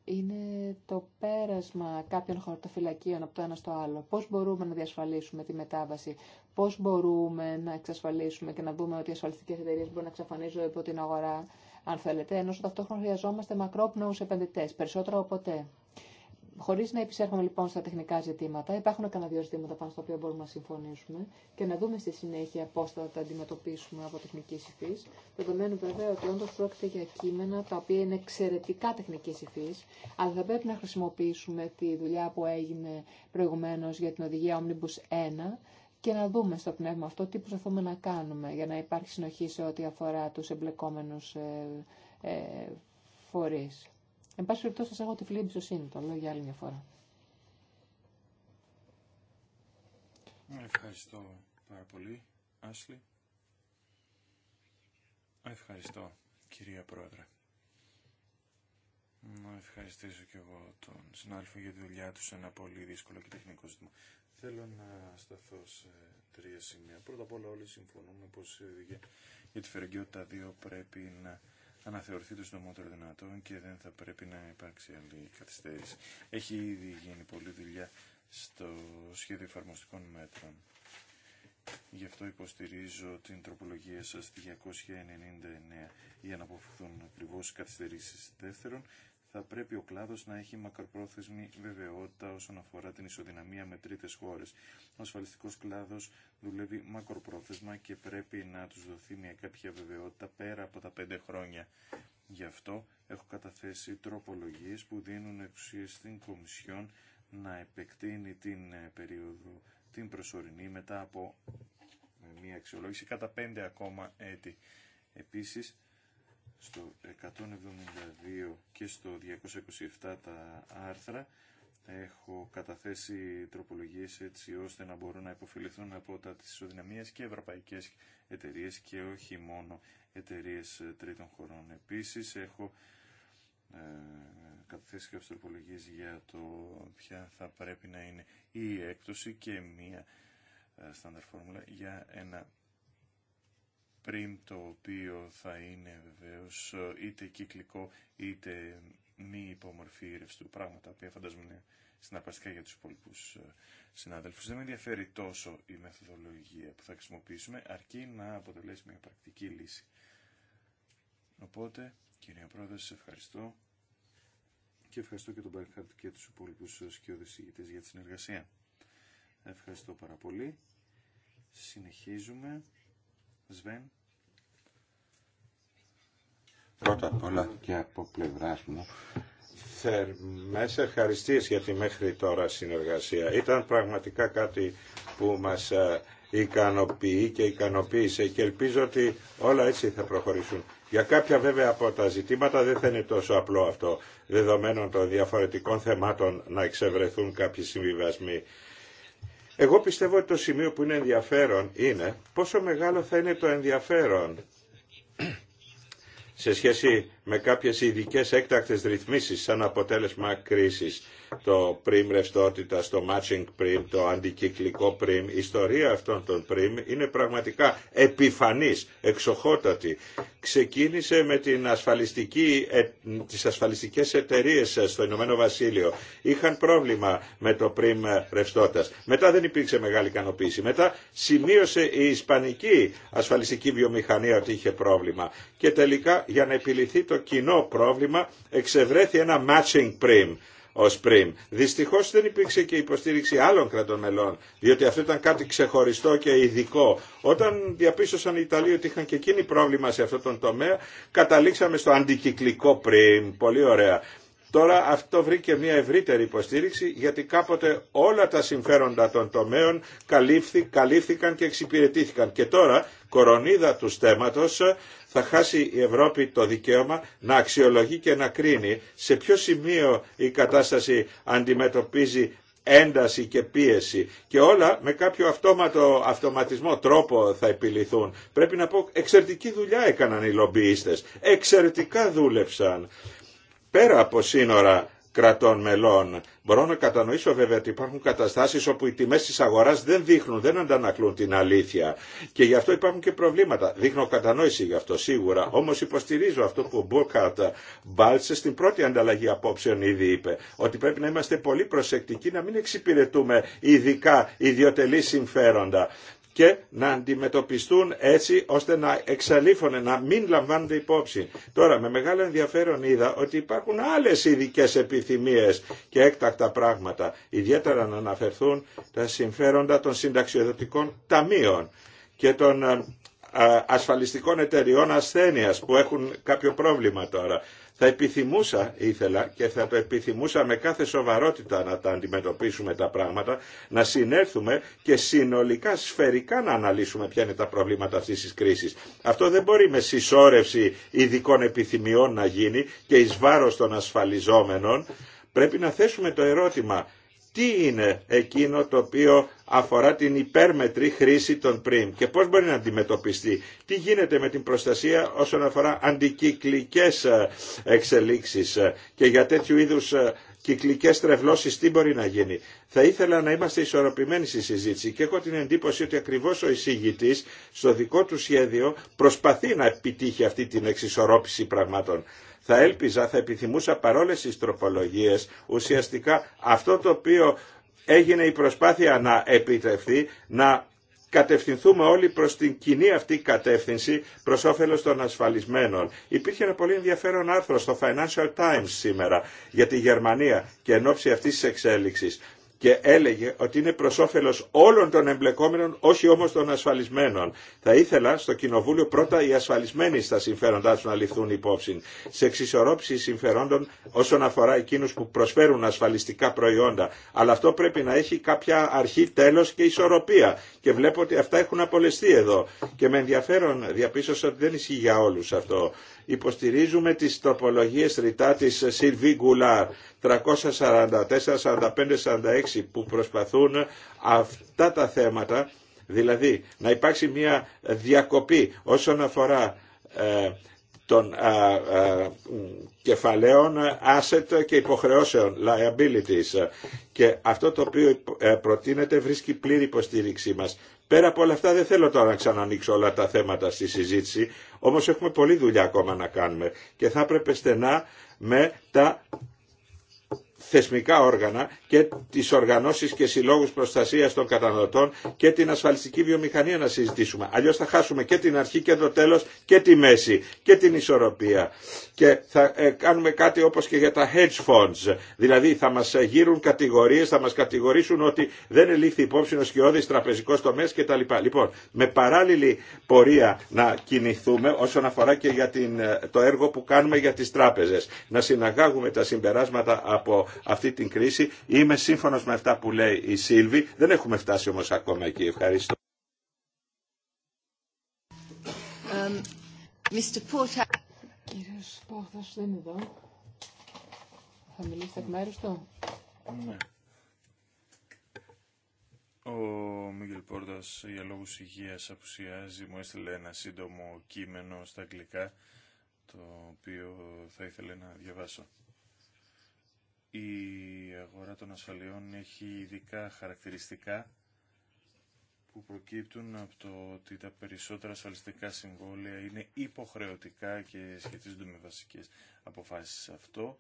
είναι το πέρασμα κάποιων χαρτοφυλακίων από το ένα στο άλλο. Πώς μπορούμε να διασφαλίσουμε τη μετάβαση, πώς μπορούμε να εξασφαλίσουμε και να δούμε ότι οι ασφαλιστικές εταιρείε μπορούν να εξαφανίζονται από την αγορά, αν θέλετε, ενώ ταυτόχρονα χρειαζόμαστε μακρόπνοους επενδυτές, περισσότερο από ποτέ. Χωρί να επισέρχομαι λοιπόν στα τεχνικά ζητήματα, υπάρχουν κανένα δύο ζητήματα πάνω στα οποία μπορούμε να συμφωνήσουμε και να δούμε στη συνέχεια πώ θα τα αντιμετωπίσουμε από τεχνική υφή. Δεδομένου βέβαια ότι όντω πρόκειται για κείμενα τα οποία είναι εξαιρετικά τεχνική υφή, αλλά θα πρέπει να χρησιμοποιήσουμε τη δουλειά που έγινε προηγουμένω για την οδηγία Omnibus 1 και να δούμε στο πνεύμα αυτό τι προσπαθούμε να κάνουμε για να υπάρχει συνοχή σε ό,τι αφορά του εμπλεκόμενου ε, ε, Εν πάση περιπτώσει, σα έχω τυφλή εμπιστοσύνη. Το λέω για άλλη μια φορά. Ευχαριστώ πάρα πολύ, Άσλι. Ευχαριστώ, κυρία Πρόεδρε. Να ευχαριστήσω και εγώ τον συνάδελφο για τη δουλειά του σε ένα πολύ δύσκολο και τεχνικό ζήτημα. Θέλω να σταθώ σε τρία σημεία. Πρώτα απ' όλα όλοι συμφωνούμε πως για τη φερεγγιότητα 2 πρέπει να αναθεωρηθεί το συντομότερο δυνατόν και δεν θα πρέπει να υπάρξει άλλη καθυστέρηση. Έχει ήδη γίνει πολλή δουλειά στο σχέδιο εφαρμοστικών μέτρων. Γι' αυτό υποστηρίζω την τροπολογία σας 299 για να αποφευθούν ακριβώ καθυστερήσεις. Δεύτερον, θα πρέπει ο κλάδος να έχει μακροπρόθεσμη βεβαιότητα όσον αφορά την ισοδυναμία με τρίτες χώρες. Ο ασφαλιστικός κλάδος δουλεύει μακροπρόθεσμα και πρέπει να τους δοθεί μια κάποια βεβαιότητα πέρα από τα πέντε χρόνια. Γι' αυτό έχω καταθέσει τροπολογίες που δίνουν εξουσία στην Κομισιόν να επεκτείνει την ε, περίοδο την προσωρινή μετά από ε, μια αξιολόγηση κατά πέντε ακόμα έτη. Επίσης, στο 172 και στο 227 τα άρθρα έχω καταθέσει τροπολογίες έτσι ώστε να μπορούν να υποφιληθούν από τα της ισοδυναμίας και ευρωπαϊκές εταιρείες και όχι μόνο εταιρείες τρίτων χωρών. Επίσης έχω ε, καταθέσει και τροπολογίες για το ποια θα πρέπει να είναι η έκπτωση και μία ε, στάνταρ φόρμουλα για ένα πριν το οποίο θα είναι βεβαίως ε, είτε κυκλικό είτε μη υπομορφή ρευστού πράγματα, που φαντάζομαι είναι συναρπαστικά για τους υπόλοιπου ε, συνάδελφους. Δεν με ενδιαφέρει τόσο η μεθοδολογία που θα χρησιμοποιήσουμε, αρκεί να αποτελέσει μια πρακτική λύση. Οπότε, κυρία Πρόεδρε, σας ευχαριστώ και ευχαριστώ και τον Μπέρκαρτ και τους υπόλοιπους ε, ηγητές για τη συνεργασία. Ευχαριστώ πάρα πολύ. Συνεχίζουμε. Σβέν. Πρώτα απ' όλα και από πλευρά μου θερμές ευχαριστίες για τη μέχρι τώρα συνεργασία. Ήταν πραγματικά κάτι που μας ε, ικανοποιεί και ικανοποίησε και ελπίζω ότι όλα έτσι θα προχωρήσουν. Για κάποια βέβαια από τα ζητήματα δεν θα είναι τόσο απλό αυτό, δεδομένων των διαφορετικών θεμάτων να εξευρεθούν κάποιοι συμβιβασμοί. Εγώ πιστεύω ότι το σημείο που είναι ενδιαφέρον είναι πόσο μεγάλο θα είναι το ενδιαφέρον σε σχέση με κάποιες ειδικέ έκτακτες ρυθμίσεις σαν αποτέλεσμα κρίσης. Το πριμ ρευστότητα, το matching πριμ, το αντικυκλικό πριμ, η ιστορία αυτών των πριμ είναι πραγματικά επιφανής, εξοχότατη. Ξεκίνησε με την ασφαλιστική, ε, τις ασφαλιστικές εταιρείες στο Ηνωμένο Βασίλειο. Είχαν πρόβλημα με το πριμ ρευστότητα. Μετά δεν υπήρξε μεγάλη ικανοποίηση. Μετά σημείωσε η Ισπανική ασφαλιστική βιομηχανία ότι είχε πρόβλημα. Και τελικά για να επιληθεί το κοινό πρόβλημα εξευρέθη ένα matching prim ως πριν. Δυστυχώς δεν υπήρξε και υποστήριξη άλλων κρατών μελών, διότι αυτό ήταν κάτι ξεχωριστό και ειδικό. Όταν διαπίστωσαν οι Ιταλοί ότι είχαν και εκείνοι πρόβλημα σε αυτόν τον τομέα, καταλήξαμε στο αντικυκλικό πριν, πολύ ωραία. Τώρα αυτό βρήκε μια ευρύτερη υποστήριξη γιατί κάποτε όλα τα συμφέροντα των τομέων καλύφθη, καλύφθηκαν και εξυπηρετήθηκαν. Και τώρα, κορονίδα του στέματος, θα χάσει η Ευρώπη το δικαίωμα να αξιολογεί και να κρίνει σε ποιο σημείο η κατάσταση αντιμετωπίζει ένταση και πίεση και όλα με κάποιο αυτόματο αυτοματισμό τρόπο θα επιληθούν. Πρέπει να πω εξαιρετική δουλειά έκαναν οι λομπιίστες, εξαιρετικά δούλεψαν πέρα από σύνορα κρατών μελών. Μπορώ να κατανοήσω βέβαια ότι υπάρχουν καταστάσεις όπου οι τιμές τη αγορά δεν δείχνουν, δεν αντανακλούν την αλήθεια και γι' αυτό υπάρχουν και προβλήματα. Δείχνω κατανόηση γι' αυτό σίγουρα, όμως υποστηρίζω αυτό που ο Μπούρκαρτ Μπάλτσε στην πρώτη ανταλλαγή απόψεων ήδη είπε, ότι πρέπει να είμαστε πολύ προσεκτικοί να μην εξυπηρετούμε ειδικά ιδιωτελή συμφέροντα και να αντιμετωπιστούν έτσι ώστε να εξαλήφωνε, να μην λαμβάνονται υπόψη. Τώρα με μεγάλο ενδιαφέρον είδα ότι υπάρχουν άλλες ειδικέ επιθυμίες και έκτακτα πράγματα, ιδιαίτερα να αναφερθούν τα συμφέροντα των συνταξιοδοτικών ταμείων και των ε, ασφαλιστικών εταιριών ασθένειας που έχουν κάποιο πρόβλημα τώρα. Θα επιθυμούσα, ήθελα και θα το επιθυμούσα με κάθε σοβαρότητα να τα αντιμετωπίσουμε τα πράγματα, να συνέρθουμε και συνολικά, σφαιρικά να αναλύσουμε ποια είναι τα προβλήματα αυτή τη κρίση. Αυτό δεν μπορεί με συσσόρευση ειδικών επιθυμιών να γίνει και ει βάρο των ασφαλιζόμενων. Πρέπει να θέσουμε το ερώτημα, τι είναι εκείνο το οποίο αφορά την υπέρμετρη χρήση των πριμ και πώς μπορεί να αντιμετωπιστεί. Τι γίνεται με την προστασία όσον αφορά αντικυκλικές ε, εξελίξεις ε, και για τέτοιου είδους ε, κυκλικές τρευλώσεις τι μπορεί να γίνει. Θα ήθελα να είμαστε ισορροπημένοι στη συζήτηση και έχω την εντύπωση ότι ακριβώς ο εισηγητής στο δικό του σχέδιο προσπαθεί να επιτύχει αυτή την εξισορρόπηση πραγμάτων θα έλπιζα, θα επιθυμούσα παρόλες τις τροπολογίες ουσιαστικά αυτό το οποίο έγινε η προσπάθεια να επιτευχθεί, να κατευθυνθούμε όλοι προς την κοινή αυτή κατεύθυνση προς όφελος των ασφαλισμένων. Υπήρχε ένα πολύ ενδιαφέρον άρθρο στο Financial Times σήμερα για τη Γερμανία και εν ώψη αυτής της εξέλιξης και έλεγε ότι είναι προ όφελο όλων των εμπλεκόμενων, όχι όμω των ασφαλισμένων. Θα ήθελα στο Κοινοβούλιο πρώτα οι ασφαλισμένοι στα συμφέροντά του να ληφθούν υπόψη. Σε εξισορρόψη συμφερόντων όσον αφορά εκείνου που προσφέρουν ασφαλιστικά προϊόντα. Αλλά αυτό πρέπει να έχει κάποια αρχή, τέλο και ισορροπία. Και βλέπω ότι αυτά έχουν απολεστεί εδώ. Και με ενδιαφέρον διαπίστωσα ότι δεν ισχύει για όλου αυτό. Υποστηρίζουμε τις τροπολογίες ρητά της Σιλβί Γκουλάρ 344, 45, 46 που προσπαθούν αυτά τα θέματα, δηλαδή να υπάρξει μια διακοπή όσον αφορά ε, των κεφαλαίων asset και υποχρεώσεων, liabilities. Και αυτό το οποίο ε, προτείνεται βρίσκει πλήρη υποστήριξή μας. Πέρα από όλα αυτά δεν θέλω τώρα να ξανανοίξω όλα τα θέματα στη συζήτηση, όμως έχουμε πολλή δουλειά ακόμα να κάνουμε και θα έπρεπε στενά με τα θεσμικά όργανα και τις οργανώσεις και συλλόγους προστασίας των καταναλωτών και την ασφαλιστική βιομηχανία να συζητήσουμε. Αλλιώς θα χάσουμε και την αρχή και το τέλος και τη μέση και την ισορροπία. Και θα ε, κάνουμε κάτι όπως και για τα hedge funds. Δηλαδή θα μας γύρουν κατηγορίες, θα μας κατηγορήσουν ότι δεν ελήφθη υπόψη ο σκιώδης τραπεζικός τομέας κτλ. Λοιπόν, με παράλληλη πορεία να κινηθούμε όσον αφορά και για την, ε, το έργο που κάνουμε για τις τράπεζες. Να συναγάγουμε τα συμπεράσματα από αυτή την κρίση. Είμαι σύμφωνος με αυτά που λέει η Σίλβη. Δεν έχουμε φτάσει όμως ακόμα εκεί. Ευχαριστώ. Mr. Porter... Κύριος εδώ. Θα μιλήσετε Ναι. Ο Μίγκελ Πόρτας για λόγους υγείας απουσιάζει. Μου έστειλε ένα σύντομο κείμενο στα αγγλικά το οποίο θα ήθελε να διαβάσω η αγορά των ασφαλειών έχει ειδικά χαρακτηριστικά που προκύπτουν από το ότι τα περισσότερα ασφαλιστικά συμβόλαια είναι υποχρεωτικά και σχετίζονται με βασικές αποφάσεις. Αυτό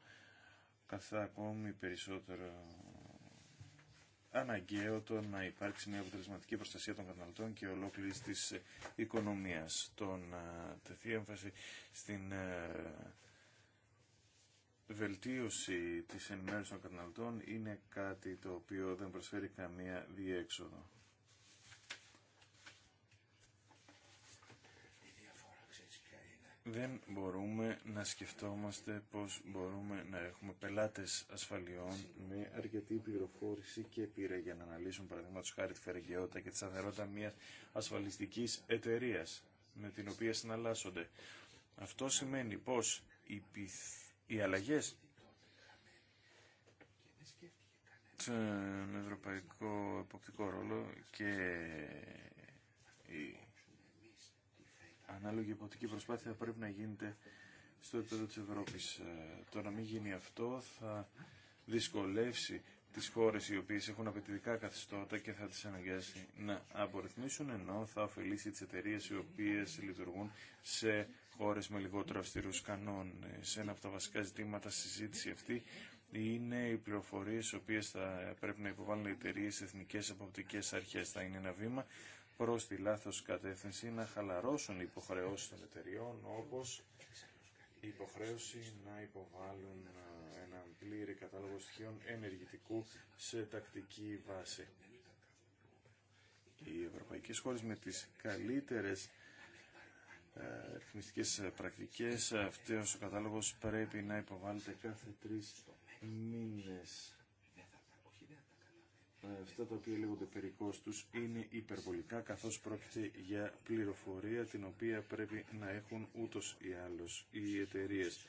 καθά ακόμη περισσότερο αναγκαίο το να υπάρξει μια αποτελεσματική προστασία των καταναλωτών και ολόκληρη της οικονομίας. τεθεί έμφαση στην ε, βελτίωση της ενημέρωσης των καταναλωτών είναι κάτι το οποίο δεν προσφέρει καμία διέξοδο. Δεν μπορούμε να σκεφτόμαστε πώς μπορούμε να έχουμε πελάτες ασφαλιών με αρκετή πληροφόρηση και πείρα για να αναλύσουν παραδείγματος χάρη τη και τη σταθερότητα μιας ασφαλιστικής εταιρείας με την οποία συναλλάσσονται. Αυτό σημαίνει πως η οι αλλαγές στον ευρωπαϊκό εποπτικό ρόλο και η ανάλογη εποπτική προσπάθεια πρέπει να γίνεται στο επίπεδο της Ευρώπης. Το να μην γίνει αυτό θα δυσκολεύσει τις χώρες οι οποίες έχουν απαιτητικά καθιστώτα και θα τις αναγκάσει να απορριθμίσουν ενώ θα ωφελήσει τις εταιρείες οι οποίες λειτουργούν σε Χώρε με λιγότερο αυστηρού κανόνε. Ένα από τα βασικά ζητήματα στη συζήτηση αυτή είναι οι πληροφορίε οι οποίε θα πρέπει να υποβάλουν οι εταιρείε εθνικέ εποπτικέ αρχέ. Θα είναι ένα βήμα προ τη λάθο κατεύθυνση να χαλαρώσουν οι υποχρεώσει των εταιριών όπω η υποχρέωση να υποβάλουν έναν πλήρη κατάλογο στοιχείων ενεργητικού σε τακτική βάση. Οι ευρωπαϊκές χώρες με τις καλύτερες ε, ρυθμιστικές ε, πρακτικές. Ε, αυτός ο κατάλογος πρέπει να υποβάλλεται κάθε τρεις μήνες. Αυτά τα οποία λέγονται περί είναι υπερβολικά καθώς πρόκειται για πληροφορία την οποία πρέπει να έχουν ούτως ή άλλως οι εταιρείες.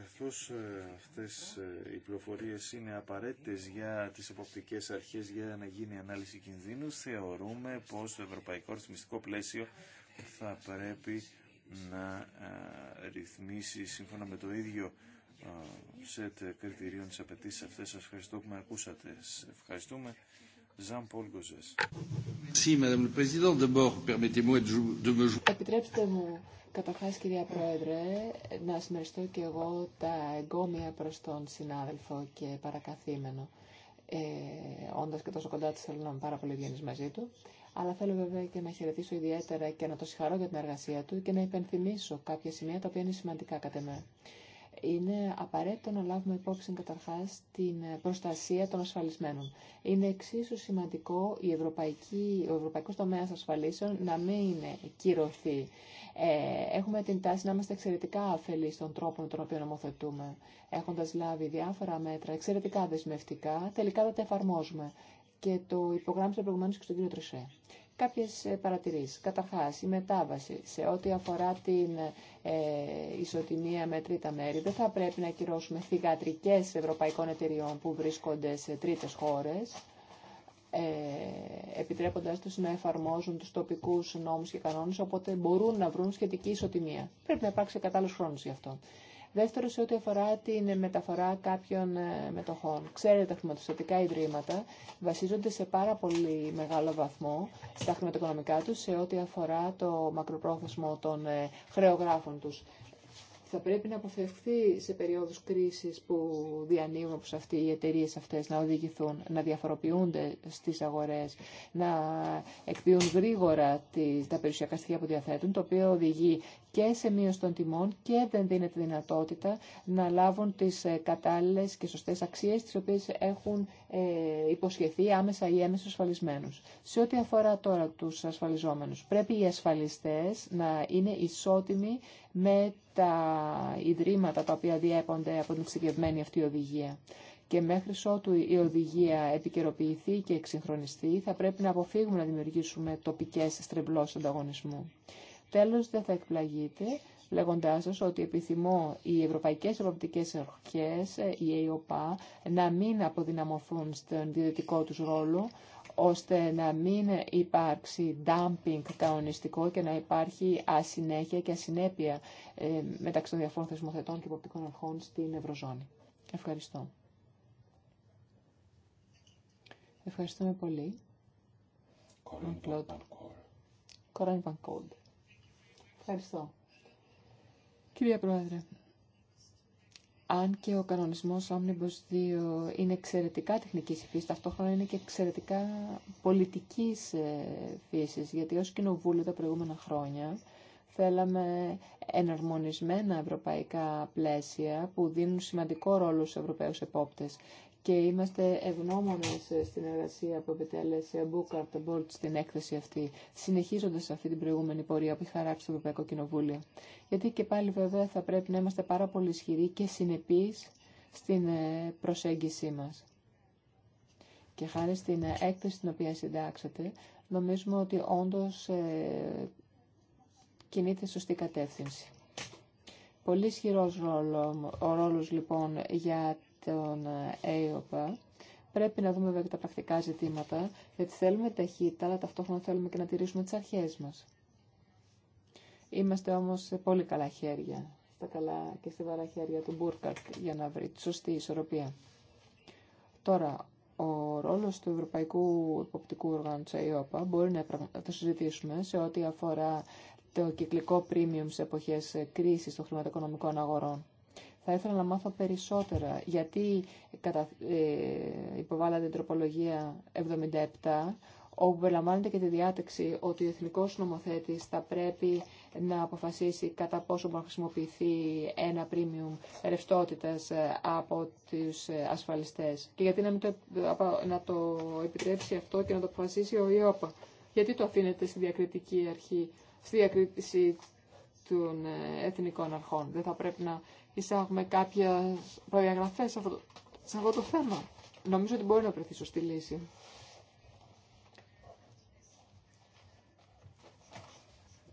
καθώς ε, αυτές ε, οι πληροφορίες είναι απαραίτητες για τις εποπτικές αρχές για να γίνει ανάλυση κινδύνου, θεωρούμε πως το ευρωπαϊκό ρυθμιστικό πλαίσιο θα πρέπει να ε, ρυθμίσει σύμφωνα με το ίδιο σετ κριτηρίων της απαιτήσεις αυτές. Σας ευχαριστώ που με ακούσατε. Σας ευχαριστούμε. Ζαν Πολ Καταρχάς, κυρία Πρόεδρε, να συμμεριστώ και εγώ τα εγκόμια προς τον συνάδελφο και παρακαθήμενο. Ε, όντας και τόσο κοντά της θέλω να είμαι πάρα πολύ ευγενής μαζί του. Αλλά θέλω βέβαια και να χαιρετήσω ιδιαίτερα και να το συγχαρώ για την εργασία του και να υπενθυμίσω κάποια σημεία τα οποία είναι σημαντικά κατά μένα είναι απαραίτητο να λάβουμε υπόψη καταρχάς την προστασία των ασφαλισμένων. Είναι εξίσου σημαντικό η ευρωπαϊκή, ο ευρωπαϊκός τομέας ασφαλίσεων να μην κυρωθεί. Ε, έχουμε την τάση να είμαστε εξαιρετικά αφελείς των τρόπων τον οποίο νομοθετούμε. Έχοντας λάβει διάφορα μέτρα εξαιρετικά δεσμευτικά, τελικά δεν τα εφαρμόζουμε. Και το υπογράμμισα προηγουμένως και στον κύριο Τρισέ κάποιες ε, παρατηρήσεις. Καταρχάς, η μετάβαση σε ό,τι αφορά την ε, ισοτιμία με τρίτα μέρη. Δεν θα πρέπει να ακυρώσουμε θυγατρικές ευρωπαϊκών εταιριών που βρίσκονται σε τρίτες χώρες, ε, επιτρέποντας τους να εφαρμόζουν τους τοπικούς νόμους και κανόνες, οπότε μπορούν να βρουν σχετική ισοτιμία. Πρέπει να υπάρξει κατάλληλος χρόνος γι' αυτό. Δεύτερο, σε ό,τι αφορά την μεταφορά κάποιων ε, μετοχών. Ξέρετε, τα χρηματοστατικά ιδρύματα βασίζονται σε πάρα πολύ μεγάλο βαθμό στα χρηματοοικονομικά του, σε ό,τι αφορά το μακροπρόθεσμο των ε, χρεογράφων του. Θα πρέπει να αποφευχθεί σε περίοδους κρίσης που διανύουμε όπω αυτοί οι εταιρείε αυτέ να οδηγηθούν, να διαφοροποιούνται στι αγορέ, να εκποιούν γρήγορα τα περιουσιακά στοιχεία που διαθέτουν, το οποίο οδηγεί και σε μείωση των τιμών και δεν δίνεται δυνατότητα να λάβουν τις ε, κατάλληλες και σωστές αξίες τις οποίες έχουν ε, υποσχεθεί άμεσα ή έμεσα ασφαλισμένους. Σε ό,τι αφορά τώρα τους ασφαλιζόμενους, πρέπει οι ασφαλιστές να είναι ισότιμοι με τα ιδρύματα τα οποία διέπονται από την εξειδικευμένη αυτή οδηγία και μέχρι ότου η οδηγία επικαιροποιηθεί και εξυγχρονιστεί, θα πρέπει να αποφύγουμε να δημιουργήσουμε τοπικές στρεμπλώσεις ανταγωνισμού. Τέλος, δεν θα εκπλαγείτε λέγοντάς σας ότι επιθυμώ οι Ευρωπαϊκές Ευρωπαϊκές Αρχές, η ΕΙΟΠΑ, να μην αποδυναμωθούν στον διαιτητικό τους ρόλο, ώστε να μην υπάρξει dumping καονιστικό και να υπάρχει ασυνέχεια και ασυνέπεια ε, μεταξύ των διαφόρων θεσμοθετών και υποπτικών αρχών στην Ευρωζώνη. Ευχαριστώ. Ευχαριστούμε πολύ. Ευχαριστώ. Κυρία Πρόεδρε, αν και ο κανονισμός Omnibus 2 είναι εξαιρετικά τεχνικής φύσης, ταυτόχρονα είναι και εξαιρετικά πολιτικής ε, φύσης, γιατί ως κοινοβούλιο τα προηγούμενα χρόνια θέλαμε εναρμονισμένα ευρωπαϊκά πλαίσια που δίνουν σημαντικό ρόλο στους Ευρωπαίους επόπτες και είμαστε ευγνώμονες ε, στην εργασία που επιτέλεσε Book of στην έκθεση αυτή, συνεχίζοντας αυτή την προηγούμενη πορεία που έχει χαράξει το Ευρωπαϊκό Κοινοβούλιο. Γιατί και πάλι βέβαια θα πρέπει να είμαστε πάρα πολύ ισχυροί και συνεπείς στην ε, προσέγγιση μας. Και χάρη στην ε, έκθεση την οποία συντάξατε, νομίζουμε ότι όντως κινείται σωστή κατεύθυνση. Πολύ ισχυρό ο ρόλος λοιπόν για τον ε, ΑΕΟΠΑ Πρέπει να δούμε βέβαια και τα πρακτικά ζητήματα, γιατί θέλουμε ταχύτητα, αλλά ταυτόχρονα θέλουμε και να τηρήσουμε τις αρχές μας. Είμαστε όμως σε πολύ καλά χέρια, στα καλά και στιβαρά χέρια του Μπούρκαρτ, για να βρει τη σωστή ισορροπία. Τώρα, ο ρόλος του Ευρωπαϊκού Υποπτικού Οργάνου της ΑΕΟΠΑ μπορεί να το συζητήσουμε σε ό,τι αφορά το κυκλικό premium σε εποχές κρίσης των χρηματοοικονομικών αγορών. Θα ήθελα να μάθω περισσότερα γιατί κατα... Ε, υποβάλλατε την τροπολογία 77 όπου περιλαμβάνεται και τη διάταξη ότι ο εθνικός νομοθέτης θα πρέπει να αποφασίσει κατά πόσο μπορεί να χρησιμοποιηθεί ένα premium ρευστότητα ε, από τους ε, ασφαλιστές. Και γιατί να, μην το, να το επιτρέψει αυτό και να το αποφασίσει ο ΙΟΠΑ. Γιατί το αφήνεται στη διακριτική αρχή στη διακρίτηση των ε, εθνικών αρχών. Δεν θα πρέπει να εισάγουμε κάποια προδιαγραφέ σε αυτό, το θέμα. Νομίζω ότι μπορεί να βρεθεί σωστή λύση.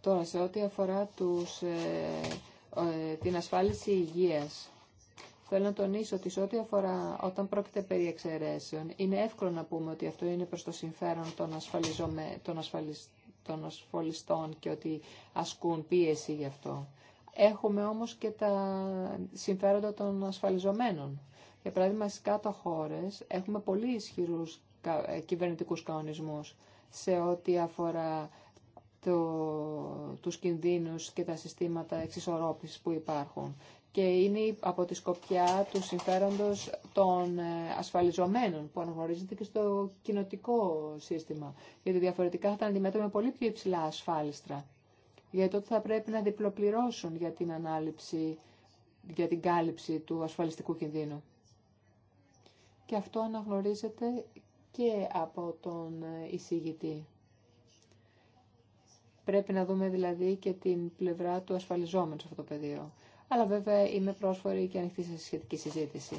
Τώρα, σε ό,τι αφορά τους, ε, ε, την ασφάλιση υγείας, θέλω να τονίσω ότι σε ό,τι αφορά όταν πρόκειται περί εξαιρέσεων, είναι εύκολο να πούμε ότι αυτό είναι προς το συμφέρον των, των ασφαλιστών των ασφολιστών και ότι ασκούν πίεση γι' αυτό. Έχουμε όμως και τα συμφέροντα των ασφαλιζομένων. Για παράδειγμα, στις κάτω χώρες έχουμε πολύ ισχυρούς ε, κυβερνητικούς κανονισμούς σε ό,τι αφορά το, τους κινδύνους και τα συστήματα εξισορρόπησης που υπάρχουν και είναι από τη σκοπιά του συμφέροντος των ε, ασφαλιζομένων που αναγνωρίζεται και στο κοινοτικό σύστημα. Γιατί διαφορετικά θα τα με πολύ πιο υψηλά ασφάλιστρα. Γιατί τότε θα πρέπει να διπλοπληρώσουν για την ανάληψη, για την κάλυψη του ασφαλιστικού κινδύνου. Και αυτό αναγνωρίζεται και από τον ε, εισηγητή. Πρέπει να δούμε δηλαδή και την πλευρά του ασφαλιζόμενου σε αυτό το πεδίο αλλά βέβαια είμαι πρόσφορη και ανοιχτή σε σχετική συζήτηση.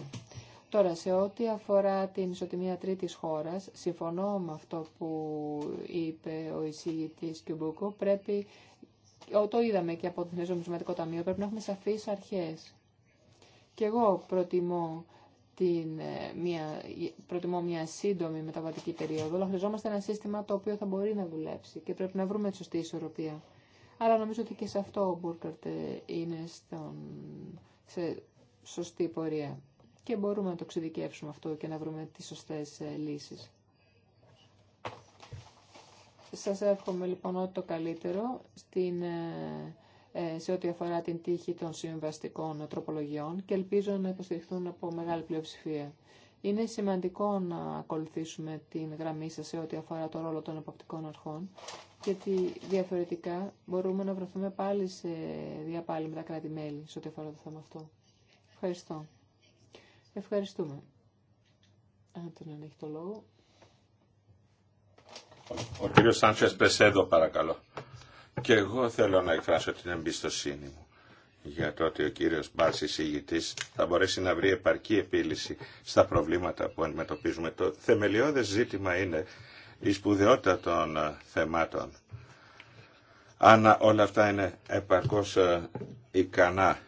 Τώρα, σε ό,τι αφορά την ισοτιμία τρίτης χώρας, συμφωνώ με αυτό που είπε ο εισηγητής Κιουμπούκου, πρέπει, το είδαμε και από το Νομισματικό Ταμείο, πρέπει να έχουμε σαφείς αρχές. Και εγώ προτιμώ την, ε, μια, προτιμώ μια σύντομη μεταβατική περίοδο, αλλά χρειαζόμαστε ένα σύστημα το οποίο θα μπορεί να δουλέψει και πρέπει να βρούμε τη σωστή ισορροπία αλλά νομίζω ότι και σε αυτό ο Μπούρκαρτ ε, είναι στον, σε σωστή πορεία και μπορούμε να το εξειδικεύσουμε αυτό και να βρούμε τις σωστές ε, λύσεις. Σας εύχομαι λοιπόν ό,τι το καλύτερο στην, ε, σε ό,τι αφορά την τύχη των συμβαστικών τροπολογιών και ελπίζω να υποστηριχθούν από μεγάλη πλειοψηφία. Είναι σημαντικό να ακολουθήσουμε την γραμμή σας σε ό,τι αφορά το ρόλο των εποπτικών αρχών γιατί διαφορετικά μπορούμε να βρεθούμε πάλι σε διαπάλλη με τα κράτη-μέλη σε ό,τι αφορά το θέμα αυτό. Ευχαριστώ. Ευχαριστούμε. Αν τον ανέχει το λόγο. Ο κύριος Σάντσες Πεσέδο παρακαλώ. Και εγώ θέλω να εκφράσω την εμπιστοσύνη μου για το ότι ο κύριος Μπάρς εισηγητής θα μπορέσει να βρει επαρκή επίλυση στα προβλήματα που αντιμετωπίζουμε. Το θεμελιώδες ζήτημα είναι η σπουδαιότητα των ε, θεμάτων. Αν όλα αυτά είναι επαρκώς ε, ικανά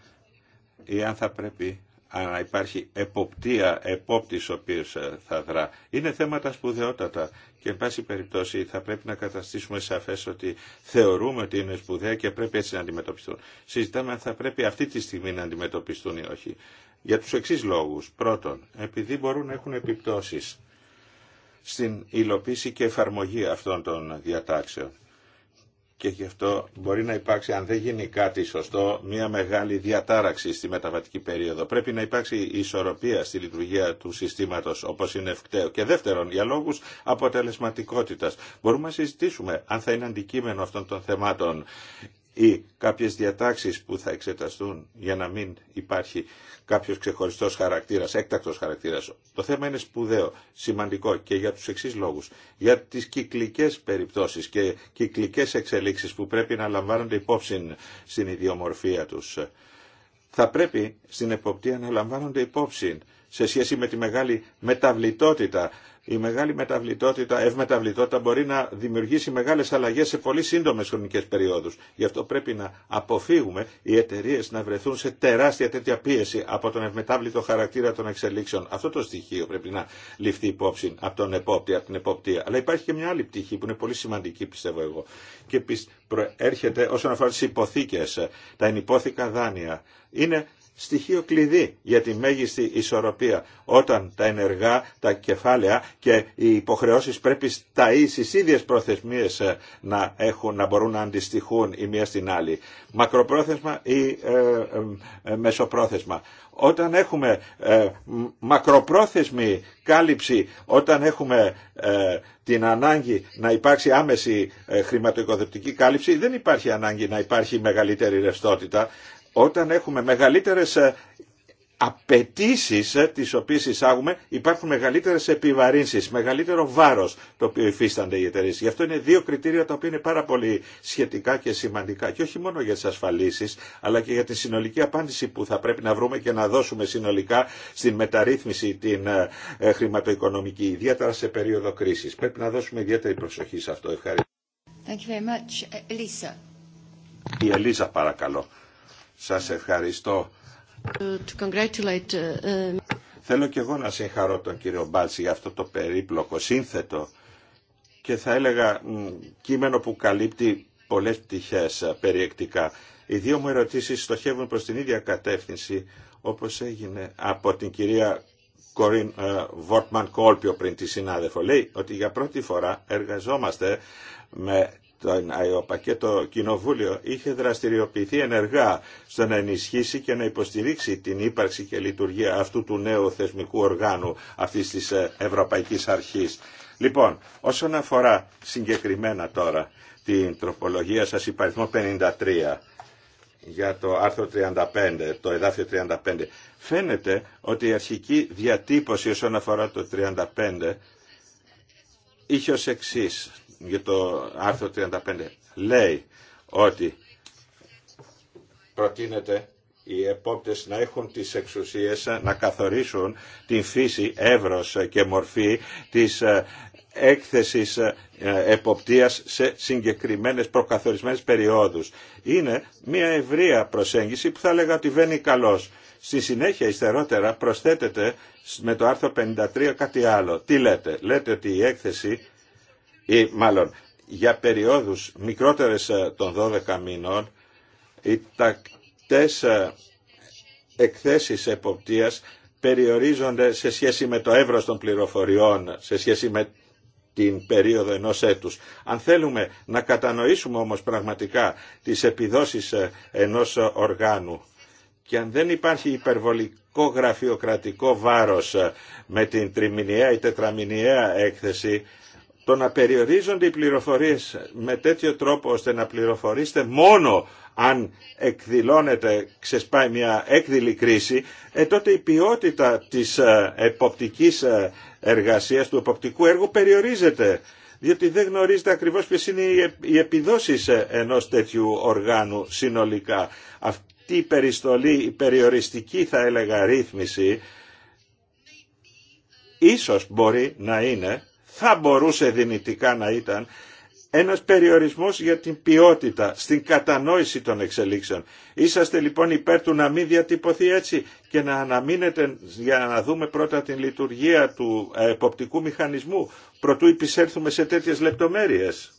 ή αν θα πρέπει αν υπάρχει εποπτεία, επόπτης ο οποίος ε, θα δρά. Είναι θέματα σπουδαιότατα και εν πάση περιπτώσει θα πρέπει να καταστήσουμε σαφές ότι θεωρούμε ότι είναι σπουδαία και πρέπει έτσι να αντιμετωπιστούν. Συζητάμε αν θα πρέπει αυτή τη στιγμή να αντιμετωπιστούν ή όχι. Για τους εξής λόγους. Πρώτον, επειδή μπορούν να έχουν επιπτώσεις στην υλοποίηση και εφαρμογή αυτών των διατάξεων. Και γι' αυτό μπορεί να υπάρξει, αν δεν γίνει κάτι σωστό, μια μεγάλη διατάραξη στη μεταβατική περίοδο. Πρέπει να υπάρξει ισορροπία στη λειτουργία του συστήματο όπω είναι ευκταίο. Και δεύτερον, για λόγου αποτελεσματικότητα. Μπορούμε να συζητήσουμε αν θα είναι αντικείμενο αυτών των θεμάτων ή κάποιες διατάξεις που θα εξεταστούν για να μην υπάρχει κάποιος ξεχωριστός χαρακτήρας, έκτακτος χαρακτήρας. Το θέμα είναι σπουδαίο, σημαντικό και για τους εξής λόγους. Για τις κυκλικές περιπτώσεις και κυκλικές εξελίξεις που πρέπει να λαμβάνονται υπόψη στην ιδιομορφία τους. Θα πρέπει στην εποπτεία να λαμβάνονται υπόψη σε σχέση με τη μεγάλη μεταβλητότητα η μεγάλη μεταβλητότητα, ευμεταβλητότητα μπορεί να δημιουργήσει μεγάλες αλλαγές σε πολύ σύντομες χρονικές περιόδους. Γι' αυτό πρέπει να αποφύγουμε οι εταιρείε να βρεθούν σε τεράστια τέτοια πίεση από τον ευμετάβλητο χαρακτήρα των εξελίξεων. Αυτό το στοιχείο πρέπει να ληφθεί υπόψη από τον επόπτη, από την εποπτεία. Αλλά υπάρχει και μια άλλη πτυχή που είναι πολύ σημαντική πιστεύω εγώ και προέρχεται όσον αφορά τις υποθήκες, τα ενυπόθηκα δάνεια. Είναι στοιχείο κλειδί για τη μέγιστη ισορροπία όταν τα ενεργά, τα κεφάλαια και οι υποχρεώσεις πρέπει τα ίσεις ίδιες προθεσμίες ε, να, έχουν, να μπορούν να αντιστοιχούν η μία στην άλλη. Μακροπρόθεσμα ή ε, ε, μεσοπρόθεσμα. Όταν έχουμε μακροπρόθεσμη κάλυψη, όταν έχουμε την ανάγκη να υπάρξει άμεση χρηματοοικοδεπτική κάλυψη, δεν υπάρχει ανάγκη να υπάρχει μεγαλύτερη ρευστότητα. Όταν έχουμε μεγαλύτερες ε, απαιτήσει ε, τις οποίες εισάγουμε υπάρχουν μεγαλύτερες επιβαρύνσεις, μεγαλύτερο βάρος το οποίο υφίστανται οι εταιρείε. Γι' αυτό είναι δύο κριτήρια τα οποία είναι πάρα πολύ σχετικά και σημαντικά και όχι μόνο για τις ασφαλίσεις αλλά και για τη συνολική απάντηση που θα πρέπει να βρούμε και να δώσουμε συνολικά στην μεταρρύθμιση την ε, χρηματοοικονομική, ιδιαίτερα σε περίοδο κρίσης. Πρέπει να δώσουμε ιδιαίτερη προσοχή σε αυτό. Ευχαριστώ. Η Ελίζα παρακαλώ. Σας ευχαριστώ. Uh, uh, Θέλω και εγώ να συγχαρώ τον κύριο Μπάλση για αυτό το περίπλοκο σύνθετο και θα έλεγα κείμενο που καλύπτει πολλές πτυχές ε, περιεκτικά. Οι δύο μου ερωτήσεις στοχεύουν προς την ίδια κατεύθυνση όπως έγινε από την κυρία Κορίν ε, Βόρτμαν Κόλπιο πριν τη συνάδελφο. Λέει ότι για πρώτη φορά εργαζόμαστε με τον ΑΕΟΠΑ και το Κοινοβούλιο είχε δραστηριοποιηθεί ενεργά στο να ενισχύσει και να υποστηρίξει την ύπαρξη και λειτουργία αυτού του νέου θεσμικού οργάνου αυτής της ε, Ευρωπαϊκής Αρχής. Λοιπόν, όσον αφορά συγκεκριμένα τώρα την τροπολογία σας υπαριθμό 53 για το άρθρο 35, το εδάφιο 35, φαίνεται ότι η αρχική διατύπωση όσον αφορά το 35 είχε ως εξής για το άρθρο 35 λέει ότι προτείνεται οι επόπτες να έχουν τις εξουσίες να καθορίσουν την φύση, εύρος και μορφή της ε, έκθεσης ε, εποπτείας σε συγκεκριμένες προκαθορισμένες περιόδους. Είναι μια ευρεία προσέγγιση που θα λέγα ότι βαίνει καλώς. Στη συνέχεια υστερότερα προσθέτεται με το άρθρο 53 κάτι άλλο. Τι λέτε, λέτε ότι η έκθεση ή μάλλον για περιόδους μικρότερες ε, των 12 μηνών οι τακτές ε, εκθέσεις εποπτείας περιορίζονται σε σχέση με το εύρος των πληροφοριών, σε σχέση με την περίοδο ενός έτους. Αν θέλουμε να κατανοήσουμε όμως πραγματικά τις επιδόσεις ε, ενός οργάνου και αν δεν υπάρχει υπερβολικό γραφειοκρατικό βάρος με την τριμηνιαία ή τετραμηνιαία έκθεση, το να περιορίζονται οι πληροφορίες με τέτοιο τρόπο ώστε να πληροφορήσετε μόνο αν εκδηλώνεται, ξεσπάει μια έκδηλη κρίση, ε, τότε η ποιότητα της ε, εποπτικής ε, εργασίας, του εποπτικού έργου περιορίζεται. Διότι δεν γνωρίζετε ακριβώς ποιες είναι οι επιδόσεις ε, ενός τέτοιου οργάνου συνολικά. Αυτή η περιστολή, η περιοριστική θα έλεγα ρύθμιση, ίσως μπορεί να είναι θα μπορούσε δυνητικά να ήταν ένας περιορισμός για την ποιότητα, στην κατανόηση των εξελίξεων. Είσαστε λοιπόν υπέρ του να μην διατυπωθεί έτσι και να αναμείνετε για να δούμε πρώτα την λειτουργία του εποπτικού μηχανισμού προτού επισέλθουμε σε τέτοιες λεπτομέρειες.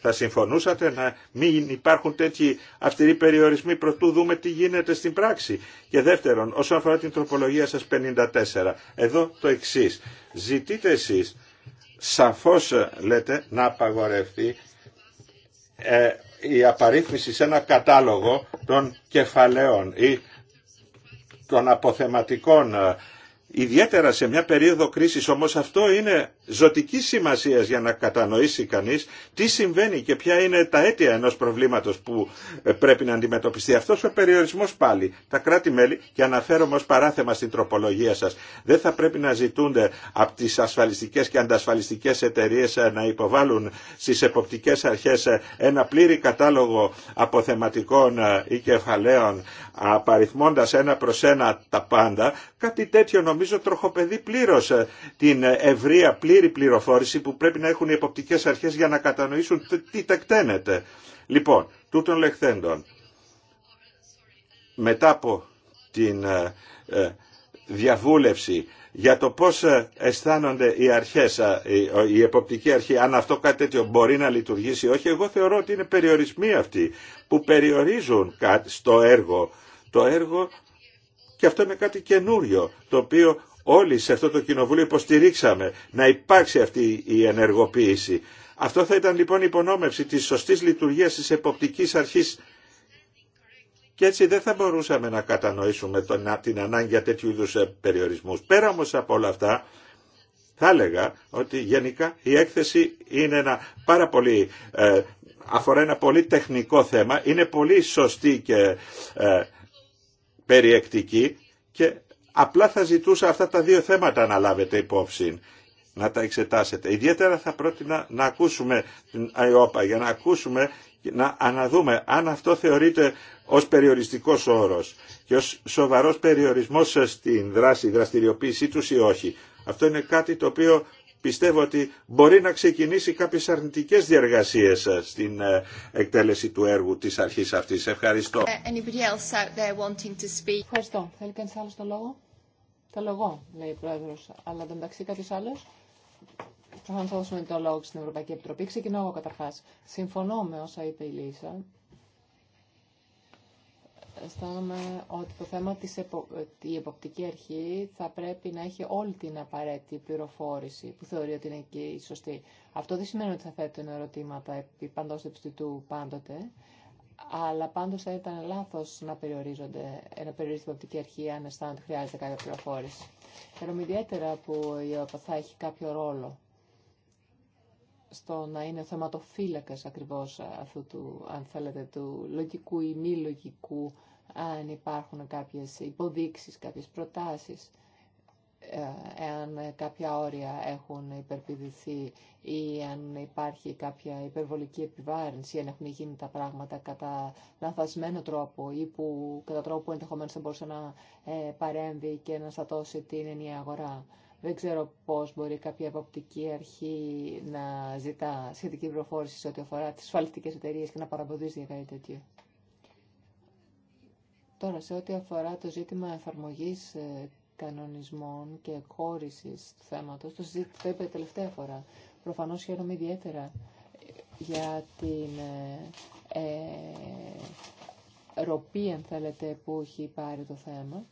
Θα συμφωνούσατε να μην υπάρχουν τέτοιοι αυστηροί περιορισμοί προτού δούμε τι γίνεται στην πράξη. Και δεύτερον, όσον αφορά την τροπολογία σας 54, εδώ το εξής. Ζητείτε εσείς σαφώς ε, λέτε να απαγορευτεί ε, η απαρίθμηση σε ένα κατάλογο των κεφαλαίων ή των αποθεματικών ε, ιδιαίτερα σε μια περίοδο κρίσης όμως αυτό είναι Ζωτική σημασίας για να κατανοήσει κανείς τι συμβαίνει και ποια είναι τα αίτια ενός προβλήματος που ε, πρέπει να αντιμετωπιστεί. Αυτός ο περιορισμός πάλι, τα κράτη-μέλη, και αναφέρομαι ως παράθεμα στην τροπολογία σας, δεν θα πρέπει να ζητούνται από τις ασφαλιστικές και αντασφαλιστικές εταιρείες ε, να υποβάλουν στις εποπτικές αρχές ε, ένα πλήρη κατάλογο αποθεματικών ή κεφαλαίων απαριθμώντας ένα προς ένα τα πάντα, κάτι τέτοιο νομίζω τροχοπεδί την ευρεία πλήρη πληροφόρηση που πρέπει να έχουν οι εποπτικές αρχές για να κατανοήσουν τι τεκταίνεται. Λοιπόν, τούτων λεχθέντων, μετά από την ε, ε, διαβούλευση για το πώς ε, αισθάνονται οι αρχές, η εποπτική αρχή, αν αυτό κάτι τέτοιο μπορεί να λειτουργήσει όχι, εγώ θεωρώ ότι είναι περιορισμοί αυτοί που περιορίζουν στο έργο. Το έργο και αυτό είναι κάτι καινούριο, το οποίο όλοι σε αυτό το κοινοβούλιο υποστηρίξαμε να υπάρξει αυτή η ενεργοποίηση. Αυτό θα ήταν λοιπόν υπονόμευση της σωστής λειτουργίας της εποπτικής αρχής και έτσι δεν θα μπορούσαμε να κατανοήσουμε τον, την ανάγκη για τέτοιου είδους ε, περιορισμούς. Πέρα όμως από όλα αυτά, θα έλεγα ότι γενικά η έκθεση είναι ένα ε, αφορά ένα πολύ τεχνικό θέμα, είναι πολύ σωστή και ε, περιεκτική και Απλά θα ζητούσα αυτά τα δύο θέματα να λάβετε υπόψη, να τα εξετάσετε. Ιδιαίτερα θα πρότεινα να ακούσουμε την ΑΕΟΠΑ για να ακούσουμε και να αναδούμε αν αυτό θεωρείται ως περιοριστικός όρος και ως σοβαρός περιορισμός στην δράση, δραστηριοποίησή τους ή όχι. Αυτό είναι κάτι το οποίο πιστεύω ότι μπορεί να ξεκινήσει κάποιες αρνητικές διεργασίες στην ε, εκτέλεση του έργου της αρχής αυτής. Ευχαριστώ. Ευχαριστώ. Θέλει κανείς το λόγο. Το εγώ, λέει η πρόεδρο. Αλλά εντάξει κάποιο άλλο. Προφανώ θα δώσουμε το λόγο στην Ευρωπαϊκή Επιτροπή. Ξεκινώ εγώ καταρχά. Συμφωνώ με όσα είπε η Λίσσα. Αισθάνομαι ότι το θέμα της επο... η εποπτική αρχή θα πρέπει να έχει όλη την απαραίτητη πληροφόρηση που θεωρεί ότι είναι εκεί η σωστή. Αυτό δεν σημαίνει ότι θα θέτουν ερωτήματα επί παντός επιστητού πάντοτε αλλά πάντως θα ήταν λάθος να περιορίζονται, να περιορίζεται η οπτική αρχή αν αισθάνονται χρειάζεται κάποια πληροφόρηση. Χαίρομαι ιδιαίτερα που η ΕΟΠΑ θα έχει κάποιο ρόλο στο να είναι θεματοφύλακας ακριβώς αυτού του, αν θέλετε, του λογικού ή μη λογικού, αν υπάρχουν κάποιες υποδείξεις, κάποιες προτάσεις ε, εάν κάποια όρια έχουν υπερπηδηθεί ή αν υπάρχει κάποια υπερβολική επιβάρυνση, αν έχουν γίνει τα πράγματα κατά λάθασμένο τρόπο ή που, κατά τρόπο που ενδεχομένως θα μπορούσε να ε, παρέμβει και να στατώσει την ενιαία αγορά. Δεν ξέρω πώς μπορεί κάποια εποπτική αρχή να ζητά σχετική προφόρηση σε ό,τι αφορά τις ασφαλιστικές εταιρείε και να παραμποδίζει για κάτι τέτοιο. Τώρα, σε ό,τι αφορά το ζήτημα εφαρμογής ε, κανονισμών και χώρηση του θέματος. Το συζήτησα τελευταία φορά. Προφανώς χαίρομαι ιδιαίτερα για την ε, ε, ροπή, αν θέλετε, που έχει πάρει το θέμα.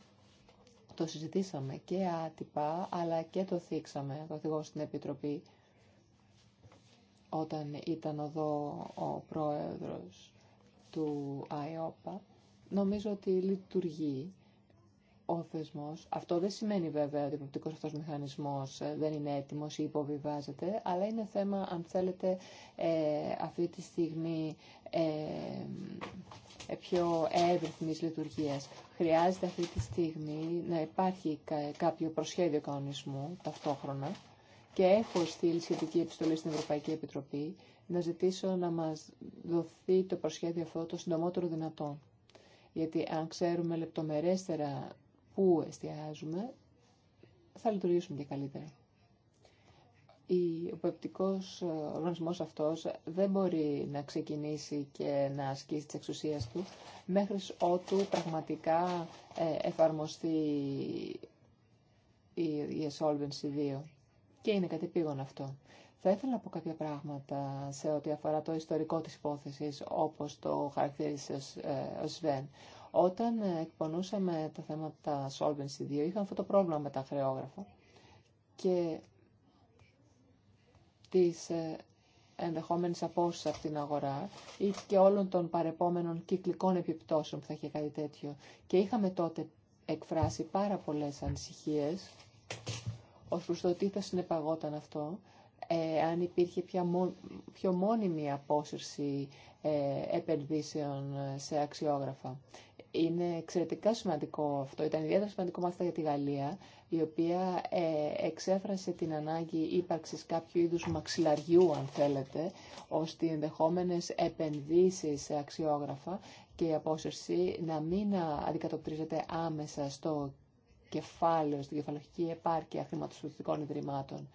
Το συζητήσαμε και άτυπα, αλλά και το θίξαμε, το στην Επιτροπή, όταν ήταν εδώ ο πρόεδρος του ΑΕΟΠΑ. Νομίζω ότι λειτουργεί αυτό δεν σημαίνει βέβαια ότι ο υποπτικός αυτός μηχανισμός ε, δεν είναι έτοιμος ή υποβιβάζεται, αλλά είναι θέμα, αν θέλετε, ε, αυτή τη στιγμή ε, ε πιο εύρυθμης λειτουργίας. Χρειάζεται αυτή τη στιγμή να υπάρχει κάποιο προσχέδιο κανονισμού ταυτόχρονα και έχω στείλει σχετική επιστολή στην Ευρωπαϊκή Επιτροπή να ζητήσω να μας δοθεί το προσχέδιο αυτό το συντομότερο δυνατόν. Γιατί αν ξέρουμε λεπτομερέστερα πού εστιάζουμε, θα λειτουργήσουν και καλύτερα. Ο πεπτικός ε, οργανισμός αυτός δεν μπορεί να ξεκινήσει και να ασκήσει τις εξουσίες του μέχρι ότου πραγματικά ε, εφαρμοστεί η Solvency 2. Και είναι κάτι κατεπήγον αυτό. Θα ήθελα να πω κάποια πράγματα σε ό,τι αφορά το ιστορικό της υπόθεσης, όπως το χαρακτήρισε ο ε, Σβέν. Όταν εκπονούσαμε τα θέματα Solvency 2, είχαμε αυτό το πρόβλημα με τα χρεόγραφα και τις ε, ενδεχόμενες απόσεις από την αγορά ή και όλων των παρεπόμενων κυκλικών επιπτώσεων που θα είχε κάτι τέτοιο. Και είχαμε τότε εκφράσει πάρα πολλές ανησυχίες ως προς το τι θα συνεπαγόταν αυτό, ε, αν υπήρχε πια πιο μόνιμη απόσυρση ε, επενδύσεων ε, σε αξιόγραφα είναι εξαιρετικά σημαντικό αυτό. Ήταν ιδιαίτερα σημαντικό μάλιστα για τη Γαλλία, η οποία ε, εξέφρασε την ανάγκη ύπαρξης κάποιου είδους μαξιλαριού, αν θέλετε, ώστε οι ενδεχόμενες επενδύσεις σε αξιόγραφα και η απόσυρση να μην αντικατοπτρίζεται άμεσα στο κεφάλαιο, στην κεφαλοχική επάρκεια χρηματοσυντητικών ιδρυμάτων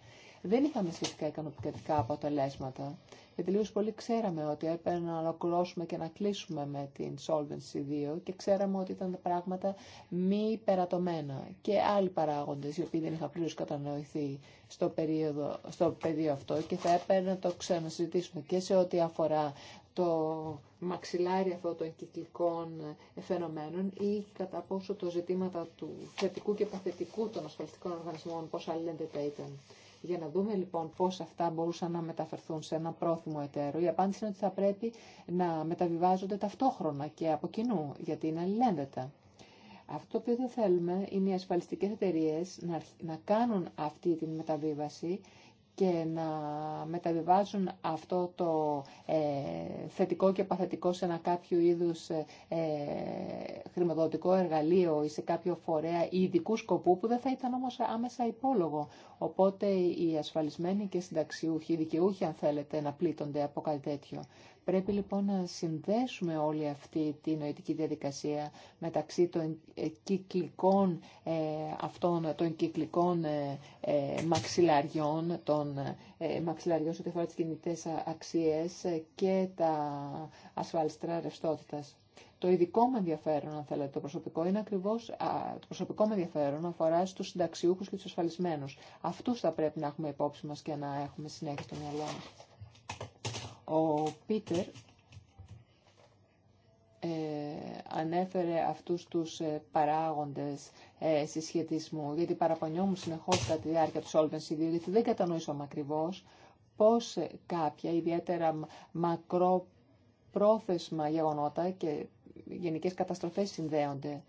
δεν είχαμε σχετικά ικανοποιητικά αποτελέσματα. Γιατί λίγο πολύ ξέραμε ότι έπαιρνε να ολοκληρώσουμε και να κλείσουμε με την Solvency 2 και ξέραμε ότι ήταν πράγματα μη περατωμένα και άλλοι παράγοντε οι οποίοι δεν είχαν πλήρω κατανοηθεί στο, περίοδο, στο πεδίο αυτό και θα έπαιρνε να το ξανασυζητήσουμε και σε ό,τι αφορά το μαξιλάρι αυτό των κυκλικών φαινομένων ή κατά πόσο το ζητήματα του θετικού και παθητικού των ασφαλιστικών οργανισμών, πώς τα ήταν. Για να δούμε λοιπόν πώς αυτά μπορούσαν να μεταφερθούν σε ένα πρόθυμο εταίρο, η απάντηση είναι ότι θα πρέπει να μεταβιβάζονται ταυτόχρονα και από κοινού, γιατί είναι αλληλένδετα. Αυτό το οποίο δεν θέλουμε είναι οι ασφαλιστικές εταιρείε να, κάνουν αυτή τη μεταβίβαση και να μεταβιβάζουν αυτό το ε, θετικό και παθετικό σε ένα κάποιο είδους ε, ε, χρηματοδοτικό εργαλείο ή σε κάποιο φορέα ή ειδικού σκοπού που δεν θα ήταν όμως άμεσα υπόλογο. Οπότε οι ασφαλισμένοι και συνταξιούχοι, οι δικαιούχοι αν θέλετε να πλήττονται από κάτι τέτοιο. Πρέπει λοιπόν να συνδέσουμε όλη αυτή τη νοητική διαδικασία μεταξύ των κυκλικών ε, αυτών, των κυκλικών ε, ε, μαξιλαριών, των μαξιλαριών σε ό,τι αφορά τις κινητές αξίες και τα ασφαλιστρά ρευστότητας. Το ειδικό μου ενδιαφέρον, αν θέλετε, το προσωπικό, είναι ακριβώς, το προσωπικό μου ενδιαφέρον αφορά στους συνταξιούχους και τους ασφαλισμένους. Αυτούς θα πρέπει να έχουμε υπόψη μας και να έχουμε συνέχεια στο μυαλό μας. Ο Πίτερ ε, ανέφερε αυτούς τους ε, παράγοντες ε, συσχετισμού, γιατί παραπονιόμουν συνεχώς κατά τη διάρκεια του Solvency 2, γιατί δεν κατανοήσαμε ακριβώς πώς ε, κάποια ιδιαίτερα μακρόπρόθεσμα γεγονότα και γενικές καταστροφές συνδέονται.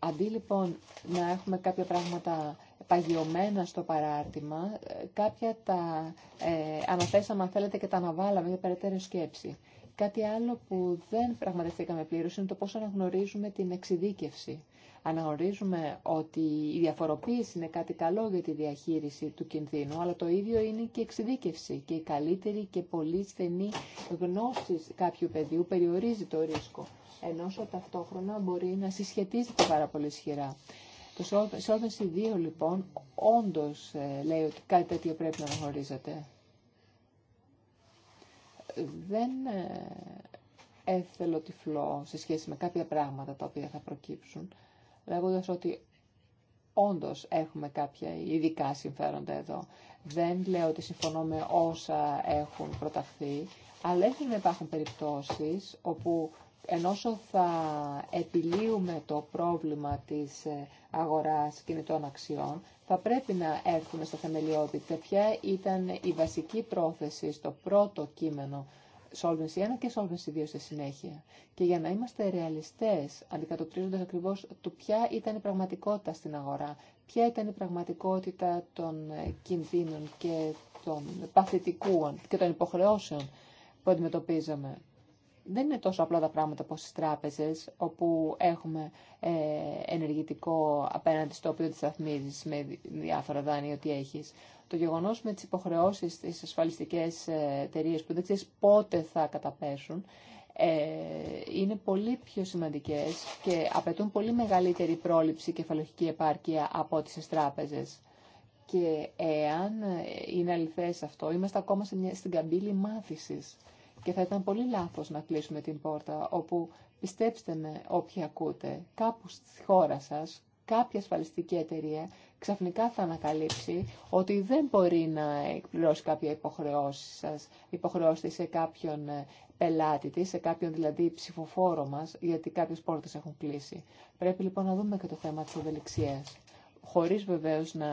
Αντί λοιπόν να έχουμε κάποια πράγματα παγιωμένα στο παράρτημα, κάποια τα ε, αναθέσαμε, αν θέλετε, και τα αναβάλαμε για περαιτέρω σκέψη. Κάτι άλλο που δεν πραγματευτήκαμε πλήρως είναι το πώς αναγνωρίζουμε την εξειδίκευση. Αναγνωρίζουμε ότι η διαφοροποίηση είναι κάτι καλό για τη διαχείριση του κινδύνου, αλλά το ίδιο είναι και η εξειδίκευση και η καλύτερη και πολύ στενή γνώση κάποιου παιδιού περιορίζει το ρίσκο ενώ ταυτόχρονα μπορεί να συσχετίζεται πάρα πολύ ισχυρά. Το σώθεση 2 λοιπόν όντως ε, λέει ότι κάτι τέτοιο πρέπει να αναγνωρίζεται. Δεν ε, έθελο τυφλό σε σχέση με κάποια πράγματα τα οποία θα προκύψουν, λέγοντας ότι όντως έχουμε κάποια ειδικά συμφέροντα εδώ. Δεν λέω ότι συμφωνώ με όσα έχουν προταχθεί, αλλά έχουν να υπάρχουν περιπτώσεις όπου ενώσο θα επιλύουμε το πρόβλημα της ε, αγοράς κινητών αξιών, θα πρέπει να έρθουμε στα θεμελιώδη. Ποια ήταν η βασική πρόθεση στο πρώτο κείμενο Solvency 1 και Solvency 2 στη συνέχεια. Και για να είμαστε ρεαλιστές, αντικατοπτρίζοντας ακριβώς το ποια ήταν η πραγματικότητα στην αγορά, ποια ήταν η πραγματικότητα των ε, κινδύνων και των παθητικού και των υποχρεώσεων που αντιμετωπίζαμε δεν είναι τόσο απλά τα πράγματα όπως στις τράπεζες, όπου έχουμε ε, ενεργητικό απέναντι στο οποίο τις αθμίζεις με διάφορα δάνεια ότι έχεις. Το γεγονός με τις υποχρεώσεις στις ασφαλιστικές ε, εταιρείε που δεν ξέρεις πότε θα καταπέσουν, ε, είναι πολύ πιο σημαντικές και απαιτούν πολύ μεγαλύτερη πρόληψη κεφαλοχική επάρκεια από τις τράπεζες. Και εάν είναι αληθές αυτό, είμαστε ακόμα στην καμπύλη μάθησης. Και θα ήταν πολύ λάθος να κλείσουμε την πόρτα, όπου πιστέψτε με όποιοι ακούτε, κάπου στη χώρα σας, κάποια ασφαλιστική εταιρεία ξαφνικά θα ανακαλύψει ότι δεν μπορεί να εκπληρώσει κάποια υποχρεώσεις σας, υποχρεώσει σε κάποιον ε, πελάτη της, σε κάποιον δηλαδή ψηφοφόρο μας, γιατί κάποιες πόρτες έχουν κλείσει. Πρέπει λοιπόν να δούμε και το θέμα της ευελιξίας χωρίς βεβαίως να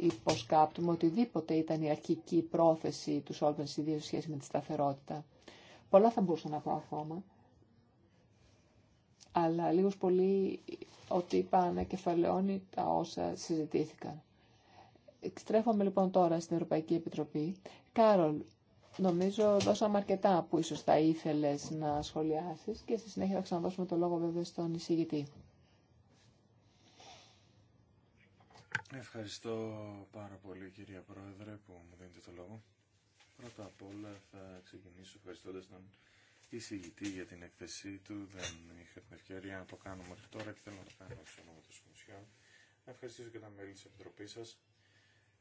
υποσκάπτουμε οτιδήποτε ήταν η αρχική πρόθεση του στη δύο σχέση με τη σταθερότητα. Πολλά θα μπορούσα να πω ακόμα, αλλά λίγο πολύ ότι είπα ανακεφαλαιώνει τα όσα συζητήθηκαν. Εξτρέφομαι λοιπόν τώρα στην Ευρωπαϊκή Επιτροπή. Κάρολ, νομίζω δώσαμε αρκετά που ίσως θα ήθελες να σχολιάσεις και στη συνέχεια θα ξαναδώσουμε το λόγο βέβαια στον εισηγητή. Ευχαριστώ πάρα πολύ κυρία Πρόεδρε που μου δίνετε το λόγο. Πρώτα απ' όλα θα ξεκινήσω ευχαριστώντα τον εισηγητή για την εκθεσή του. Δεν είχα την ευκαιρία να το κάνω μέχρι τώρα και θέλω να το κάνω εξ ονόματο Κομισιόν. Να ευχαριστήσω και τα μέλη τη Επιτροπή σα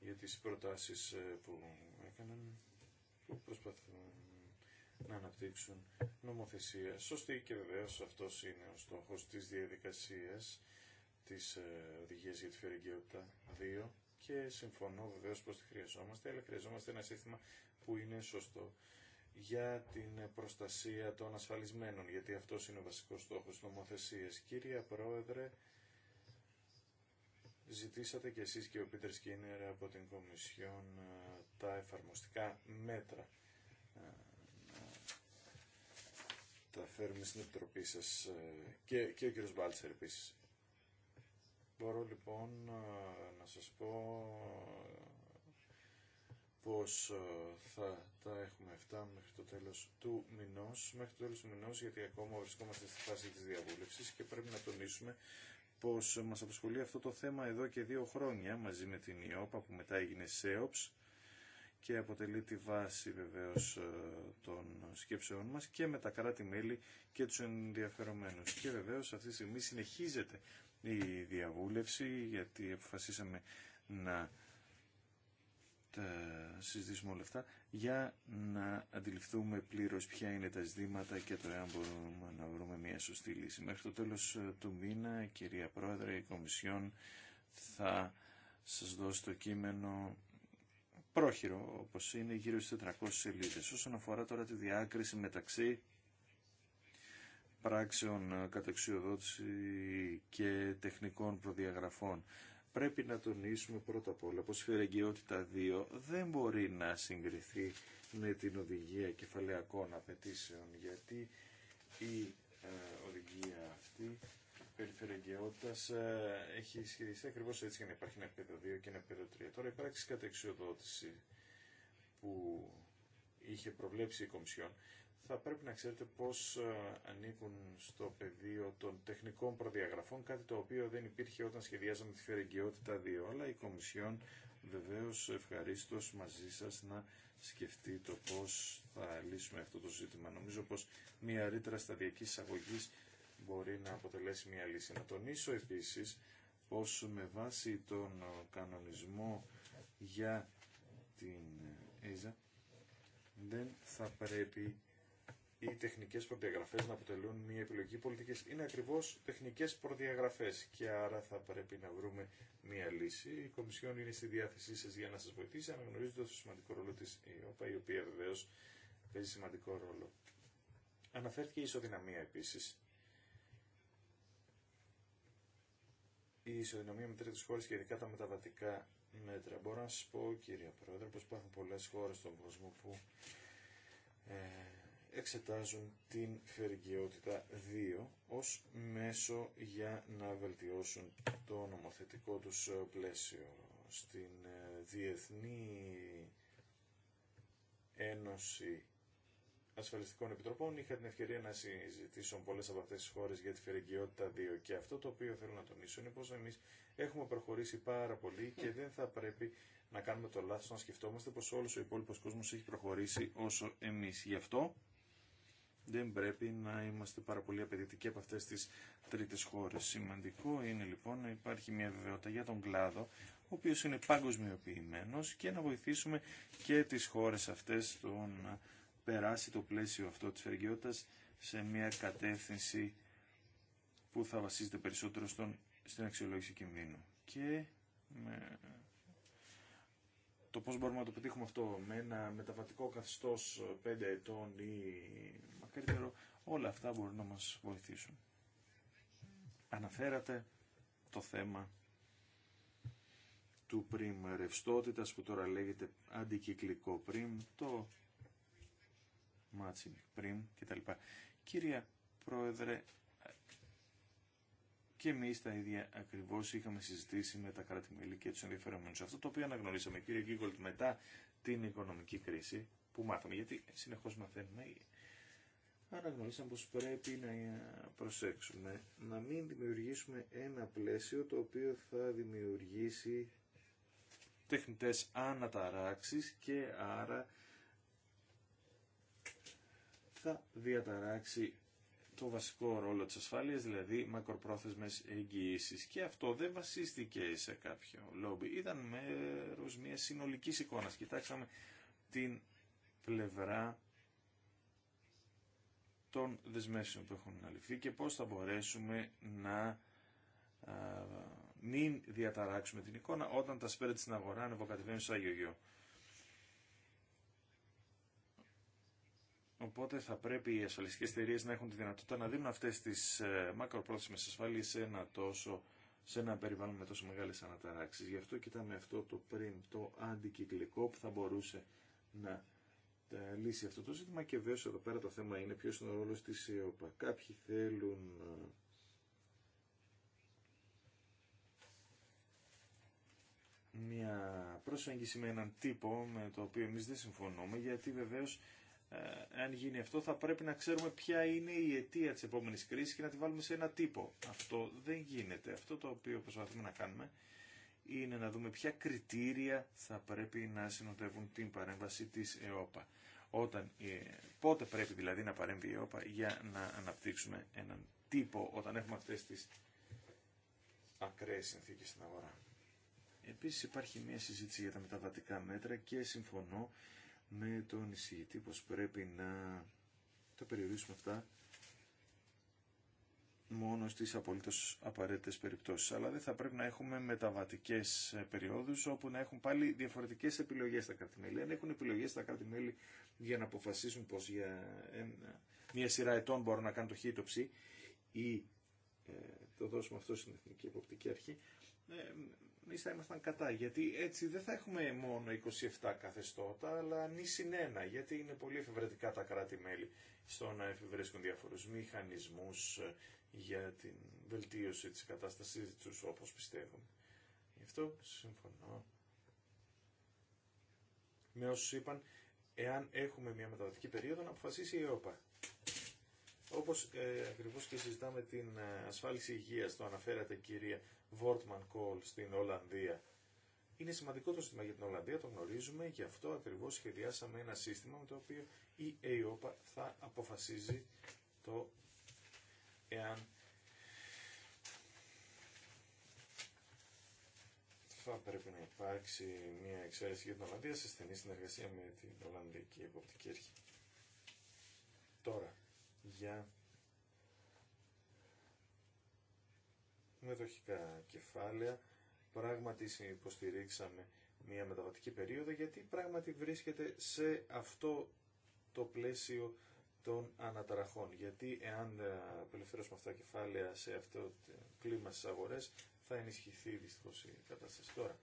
για τι προτάσει ε, που έκαναν, που προσπαθούν να αναπτύξουν νομοθεσία. Σωστή και βεβαίω αυτό είναι ο στόχο τη διαδικασία τις ε, οδηγίες για τη φιωρεγγιότητα 2 και συμφωνώ βεβαίως πως τη χρειαζόμαστε, αλλά χρειαζόμαστε ένα σύστημα που είναι σωστό για την προστασία των ασφαλισμένων, γιατί αυτό είναι ο βασικός στόχος νομοθεσίας. Κύριε Πρόεδρε, ζητήσατε κι εσείς και ο Πίτερ Σκίνερ από την Κομισιόν ε, τα εφαρμοστικά μέτρα ε, τα φέρουμε στην επιτροπή σας και, και ο κύριος Μπάλτσερ επίσης. Μπορώ λοιπόν να σας πω πως θα τα έχουμε αυτά μέχρι το τέλος του μηνός, μέχρι το τέλος του μηνός γιατί ακόμα βρισκόμαστε στη φάση της διαβούλευσης και πρέπει να τονίσουμε πως μας απασχολεί αυτό το θέμα εδώ και δύο χρόνια μαζί με την ΙΟΠΑ που μετά έγινε ΣΕΟΠΣ και αποτελεί τη βάση βεβαίως των σκέψεών μας και με τα κράτη-μέλη και τους ενδιαφερομένους. Και βεβαίως αυτή τη στιγμή συνεχίζεται η διαβούλευση γιατί αποφασίσαμε να τα συζητήσουμε όλα αυτά για να αντιληφθούμε πλήρως ποια είναι τα ζητήματα και το εάν μπορούμε να βρούμε μια σωστή λύση. Μέχρι το τέλος του μήνα, κυρία Πρόεδρε, η Κομισιόν θα σας δώσει το κείμενο πρόχειρο, όπως είναι γύρω στις 400 σελίδες. Όσον αφορά τώρα τη διάκριση μεταξύ πράξεων ε, κατεξιοδότηση και τεχνικών προδιαγραφών. Πρέπει να τονίσουμε πρώτα απ' όλα πως η φερεγγιότητα 2 δεν μπορεί να συγκριθεί με την οδηγία κεφαλαιακών απαιτήσεων γιατί η ε, οδηγία αυτή ε, έχει ισχυριστεί ακριβώ έτσι για να υπάρχει ένα επίπεδο 2 και ένα επίπεδο 3. Τώρα η πράξη κατεξιοδότηση που είχε προβλέψει η Κομισιόν θα πρέπει να ξέρετε πώς ε, ανήκουν στο πεδίο των τεχνικών προδιαγραφών, κάτι το οποίο δεν υπήρχε όταν σχεδιάζαμε τη φερεγγιότητα δύο, αλλά η Κομισιόν βεβαίως ευχαρίστως μαζί σας να σκεφτεί το πώς θα λύσουμε αυτό το ζήτημα. Νομίζω πως μια ρήτρα σταδιακής εισαγωγή μπορεί να αποτελέσει μια λύση. Να τονίσω επίσης πως με βάση τον κανονισμό για την ΕΖΑ δεν θα πρέπει οι τεχνικέ προδιαγραφέ να αποτελούν μια επιλογή πολιτική Είναι ακριβώ τεχνικέ προδιαγραφέ και άρα θα πρέπει να βρούμε μια λύση. Η Κομισιόν είναι στη διάθεσή σα για να σα βοηθήσει αναγνωρίζοντας το σημαντικό ρόλο τη ΕΟΠΑ, η οποία βεβαίω παίζει σημαντικό ρόλο. Αναφέρθηκε η ισοδυναμία επίση. Η ισοδυναμία με τρίτε χώρε και ειδικά τα μεταβατικά μέτρα. Μπορώ να σα πω, κύριε Πρόεδρε, πω υπάρχουν πολλέ χώρε στον κόσμο που ε, εξετάζουν την φερικαιότητα 2 ως μέσο για να βελτιώσουν το νομοθετικό τους ε, πλαίσιο στην ε, Διεθνή Ένωση Ασφαλιστικών Επιτροπών. Είχα την ευκαιρία να συζητήσω πολλές από αυτές τις χώρες για τη φερικαιότητα 2 και αυτό το οποίο θέλω να τονίσω είναι πως εμείς έχουμε προχωρήσει πάρα πολύ και δεν θα πρέπει να κάνουμε το λάθος να σκεφτόμαστε πως όλος ο υπόλοιπος κόσμος έχει προχωρήσει όσο εμείς. Γι' αυτό δεν πρέπει να είμαστε πάρα πολύ απαιτητικοί από αυτές τις τρίτες χώρες. Σημαντικό είναι λοιπόν να υπάρχει μια βεβαιότητα για τον κλάδο, ο οποίος είναι παγκοσμιοποιημένος και να βοηθήσουμε και τις χώρες αυτές στο να περάσει το πλαίσιο αυτό της φεργαιότητας σε μια κατεύθυνση που θα βασίζεται περισσότερο στον, στην αξιολόγηση κινδύνου. Και το πώς μπορούμε να το πετύχουμε αυτό με ένα μεταβατικό καθεστώς 5 ετών ή καλύτερο. Όλα αυτά μπορούν να μας βοηθήσουν. Αναφέρατε το θέμα του πριμ ρευστότητα που τώρα λέγεται αντικυκλικό πριμ, το matching πριμ κτλ. Κύρια Πρόεδρε, και εμεί τα ίδια ακριβώ είχαμε συζητήσει με τα κράτη-μέλη και του ενδιαφερομένου. Αυτό το οποίο αναγνωρίσαμε, κύριε Γκίγκολτ, μετά την οικονομική κρίση, που μάθαμε, γιατί συνεχώ μαθαίνουμε, αναγνωρίσαμε πως πρέπει να προσέξουμε, να μην δημιουργήσουμε ένα πλαίσιο το οποίο θα δημιουργήσει τεχνητές αναταράξεις και άρα θα διαταράξει το βασικό ρόλο της ασφάλειας, δηλαδή μακροπρόθεσμες εγγυήσεις. Και αυτό δεν βασίστηκε σε κάποιο λόμπι. Ήταν μέρος μιας συνολικής εικόνας. Κοιτάξαμε την πλευρά των δεσμεύσεων που έχουν αναλυφθεί και πώς θα μπορέσουμε να μην διαταράξουμε την εικόνα όταν τα σπέρα στην αγορά ανεβοκατεβαίνουν στο Άγιο Γιο. Οπότε θα πρέπει οι ασφαλιστικές εταιρείε να έχουν τη δυνατότητα να δίνουν αυτές τις ε, μακροπρόθεσμες ασφάλειες σε ένα τόσο σε ένα περιβάλλον με τόσο μεγάλες αναταράξεις. Γι' αυτό κοιτάμε αυτό το πριν, το αντικυκλικό που θα μπορούσε να λύσει αυτό το ζήτημα και βέβαια εδώ πέρα το θέμα είναι ποιος είναι ο ρόλος της ΕΟΠΑ. Κάποιοι θέλουν ε, μια προσέγγιση με έναν τύπο με το οποίο εμείς δεν συμφωνούμε γιατί βεβαίως ε, αν γίνει αυτό θα πρέπει να ξέρουμε ποια είναι η αιτία της επόμενης κρίσης και να τη βάλουμε σε ένα τύπο. Αυτό δεν γίνεται. Αυτό το οποίο προσπαθούμε να κάνουμε είναι να δούμε ποια κριτήρια θα πρέπει να συνοδεύουν την παρέμβαση της ΕΟΠΑ. Όταν, ε, πότε πρέπει δηλαδή να παρέμβει η ΕΟΠΑ για να αναπτύξουμε έναν τύπο όταν έχουμε αυτές τις ακραίες συνθήκες στην αγορά. Επίσης υπάρχει μια συζήτηση για τα μεταβατικά μέτρα και συμφωνώ με τον εισηγητή πως πρέπει να τα περιορίσουμε αυτά μόνο στις απολύτως απαραίτητες περιπτώσεις. Αλλά δεν θα πρέπει να έχουμε μεταβατικές ε, περιόδους όπου να έχουν πάλι διαφορετικές επιλογές στα κράτη-μέλη. Αν έχουν επιλογές τα κράτη-μέλη για να αποφασίσουν πως για μια σειρά ετών μπορούν να κάνουν το χ ή ε, το δώσουμε αυτό στην Εθνική Εποπτική Αρχή, ε, εμεί θα ήμασταν κατά. Γιατί έτσι δεν θα έχουμε μόνο 27 καθεστώτα, αλλά νη συνένα. Γιατί είναι πολύ εφευρετικά τα κράτη-μέλη στο να εφευρέσκουν διάφορου μηχανισμού για την βελτίωση της κατάστασής τους όπως πιστεύουμε. Γι' αυτό συμφωνώ με όσους είπαν εάν έχουμε μια μεταβατική περίοδο να αποφασίσει η ΕΟΠΑ. Όπως ε, ακριβώς και συζητάμε την ε, ασφάλιση υγείας, το αναφέρατε κυρία Βόρτμαν Κόλ στην Ολλανδία. Είναι σημαντικό το σύστημα για την Ολλανδία, το γνωρίζουμε, γι' αυτό ακριβώς σχεδιάσαμε ένα σύστημα με το οποίο η ΕΟΠΑ θα αποφασίζει το εάν θα πρέπει να υπάρξει μια εξαίρεση για την Ολλανδία σε στενή συνεργασία με την Ολλανδική Εποπτική Αρχή. Τώρα, για μετοχικά κεφάλαια, πράγματι υποστηρίξαμε μια μεταβατική περίοδο γιατί πράγματι βρίσκεται σε αυτό το πλαίσιο των αναταραχών. Γιατί εάν απελευθερώσουμε αυτά τα κεφάλαια σε αυτό το κλίμα στι αγορές, θα ενισχυθεί δυστυχώ η κατάσταση. Τώρα,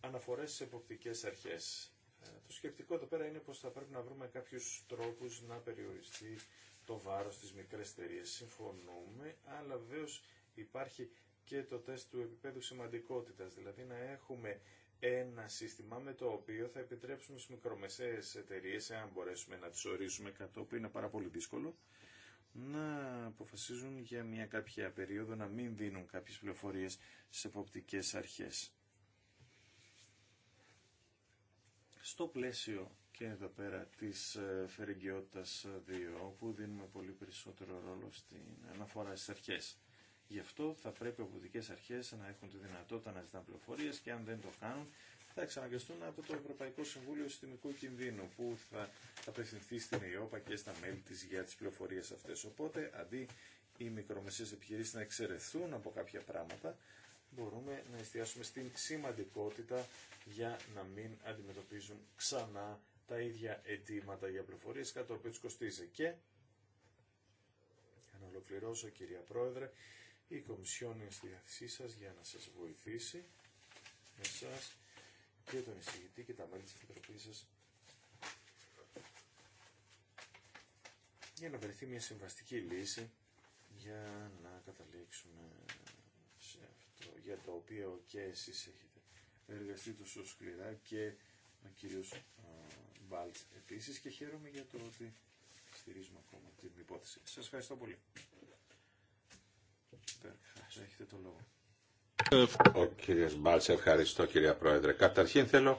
αναφορές σε εποπτικές αρχές. Ε, το σκεπτικό εδώ πέρα είναι πως θα πρέπει να βρούμε κάποιους τρόπους να περιοριστεί το βάρος της μικρές εταιρείε. Συμφωνούμε, αλλά βεβαίω υπάρχει και το τεστ του επίπεδου σημαντικότητα. δηλαδή να έχουμε ένα σύστημα με το οποίο θα επιτρέψουμε στις μικρομεσαίες εταιρείες, εάν μπορέσουμε να τις ορίσουμε κατόπιν, είναι πάρα πολύ δύσκολο, να αποφασίζουν για μια κάποια περίοδο να μην δίνουν κάποιες πληροφορίες σε εποπτικές αρχές. Στο πλαίσιο και εδώ πέρα της ε, φερεγγιότητας 2, όπου δίνουμε πολύ περισσότερο ρόλο στην αναφορά στις αρχές. Γι' αυτό θα πρέπει οι οπουδικέ αρχέ να έχουν τη δυνατότητα να ζητάνε πληροφορίε και αν δεν το κάνουν θα εξαναγκαστούν από το Ευρωπαϊκό Συμβούλιο Συστημικού Κινδύνου που θα απευθυνθεί στην ΕΟΠΑ και στα μέλη τη για τι πληροφορίε αυτέ. Οπότε αντί οι μικρομεσαίε επιχειρήσει να εξαιρεθούν από κάποια πράγματα μπορούμε να εστιάσουμε στην σημαντικότητα για να μην αντιμετωπίζουν ξανά τα ίδια αιτήματα για πληροφορίε κατά το οποίο του κοστίζει. Και, να ολοκληρώσω κυρία Πρόεδρε, η Κομισιόν είναι στη διάθεσή σας για να σας βοηθήσει, εσάς και τον εισηγητή και τα μέλη της Επιτροπής σας για να βρεθεί μια συμβαστική λύση για να καταλήξουμε σε αυτό για το οποίο και εσείς έχετε εργαστεί τόσο σκληρά και ο κύριος Μπάλτς επίσης και χαίρομαι για το ότι στηρίζουμε ακόμα την υπόθεση. Σας ευχαριστώ πολύ. Ο κύριο Μπάλτς, ευχαριστώ κυρία Πρόεδρε. Καταρχήν θέλω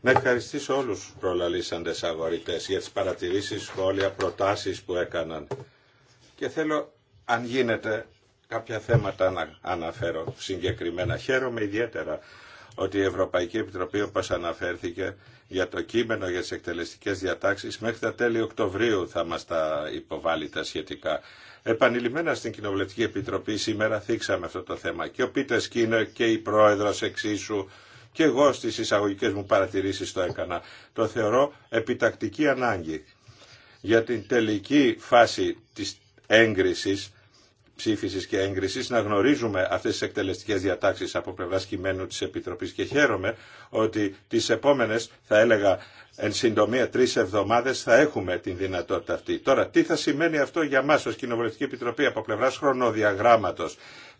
να ευχαριστήσω όλους του προλαλήσαντε αγορητέ για τις παρατηρήσεις, σχόλια, προτάσεις που έκαναν. Και θέλω, αν γίνεται, κάποια θέματα να αναφέρω συγκεκριμένα. Χαίρομαι ιδιαίτερα ότι η Ευρωπαϊκή Επιτροπή, όπω αναφέρθηκε, για το κείμενο για τι εκτελεστικέ διατάξει, μέχρι τα τέλη Οκτωβρίου θα μας τα υποβάλει τα σχετικά. Επανειλημμένα στην Κοινοβουλευτική Επιτροπή σήμερα θίξαμε αυτό το θέμα και ο Πίτερ Σκίνερ και η Πρόεδρος εξίσου και εγώ στι εισαγωγικέ μου παρατηρήσεις το έκανα. Το θεωρώ επιτακτική ανάγκη για την τελική φάση της έγκρισης Ψήφισή και Έγκριση, να γνωρίζουμε αυτέ τι εκτελεστικέ διατάξει από πλευρά κειμένου τη Επιτροπή. και χαίρομαι ότι τι επόμενε, θα έλεγα εν συντομία τρει εβδομάδε θα έχουμε την δυνατότητα αυτή. Τώρα, τι θα σημαίνει αυτό για εμά ω Κοινοβουλευτική Επιτροπή από πλευρά χρονοδιαγράμματο.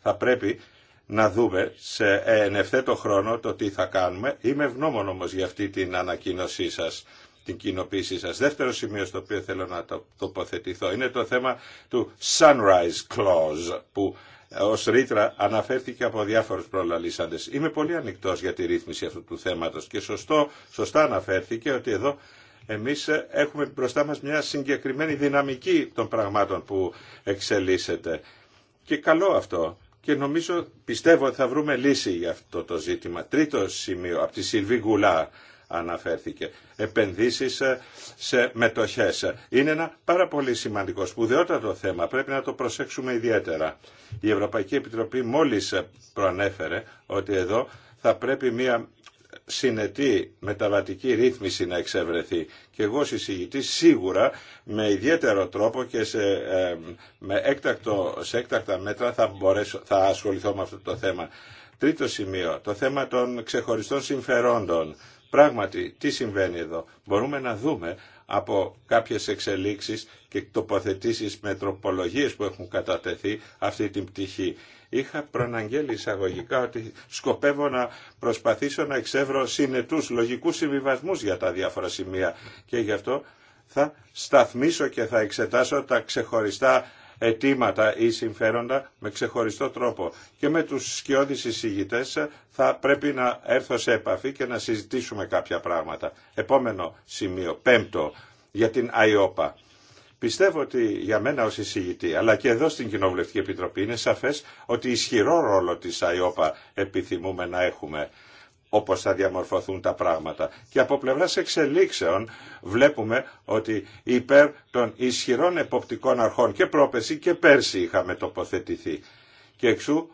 Θα πρέπει να δούμε σε εν χρόνο το τι θα κάνουμε. Είμαι ευγνώμων όμω για αυτή την ανακοίνωσή σα την κοινοποίησή σας. Δεύτερο σημείο στο οποίο θέλω να το τοποθετηθώ είναι το θέμα του Sunrise Clause που ως ρήτρα αναφέρθηκε από διάφορους προλαλήσαντες. Είμαι πολύ ανοιχτός για τη ρύθμιση αυτού του θέματος και σωστό, σωστά αναφέρθηκε ότι εδώ εμείς έχουμε μπροστά μας μια συγκεκριμένη δυναμική των πραγμάτων που εξελίσσεται. Και καλό αυτό. Και νομίζω, πιστεύω ότι θα βρούμε λύση για αυτό το ζήτημα. Τρίτο σημείο, από τη Σιλβί Γκουλά αναφέρθηκε. Επενδύσεις ε, σε μετοχές. Είναι ένα πάρα πολύ σημαντικό σπουδαιότατο θέμα. Πρέπει να το προσέξουμε ιδιαίτερα. Η Ευρωπαϊκή Επιτροπή μόλις ε, προανέφερε ότι εδώ θα πρέπει μια συνετή μεταβατική ρύθμιση να εξευρεθεί. Και εγώ συζητή σίγουρα με ιδιαίτερο τρόπο και σε, ε, με έκτακτο, σε έκτακτα μέτρα θα, μπορέσω, θα ασχοληθώ με αυτό το θέμα. Τρίτο σημείο, το θέμα των ξεχωριστών συμφερόντων. Πράγματι, τι συμβαίνει εδώ. Μπορούμε να δούμε από κάποιες εξελίξεις και τοποθετήσεις με τροπολογίες που έχουν κατατεθεί αυτή την πτυχή. Είχα προναγγέλει εισαγωγικά ότι σκοπεύω να προσπαθήσω να εξεύρω συνετούς λογικούς συμβιβασμούς για τα διάφορα σημεία και γι' αυτό θα σταθμίσω και θα εξετάσω τα ξεχωριστά αιτήματα ή συμφέροντα με ξεχωριστό τρόπο. Και με τους σκιώδεις εισηγητές θα πρέπει να έρθω σε επαφή και να συζητήσουμε κάποια πράγματα. Επόμενο σημείο, πέμπτο, για την ΑΙΟΠΑ. Πιστεύω ότι για μένα ως εισηγητή, αλλά και εδώ στην Κοινοβουλευτική Επιτροπή, είναι σαφές ότι ισχυρό ρόλο της ΑΙΟΠΑ επιθυμούμε να έχουμε όπως θα διαμορφωθούν τα πράγματα. Και από πλευράς εξελίξεων βλέπουμε ότι υπέρ των ισχυρών εποπτικών αρχών και πρόπεση και πέρσι είχαμε τοποθετηθεί. Και εξού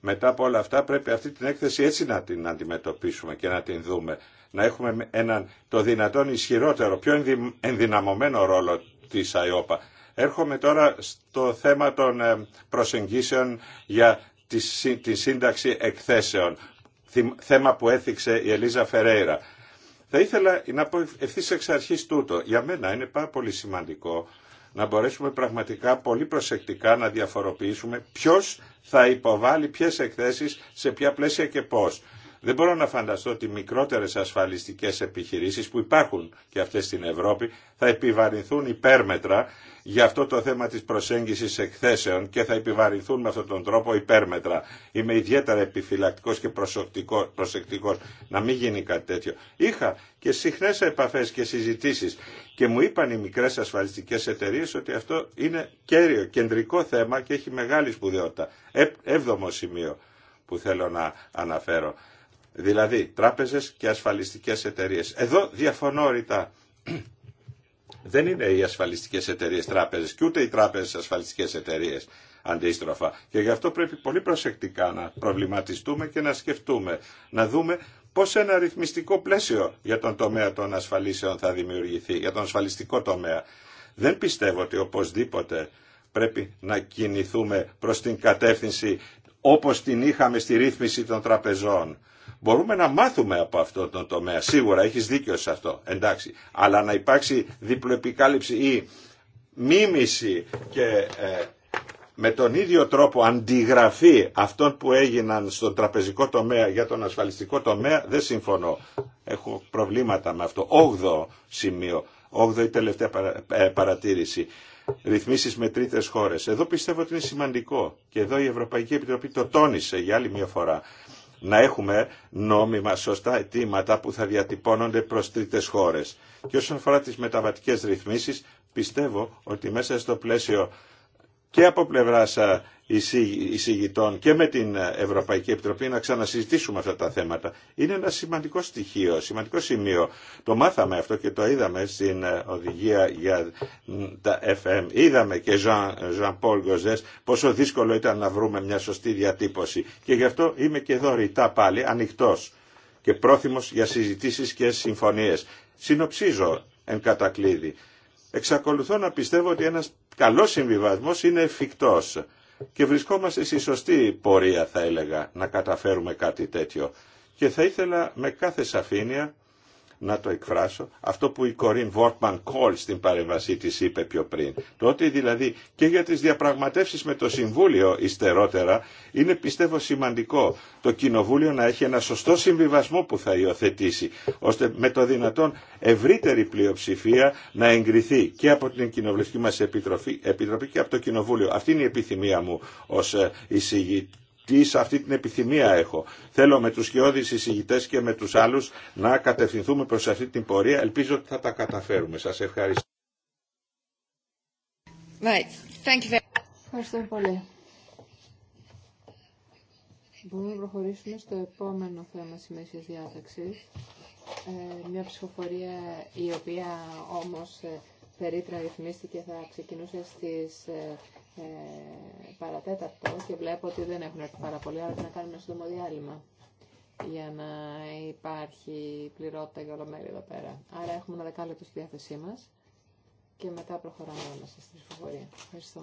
μετά από όλα αυτά πρέπει αυτή την έκθεση έτσι να την αντιμετωπίσουμε και να την δούμε. Να έχουμε έναν το δυνατόν ισχυρότερο, πιο ενδυναμωμένο ρόλο της ΑΕΟΠΑ. Έρχομαι τώρα στο θέμα των ε, προσεγγίσεων για τη σύνταξη εκθέσεων θέμα που έθιξε η Ελίζα Φερέιρα. Θα ήθελα να πω ευθύ εξ αρχή τούτο. Για μένα είναι πάρα πολύ σημαντικό να μπορέσουμε πραγματικά πολύ προσεκτικά να διαφοροποιήσουμε ποιο θα υποβάλει ποιε εκθέσει, σε ποια πλαίσια και πώ. Δεν μπορώ να φανταστώ ότι μικρότερες ασφαλιστικές επιχειρήσεις που υπάρχουν και αυτές στην Ευρώπη θα επιβαρυνθούν υπέρμετρα για αυτό το θέμα της προσέγγισης εκθέσεων και θα επιβαρυνθούν με αυτόν τον τρόπο υπέρμετρα. Είμαι ιδιαίτερα επιφυλακτικός και προσεκτικός να μην γίνει κάτι τέτοιο. Είχα και συχνές επαφές και συζητήσεις και μου είπαν οι μικρές ασφαλιστικές εταιρείες ότι αυτό είναι κέριο, κεντρικό θέμα και έχει μεγάλη σπουδαιότητα. Ε, έβδομο σημείο που θέλω να αναφέρω δηλαδή τράπεζες και ασφαλιστικές εταιρείες. Εδώ διαφωνώ ρητά. Δεν είναι οι ασφαλιστικές εταιρείες τράπεζες και ούτε οι τράπεζες ασφαλιστικές εταιρείες αντίστροφα. Και γι' αυτό πρέπει πολύ προσεκτικά να προβληματιστούμε και να σκεφτούμε, να δούμε πώς ένα ρυθμιστικό πλαίσιο για τον τομέα των ασφαλίσεων θα δημιουργηθεί, για τον ασφαλιστικό τομέα. Δεν πιστεύω ότι οπωσδήποτε πρέπει να κινηθούμε προς την κατεύθυνση όπως την είχαμε στη ρύθμιση των τραπεζών. Μπορούμε να μάθουμε από αυτό το τομέα. Σίγουρα έχεις δίκιο σε αυτό. Εντάξει. Αλλά να υπάρξει διπλοεπικάλυψη ή μίμηση και ε, με τον ίδιο τρόπο αντιγραφή αυτών που έγιναν στον τραπεζικό τομέα για τον ασφαλιστικό τομέα δεν συμφωνώ. Έχω προβλήματα με αυτό. Όγδο σημείο. Όγδο η τελευταία ε, παρατήρηση ρυθμίσεις με τρίτες χώρες. Εδώ πιστεύω ότι είναι σημαντικό και εδώ η Ευρωπαϊκή Επιτροπή το τόνισε για άλλη μια φορά να έχουμε νόμιμα σωστά αιτήματα που θα διατυπώνονται προς τρίτες χώρες. Και όσον αφορά τις μεταβατικές ρυθμίσεις, πιστεύω ότι μέσα στο πλαίσιο και από πλευράς εισηγητών και με την Ευρωπαϊκή Επιτροπή να ξανασυζητήσουμε αυτά τα θέματα. Είναι ένα σημαντικό στοιχείο, σημαντικό σημείο. Το μάθαμε αυτό και το είδαμε στην οδηγία για τα FM. Είδαμε και Jean-Paul Gauzès πόσο δύσκολο ήταν να βρούμε μια σωστή διατύπωση. Και γι' αυτό είμαι και εδώ ρητά πάλι ανοιχτός και πρόθυμος για συζητήσεις και συμφωνίες. Συνοψίζω εν κατακλείδη. Εξακολουθώ να πιστεύω ότι ένας καλός συμβιβασμός είναι εφικτό και βρισκόμαστε στη σωστή πορεία θα έλεγα να καταφέρουμε κάτι τέτοιο. Και θα ήθελα με κάθε σαφήνεια να το εκφράσω, αυτό που η Κορίν Βόρτμαν Κόλ στην παρεμβασή τη είπε πιο πριν. Το ότι δηλαδή και για τι διαπραγματεύσει με το Συμβούλιο ιστερότερα είναι πιστεύω σημαντικό το Κοινοβούλιο να έχει ένα σωστό συμβιβασμό που θα υιοθετήσει, ώστε με το δυνατόν ευρύτερη πλειοψηφία να εγκριθεί και από την Κοινοβουλευτική μα Επιτροπή και από το Κοινοβούλιο. Αυτή είναι η επιθυμία μου ω ε, εισηγητή τι σε αυτή την επιθυμία έχω. Θέλω με τους χειώδεις εισηγητές και με τους άλλους να κατευθυνθούμε προς αυτή την πορεία. Ελπίζω ότι θα τα καταφέρουμε. Σας ευχαριστώ. Thank you very much. Ευχαριστώ πολύ. Μπορούμε να προχωρήσουμε στο επόμενο θέμα σημαίσιας διάταξης. Ε, μια ψηφοφορία η οποία όμως ε, περίτρα ρυθμίστηκε θα ξεκινούσε στις ε, ε, παρατέταρτο και βλέπω ότι δεν έχουν έρθει πάρα πολύ, άρα να κάνουμε ένα σύντομο διάλειμμα για να υπάρχει πληρότητα για ολομέλεια εδώ πέρα. Άρα έχουμε ένα δεκάλεπτο στη διάθεσή μας και μετά προχωράμε όλα σας στη ψηφοφορία. Ευχαριστώ.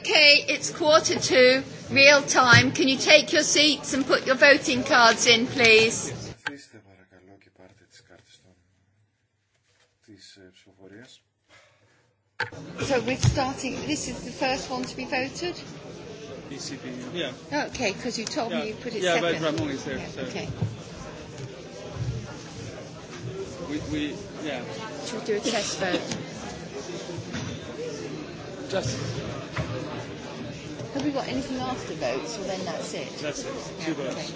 Okay, it's quarter to real time. Can you take your seats and put your voting cards in, please? So we're starting. This is the first one to be voted. ECB. Yeah. Okay, because you told me you put it. Yeah, but Ramon is there. Okay. We, we, yeah. Should we do a test vote? Just. Have we got anything after votes, or then that's it? That's it. Two votes.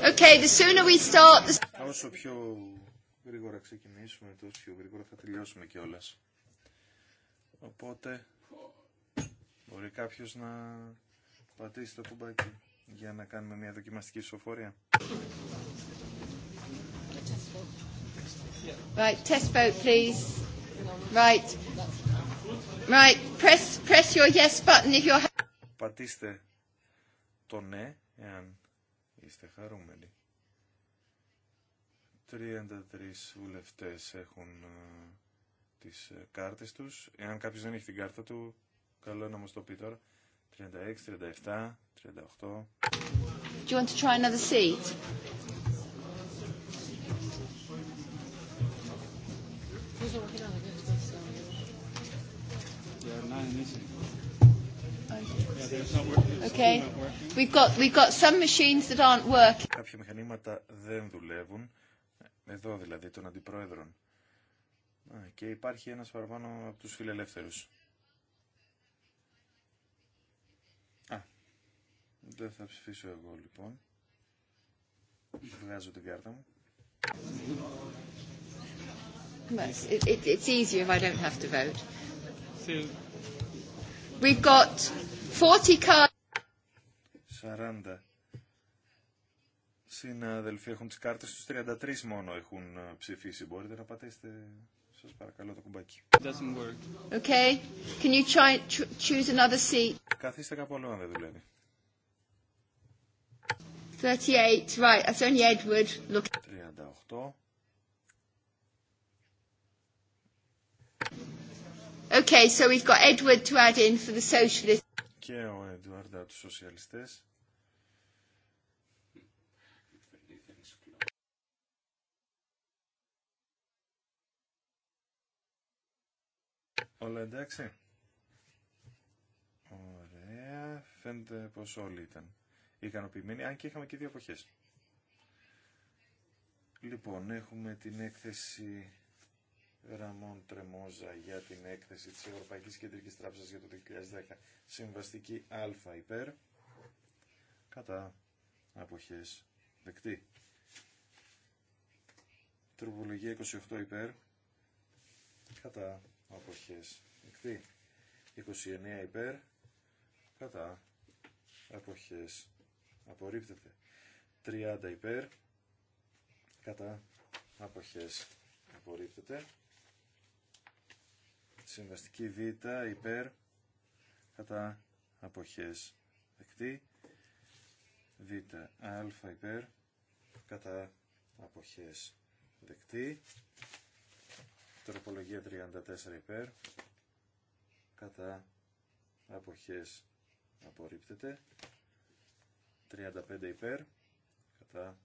Okay, okay, the sooner we start, the... Όσο πιο γρήγορα ξεκινήσουμε, τόσο πιο γρήγορα θα τελειώσουμε κιόλα. Οπότε, μπορεί κάποιο να πατήσει το κουμπάκι για να κάνουμε μια δοκιμαστική ψηφοφορία. Right, test vote, please. Right. Right, press, press your yes button if you're... Πατήστε το ναι, εάν είστε χαρούμενοι. 33 βουλευτές έχουν ε, τις ε, κάρτες τους. Εάν κάποιος δεν έχει την κάρτα του, καλό να μα το πει τώρα. 36, 37, 38. you want try another seat? Okay. We've got, we've got some machines that aren't working. Κάποια μηχανήματα δεν δουλεύουν. Εδώ δηλαδή των αντιπρόεδρων. Και υπάρχει ένας παραπάνω από τους φιλελεύθερους. Α, δεν θα ψηφίσω εγώ λοιπόν. Βγάζω την κάρτα μου. It's easier if I don't have to vote. We've got 40 cards. 40. Συναδελφοί έχουν τις κάρτες τους, 33 μόνο έχουν ε, ψηφίσει. Μπορείτε να πατήσετε, σας παρακαλώ, το κουμπάκι. Doesn't work. Okay. Can you try, choose another seat? Καθίστε κάπου αλλού αν δεν δουλεύει. 38. Right, that's only Edward. Look. 38. Okay, so we've Και ο Εντουάρντ από τους σοσιαλιστές. Όλα εντάξει. Ωραία. Φαίνεται πως όλοι ήταν ικανοποιημένοι, αν και είχαμε και δύο εποχές. Λοιπόν, έχουμε την έκθεση Ραμόν Τρεμόζα για την έκθεση της Ευρωπαϊκής Κεντρικής Τράπεζας για το 2010. Συμβαστική Α υπέρ. Κατά αποχές δεκτή. Τροπολογία 28 υπέρ. Κατά αποχές δεκτή. 29 υπέρ. Κατά αποχές απορρίπτεται. 30 υπέρ. Κατά αποχές απορρίπτεται. Συμβαστική Β υπέρ κατά αποχές δεκτή. Β α υπέρ κατά αποχές δεκτή. Τροπολογία 34 υπέρ κατά αποχές απορρίπτεται. 35 υπέρ κατά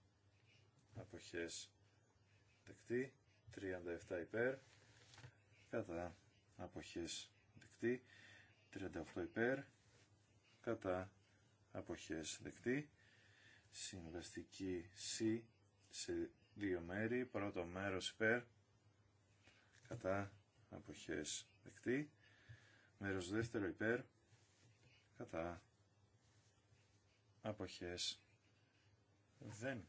αποχές δεκτή. 37 υπέρ κατά αποχές δεκτή 38 υπέρ κατά αποχές δεκτή συμβαστική C σε δύο μέρη πρώτο μέρος υπέρ κατά αποχές δεκτή μέρος δεύτερο υπέρ κατά αποχές δεν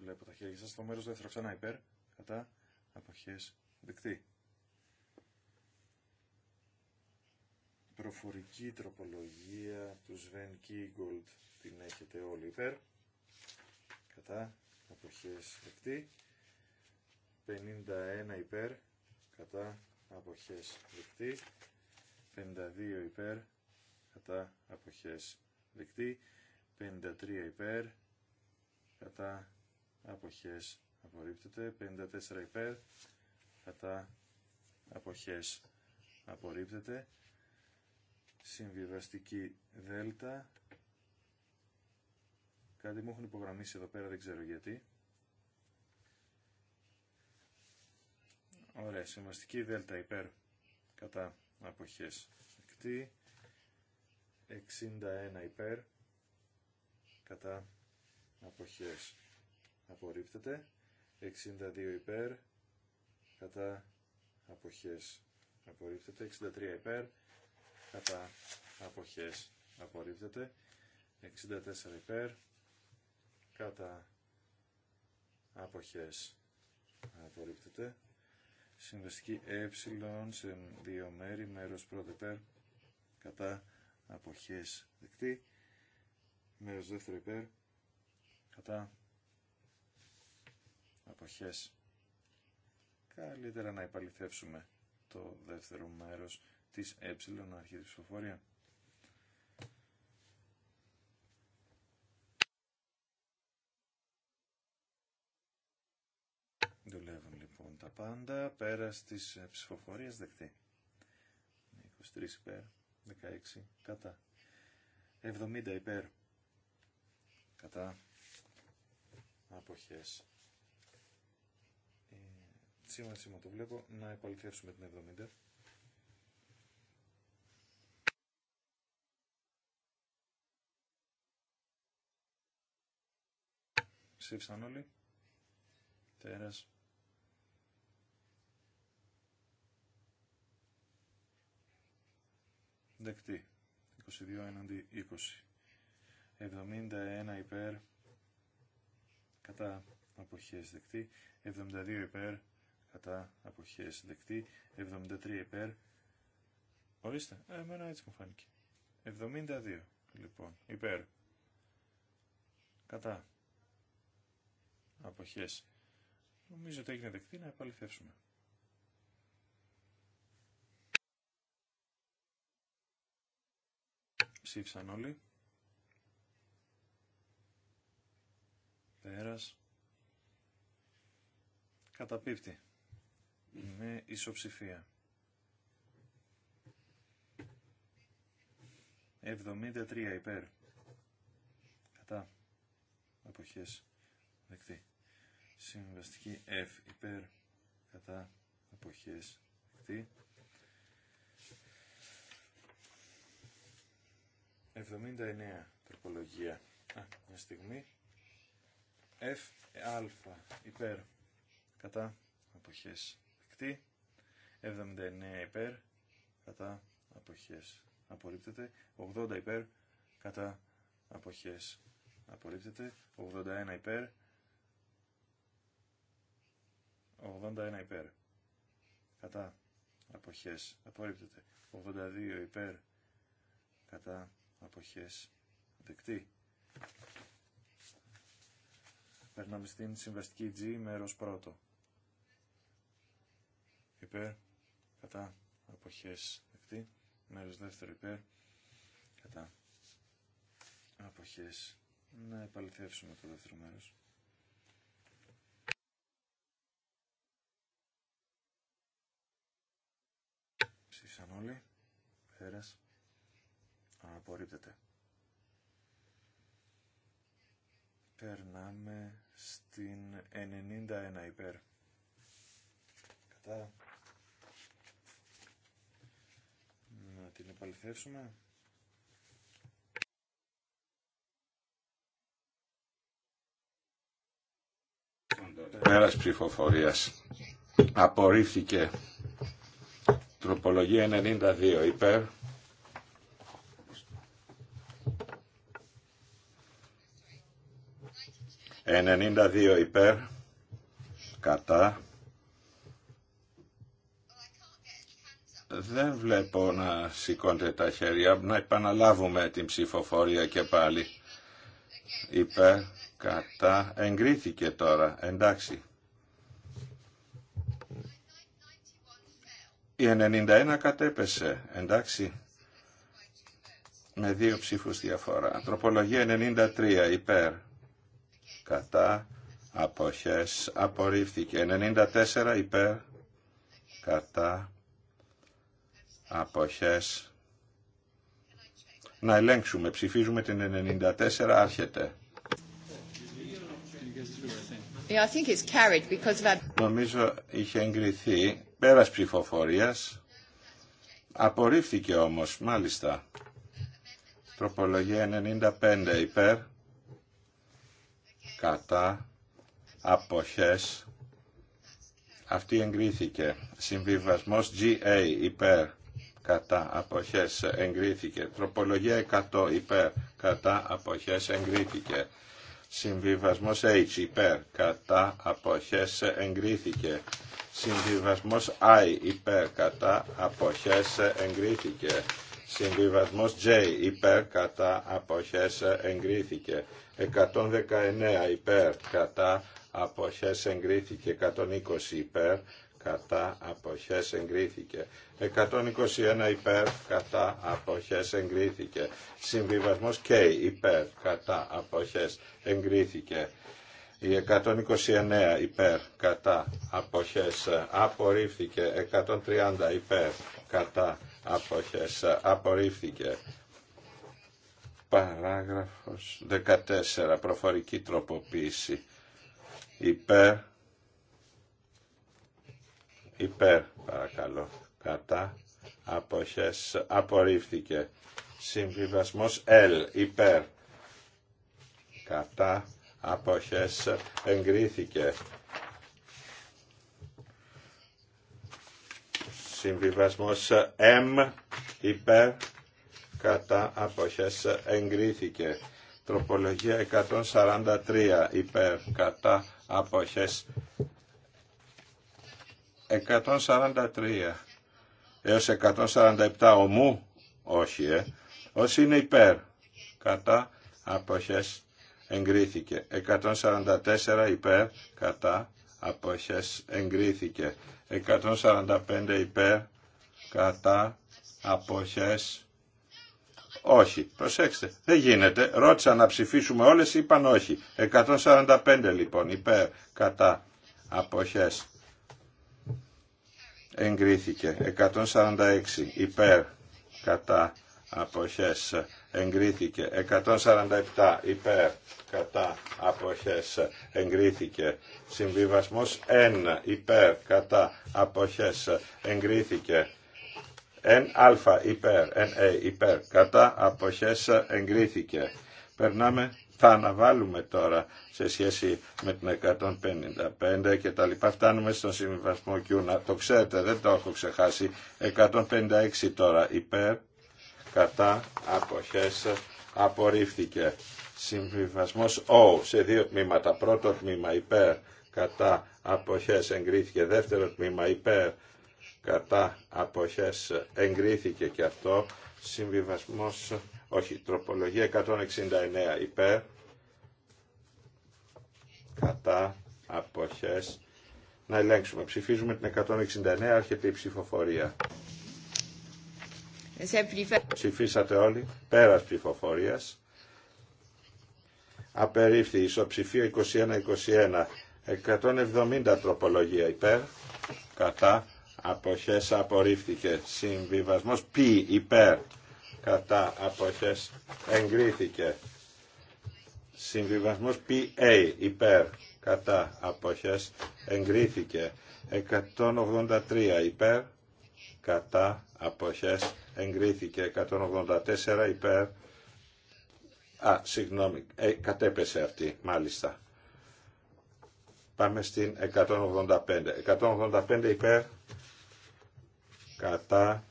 βλέπω τα χέρια σας στο μέρος δεύτερο ξανά υπέρ κατά αποχές δεκτή προφορική τροπολογία του Sven Kigold την έχετε όλοι υπέρ κατά αποχές δεκτή 51 υπέρ κατά αποχές δεκτή 52 υπέρ κατά αποχές δεκτή 53 υπέρ κατά αποχές απορρίπτεται 54 υπέρ κατά αποχές απορρίπτεται συμβιβαστική δέλτα. Κάτι μου έχουν υπογραμμίσει εδώ πέρα, δεν ξέρω γιατί. Ωραία, συμβαστική δέλτα υπέρ κατά αποχές εκτί, 61 υπέρ κατά αποχές απορρίπτεται. 62 υπέρ κατά αποχές απορρίπτεται. 63 υπέρ κατά αποχές απορρίπτεται 64 υπέρ κατά αποχές απορρίπτεται συμβαστική ε σε δύο μέρη μέρος πρώτο υπέρ κατά αποχές δεκτή μέρος δεύτερο υπέρ κατά αποχές καλύτερα να υπαλληθεύσουμε το δεύτερο μέρος της ε αρχίσει η ψηφοφορία. Δουλεύουν λοιπόν τα πάντα πέρα στις ε, ψηφοφορίες δεχτεί. 23 υπέρ, 16 κατά, 70 υπέρ, κατά, αποχές. Ε, σήμερα μου το βλέπω να επαληθεύσουμε την 70. Ψήφισαν όλοι. Τέρας. Δεκτή. 22 έναντι 20. 71 υπέρ. Κατά αποχές δεκτή. 72 υπέρ. Κατά αποχές δεκτή. 73 υπέρ. Ορίστε. Ε, εμένα έτσι μου φάνηκε. 72. Λοιπόν. Υπέρ. Κατά αποχές. Νομίζω ότι έγινε δεκτή να επαληθεύσουμε. Ψήφισαν όλοι. Πέρας. Καταπίπτει. Με ισοψηφία. 73 υπέρ. Κατά. αποχές. Συμβαστική F υπέρ κατά αποχές δεκτή. 79 τροπολογία. Α, μια στιγμή. F α υπέρ κατά αποχές δεκτή. 79 υπέρ κατά αποχές απορρίπτεται. 80 υπέρ κατά αποχές απορρίπτεται. 81 υπέρ 81 υπέρ. Κατά. Αποχές. Απορρίπτεται. 82 υπέρ. Κατά. Αποχές. Δεκτή. Περνάμε στην συμβαστική G, μέρος πρώτο. Υπέρ. Κατά. Αποχές. Δεκτή. Μέρος δεύτερο υπέρ. Κατά. Αποχές. Να επαληθεύσουμε το δεύτερο μέρος. όλοι. Πέρας. Απορρίπτεται. Περνάμε στην 91 υπέρ. Κατά. Να την επαληθεύσουμε. Μέρας ψηφοφορίας. Απορρίφθηκε Τροπολογία 92 υπέρ. Ενενήντα δύο υπέρ, κατά. Δεν βλέπω να σηκώνετε τα χέρια, να επαναλάβουμε την ψηφοφορία και πάλι. Υπέρ, κατά, εγκρίθηκε τώρα, εντάξει. Η 91 κατέπεσε, εντάξει, με δύο ψήφους διαφορά. Τροπολογία 93 υπέρ, κατά, αποχές, απορρίφθηκε. 94 υπέρ, κατά, αποχές. Να ελέγξουμε, ψηφίζουμε την 94, άρχεται. Yeah, I think it's carried because of... Νομίζω είχε εγκριθεί Πέρας ψηφοφορίας. Απορρίφθηκε όμως, μάλιστα. Τροπολογία 95 υπέρ. Κατά. Αποχές. Αυτή εγκρίθηκε. Συμβιβασμός GA υπέρ. Κατά. Αποχές εγκρίθηκε. Τροπολογία 100 υπέρ. Κατά. Αποχές εγκρίθηκε. Συμβιβασμός H υπέρ. Κατά. Αποχές εγκρίθηκε. Συμβιβασμός I υπέρ κατά αποχές εγκρίθηκε. Συμβιβασμός J υπέρ κατά αποχές εγκρίθηκε. 119 υπέρ κατά αποχές εγκρίθηκε. 120 υπέρ κατά αποχές εγκρίθηκε. 121 υπέρ κατά αποχές εγκρίθηκε. Συμβιβασμός K υπέρ κατά αποχές εγκρίθηκε. Η 129 υπέρ κατά αποχές ε, απορρίφθηκε. 130 υπέρ κατά αποχές ε, απορρίφθηκε. Παράγραφος 14. Προφορική τροποποίηση. Υπέρ. Υπέρ παρακαλώ. Κατά αποχές απορρίφθηκε. Συμβιβασμός L. Υπέρ. Κατά αποχές εγκρίθηκε. Συμβιβασμός M υπέρ κατά αποχές εγκρίθηκε. Τροπολογία 143 υπέρ κατά αποχές 143 έως 147 ομού όχι ε όσοι είναι υπέρ κατά αποχές εγκρίθηκε. 144 υπέρ κατά αποχές εγκρίθηκε. 145 υπέρ κατά αποχές όχι, προσέξτε, δεν γίνεται. Ρώτησα να ψηφίσουμε όλες, είπαν όχι. 145 λοιπόν, υπέρ, κατά, αποχές. Εγκρίθηκε. 146, υπέρ, κατά, αποχές εγκρίθηκε. 147 υπέρ κατά αποχές εγκρίθηκε. Συμβιβασμός 1 υπέρ κατά αποχές εγκρίθηκε. Εν α υπέρ, εν ε υπέρ, κατά αποχές εγκρίθηκε. Περνάμε, θα αναβάλουμε τώρα σε σχέση με την 155 και τα λοιπά. Φτάνουμε στον συμβιβασμό Κιούνα. το ξέρετε, δεν το έχω ξεχάσει. 156 τώρα υπέρ, κατά αποχές απορρίφθηκε. Συμβιβασμός Ο σε δύο τμήματα. Πρώτο τμήμα υπέρ κατά αποχές εγκρίθηκε. Δεύτερο τμήμα υπέρ κατά αποχές εγκρίθηκε και αυτό. Συμβιβασμός, όχι, τροπολογία 169 υπέρ κατά αποχές να ελέγξουμε. Ψηφίζουμε την 169, έρχεται η ψηφοφορία. Ψηφίσατε όλοι. Πέρας ψηφοφορίας. Απερίφθη ισοψηφία 21-21. 170 τροπολογία υπέρ. Κατά. Αποχές απορρίφθηκε. Συμβιβασμός πι υπέρ. Κατά. Αποχές εγκρίθηκε. Συμβιβασμός PA υπέρ. Κατά. Αποχές εγκρίθηκε. 183 υπέρ. Κατά. Αποχές εγκρίθηκε 184 υπέρ α, συγγνώμη, ε, κατέπεσε αυτή μάλιστα πάμε στην 185 185 υπέρ κατά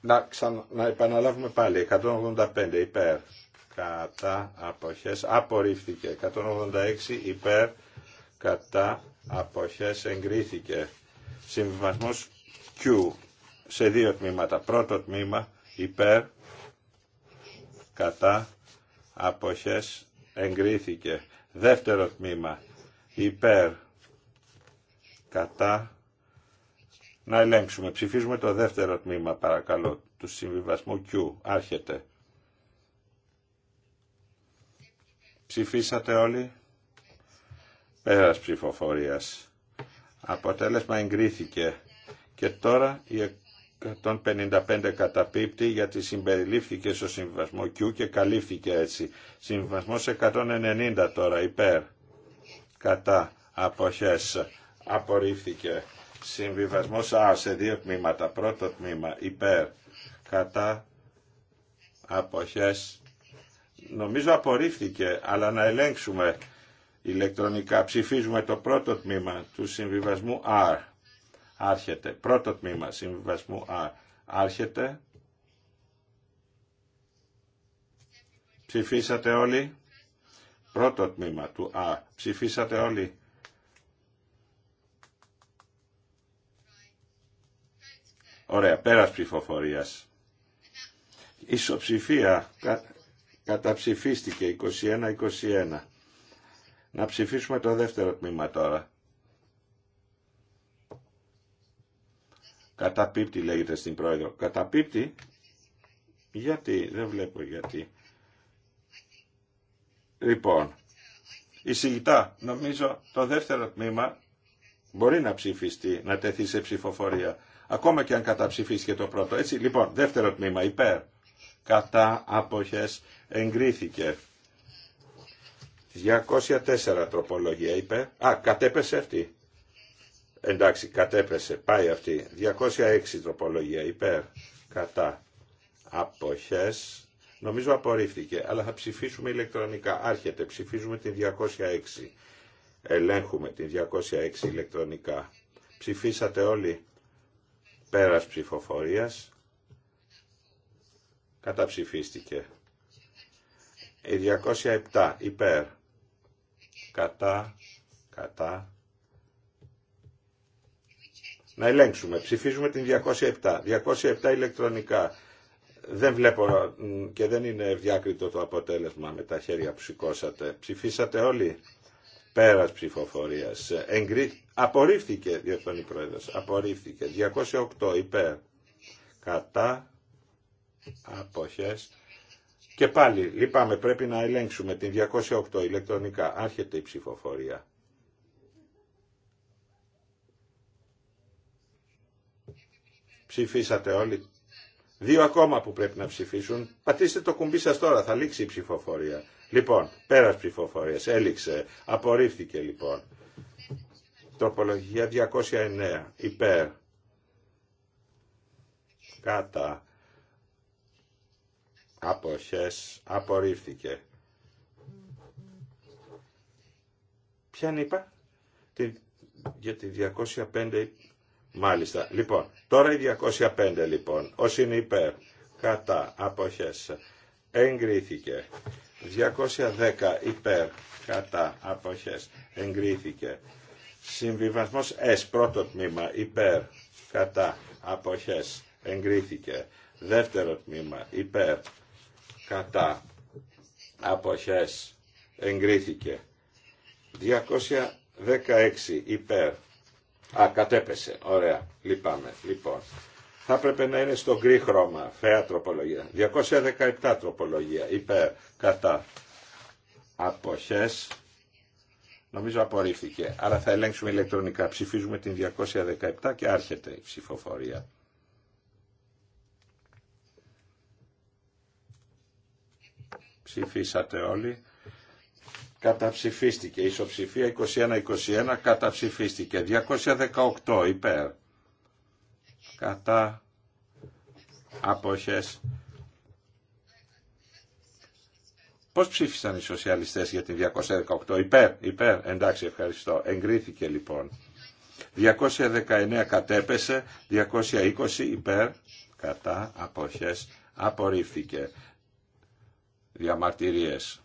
να, επαναλάβουμε πάλι 185 υπέρ κατά αποχές απορρίφθηκε 186 υπέρ κατά αποχές εγκρίθηκε συμβιβασμός Q σε δύο τμήματα. Πρώτο τμήμα υπέρ, κατά, αποχές, εγκρίθηκε. Δεύτερο τμήμα υπέρ, κατά, να ελέγξουμε. Ψηφίζουμε το δεύτερο τμήμα παρακαλώ του συμβιβασμού Q. Άρχεται. Ψηφίσατε όλοι. Πέρας ψηφοφορίας. Αποτέλεσμα εγκρίθηκε. Και τώρα η 155 καταπίπτει γιατί συμπεριλήφθηκε στο συμβασμό Q και καλύφθηκε έτσι. Συμβασμός 190 τώρα υπέρ. Κατά αποχές απορρίφθηκε. Συμβιβασμός Α σε δύο τμήματα. Πρώτο τμήμα υπέρ. Κατά αποχές. Νομίζω απορρίφθηκε, αλλά να ελέγξουμε ηλεκτρονικά. Ψηφίζουμε το πρώτο τμήμα του συμβιβασμού R άρχεται. Πρώτο τμήμα συμβιβασμού Α άρχεται. Ψηφίσατε όλοι. Πρώτο τμήμα του Α. Ψηφίσατε όλοι. Ωραία, πέρας ψηφοφορίας. Ισοψηφία καταψηφίστηκε 21-21. Να ψηφίσουμε το δεύτερο τμήμα τώρα. Καταπίπτει λέγεται στην πρόεδρο. Καταπίπτει. Γιατί. Δεν βλέπω γιατί. Λοιπόν. Εισηγητά. Νομίζω το δεύτερο τμήμα μπορεί να ψηφιστεί, να τεθεί σε ψηφοφορία. Ακόμα και αν καταψηφίστηκε το πρώτο. Έτσι, λοιπόν, δεύτερο τμήμα, υπέρ. Κατά αποχές εγκρίθηκε. 204 τροπολογία υπέρ. Α, κατέπεσε αυτή εντάξει κατέπεσε, πάει αυτή. 206 τροπολογία υπέρ, κατά, αποχές, νομίζω απορρίφθηκε, αλλά θα ψηφίσουμε ηλεκτρονικά. Άρχεται, ψηφίζουμε την 206. Ελέγχουμε την 206 ηλεκτρονικά. Ψηφίσατε όλοι πέρας ψηφοφορίας. Καταψηφίστηκε. Η 207 υπέρ. Κατά. Κατά. Να ελέγξουμε. Ψηφίζουμε την 207. 207 ηλεκτρονικά. Δεν βλέπω και δεν είναι ευδιάκριτο το αποτέλεσμα με τα χέρια που σηκώσατε. Ψηφίσατε όλοι. Πέρας ψηφοφορίας. Εγκρι... Απορρίφθηκε, διορθώνει Πρόεδρο. Απορρίφθηκε. 208 υπέρ. Κατά. Αποχές. Και πάλι, λυπάμαι, πρέπει να ελέγξουμε την 208 ηλεκτρονικά. Άρχεται η ψηφοφορία. Ψηφίσατε όλοι. Δύο ακόμα που πρέπει να ψηφίσουν. Πατήστε το κουμπί σας τώρα, θα λήξει η ψηφοφορία. Λοιπόν, πέρας ψηφοφορίας, έληξε, απορρίφθηκε λοιπόν. Τροπολογία 209, υπέρ. Κάτα. Αποχές, απορρίφθηκε. Ποιαν είπα? για τη 205 Μάλιστα. Λοιπόν, τώρα η 205 λοιπόν. Ως είναι υπέρ. Κατά. Αποχές. Εγκρίθηκε. 210 υπέρ. Κατά. Αποχές. Εγκρίθηκε. Συμβιβασμός S. Πρώτο τμήμα. Υπέρ. Κατά. Αποχές. Εγκρίθηκε. Δεύτερο τμήμα. Υπέρ. Κατά. Αποχές. Εγκρίθηκε. 216 υπέρ Α, κατέπεσε. Ωραία. Λυπάμαι. Λοιπόν, θα έπρεπε να είναι στο γκρι χρώμα. Φαία τροπολογία. 217 τροπολογία. Υπέρ. Κατά. Αποχές. Νομίζω απορρίφθηκε. Άρα θα ελέγξουμε ηλεκτρονικά. Ψηφίζουμε την 217 και άρχεται η ψηφοφορία. Ψηφίσατε όλοι καταψηφίστηκε. Ισοψηφία 21-21 καταψηφίστηκε. 218 υπέρ. Κατά αποχές. Πώς ψήφισαν οι σοσιαλιστές για την 218 υπέρ, υπέρ, εντάξει ευχαριστώ, εγκρίθηκε λοιπόν. 219 κατέπεσε, 220 υπέρ, κατά, αποχές, απορρίφθηκε. Διαμαρτυρίες.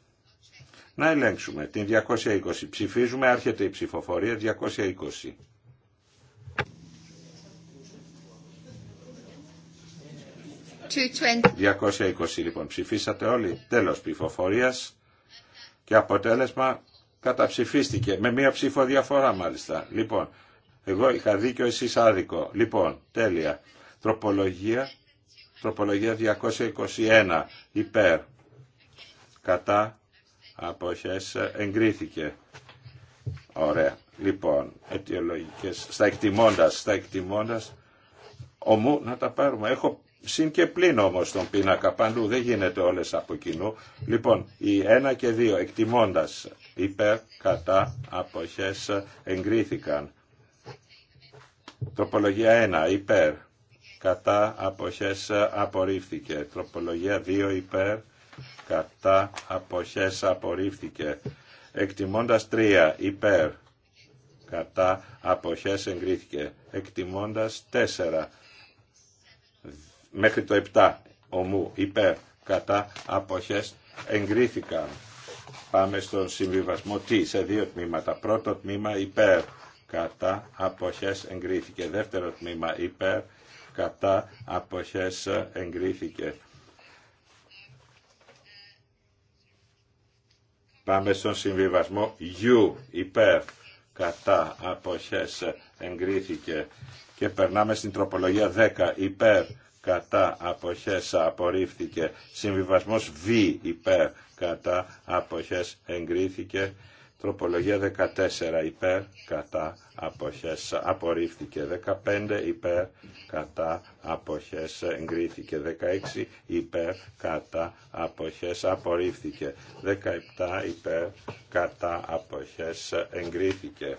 Να ελέγξουμε την 220. Ψηφίζουμε, άρχεται η ψηφοφορία 220. ...220 λοιπόν ψηφίσατε όλοι, τέλος ψηφοφορίας και αποτέλεσμα καταψηφίστηκε με μία ψηφοδιαφορά μάλιστα. Λοιπόν, εγώ είχα δίκιο εσείς άδικο. Λοιπόν, τέλεια. Τροπολογία, τροπολογία 221 υπέρ κατά αποχές εγκρίθηκε. Ωραία. Λοιπόν, αιτιολογικές. Στα εκτιμώντας, στα εκτιμώντας, ομού να τα πάρουμε. Έχω συν και πλήν όμως τον πίνακα παντού, δεν γίνεται όλες από κοινού. Λοιπόν, η 1 και 2 εκτιμώντας υπέρ, κατά, αποχές εγκρίθηκαν. Τροπολογία 1 υπέρ, κατά, αποχές απορρίφθηκε. Τροπολογία 2 υπέρ, κατά αποχές απορρίφθηκε. Εκτιμώντας τρία υπέρ κατά αποχές εγκρίθηκε. Εκτιμώντας τέσσερα μέχρι το επτά ομού υπέρ κατά αποχές εγκρίθηκαν. Πάμε στον συμβιβασμό τι σε δύο τμήματα. Πρώτο τμήμα υπέρ κατά αποχές εγκρίθηκε. Δεύτερο τμήμα υπέρ κατά αποχές εγκρίθηκε. Πάμε στον συμβιβασμό U υπέρ κατά αποχές εγκρίθηκε και περνάμε στην τροπολογία 10 υπέρ κατά αποχές απορρίφθηκε. Συμβιβασμός Β υπέρ κατά αποχές εγκρίθηκε. Τροπολογία 14 υπέρ κατά αποχές απορρίφθηκε. 15 υπέρ κατά αποχές εγκρίθηκε. 16 υπέρ κατά αποχές απορρίφθηκε. 17 υπέρ κατά αποχές εγκρίθηκε.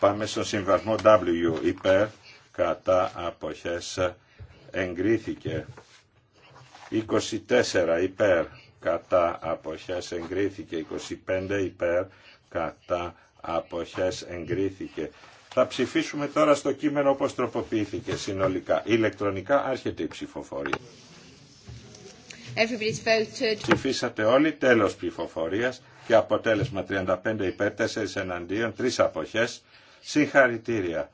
Πάμε στον συμβασμό W υπέρ κατά αποχές εγκρίθηκε. 24 υπέρ κατά αποχές εγκρίθηκε 25 υπέρ κατά αποχές εγκρίθηκε θα ψηφίσουμε τώρα στο κείμενο όπως τροποποιήθηκε συνολικά ηλεκτρονικά άρχεται η ψηφοφορία Ψηφίσατε όλοι, τέλος ψηφοφορίας και αποτέλεσμα 35 υπέρ, 4 εναντίον, 3 αποχές. Συγχαρητήρια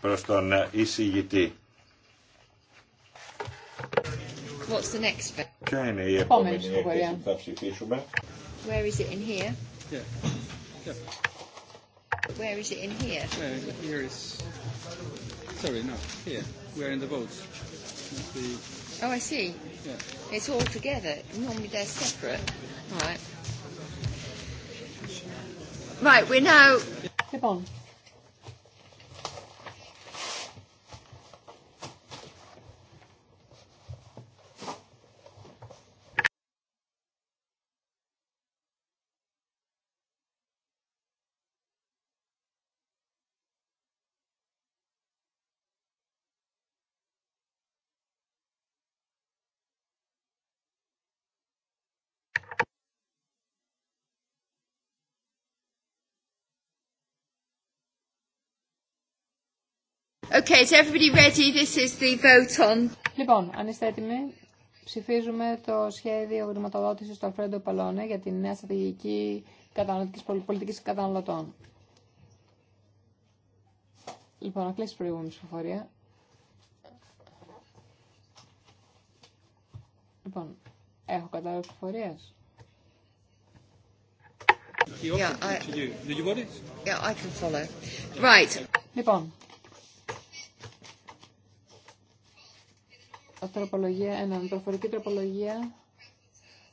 προς τον εισηγητή. What's the next? bit? είναι η here, έκθεση που θα ψηφίσουμε. Where is it in here? Yeah. Yeah. Where is it in here? here is... Sorry, no, here. We're in the votes. The... Oh, I see. Yeah. It's all together. Normally they're separate. All right. Right, we're now... on. Okay, is everybody ready? This is the vote on. Λοιπόν, αν είστε έτοιμοι, ψηφίζουμε το σχέδιο γνωματοδότηση του Αλφρέντο Παλώνε για τη νέα στρατηγική πολιτική καταναλωτών. Λοιπόν, να κλείσει η προηγούμενη ψηφοφορία. Λοιπόν, έχω κατάλληλε ψηφοφορίε. Yeah, I... Yeah, Right. Λοιπόν, τροπολογία 1, ε, ναι, προφορική τροπολογία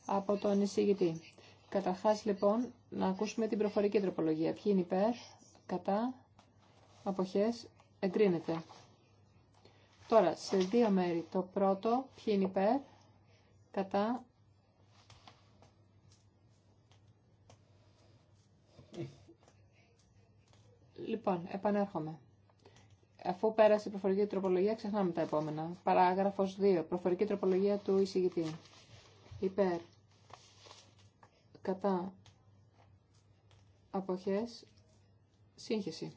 από τον εισηγητή. Καταρχάς λοιπόν να ακούσουμε την προφορική τροπολογία. Ποιοι είναι υπέρ, κατά, αποχές, εγκρίνεται. Τώρα, σε δύο μέρη. Το πρώτο, ποιοι είναι υπέρ, κατά, ε. Λοιπόν, επανέρχομαι αφού πέρασε η προφορική τροπολογία, ξεχνάμε τα επόμενα. Παράγραφος 2. Προφορική τροπολογία του εισηγητή. Υπέρ. Κατά. Αποχές. Σύγχυση.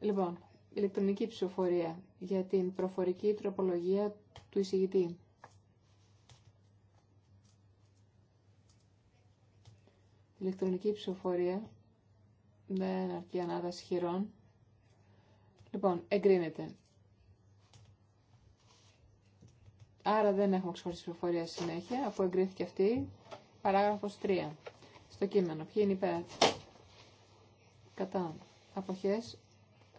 Λοιπόν, ηλεκτρονική ψηφοφορία για την προφορική τροπολογία του εισηγητή. Ηλεκτρονική ψηφοφορία δεν αρκεί ανάταση χειρών. Λοιπόν, εγκρίνεται. Άρα δεν έχουμε ξεχωριστή πληροφορία συνέχεια, αφού εγκρίθηκε αυτή. Παράγραφος 3. Στο κείμενο. Ποιοι είναι υπέρ. Κατά. Αποχές.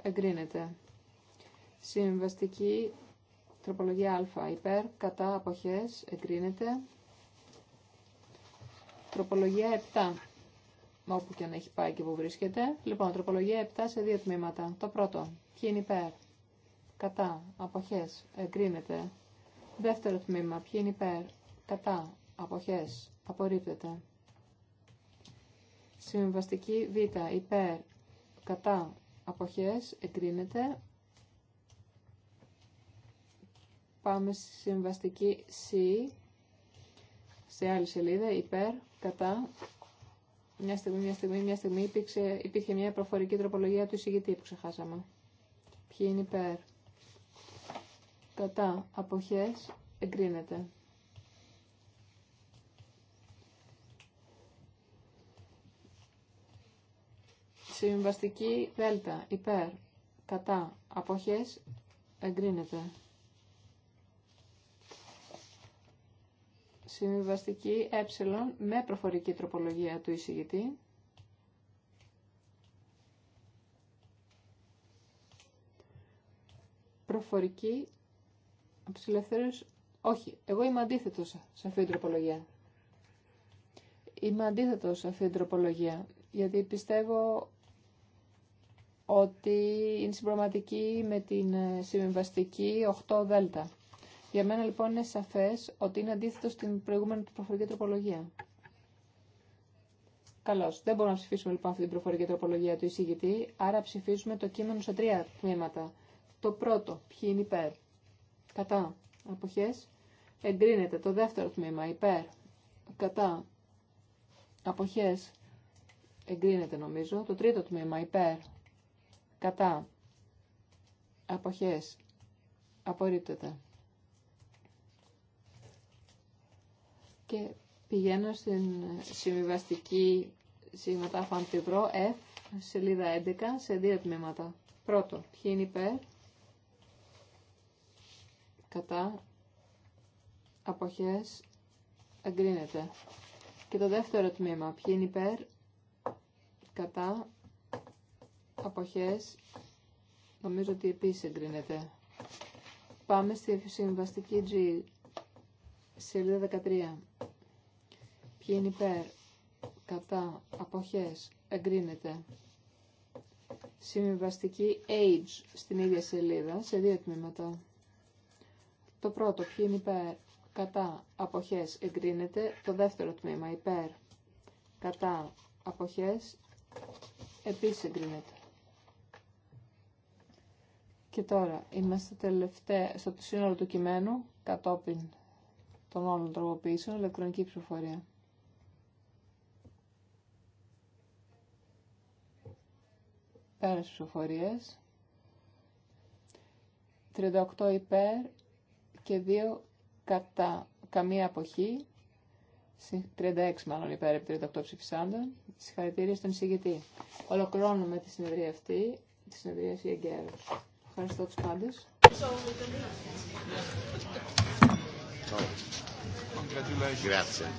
Εγκρίνεται. Συμβαστική τροπολογία α. Υπέρ. Κατά. Αποχές. Εγκρίνεται. Τροπολογία 7 όπου και αν έχει πάει και που βρίσκεται. Λοιπόν, τροπολογία 7 σε δύο τμήματα. Το πρώτο, ποιοι είναι υπέρ, κατά, αποχέ. εγκρίνεται. Δεύτερο τμήμα, ποιοι είναι υπέρ, κατά, αποχέ. απορρίπτεται. Συμβαστική Β, υπέρ, κατά, αποχέ. εγκρίνεται. Πάμε στη συμβαστική C, σε άλλη σελίδα, υπέρ, κατά, μια στιγμή, μια στιγμή, μια στιγμή υπήρχε μια προφορική τροπολογία του εισηγητή που ξεχάσαμε. Ποιοι είναι υπέρ. Κατά αποχές εγκρίνεται. Συμβαστική δέλτα υπέρ. Κατά αποχές εγκρίνεται. Συμβιβαστική ε με προφορική τροπολογία του εισηγητή. Προφορική από Όχι, εγώ είμαι αντίθετος σε αυτή την τροπολογία. Είμαι αντίθετος σε αυτή την τροπολογία, γιατί πιστεύω ότι είναι συμπροματική με την συμβιβαστική 8 δέλτα. Για μένα λοιπόν είναι σαφές ότι είναι αντίθετο στην προηγούμενη προφορική τροπολογία. Καλώ. Δεν μπορούμε να ψηφίσουμε λοιπόν αυτή την προφορική τροπολογία του εισηγητή, άρα ψηφίζουμε το κείμενο σε τρία τμήματα. Το πρώτο, ποιοι είναι υπέρ. Κατά. Αποχές. Εγκρίνεται. Το δεύτερο τμήμα, υπέρ. Κατά. Αποχές. Εγκρίνεται νομίζω. Το τρίτο τμήμα, υπέρ. Κατά. Αποχές. Απορρίπτεται. Και πηγαίνω στην συμβιβαστική σηματάφα αντιπρό F, σελίδα 11, σε δύο τμήματα. Πρώτο, ποιοι είναι υπέρ, κατά, αποχές, εγκρίνεται. Και το δεύτερο τμήμα, ποιοι είναι υπέρ, κατά, αποχές, νομίζω ότι επίσης εγκρίνεται. Πάμε στη συμβαστική G Σελίδα 13. Ποιοι είναι υπέρ, κατά, αποχές, εγκρίνεται. Συμβιβαστική age στην ίδια σελίδα, σε δύο τμήματα. Το πρώτο, ποιοι είναι υπέρ, κατά, αποχές, εγκρίνεται. Το δεύτερο τμήμα, υπέρ, κατά, αποχές, επίσης εγκρίνεται. Και τώρα, είμαστε τελευταία στο σύνολο του κειμένου, κατόπιν των όλων τροποποιήσεων, ηλεκτρονική ψηφοφορία. στις ψηφοφορίες. 38 υπέρ και 2 κατά καμία αποχή. 36 μάλλον υπέρ επί 38 ψηφισάντων. Συγχαρητήρια στον εισηγητή. Ολοκληρώνουμε τη συνεδρία αυτή, τη συνεδρία Ιεγκέρος. Ευχαριστώ τους πάντες. Grazie.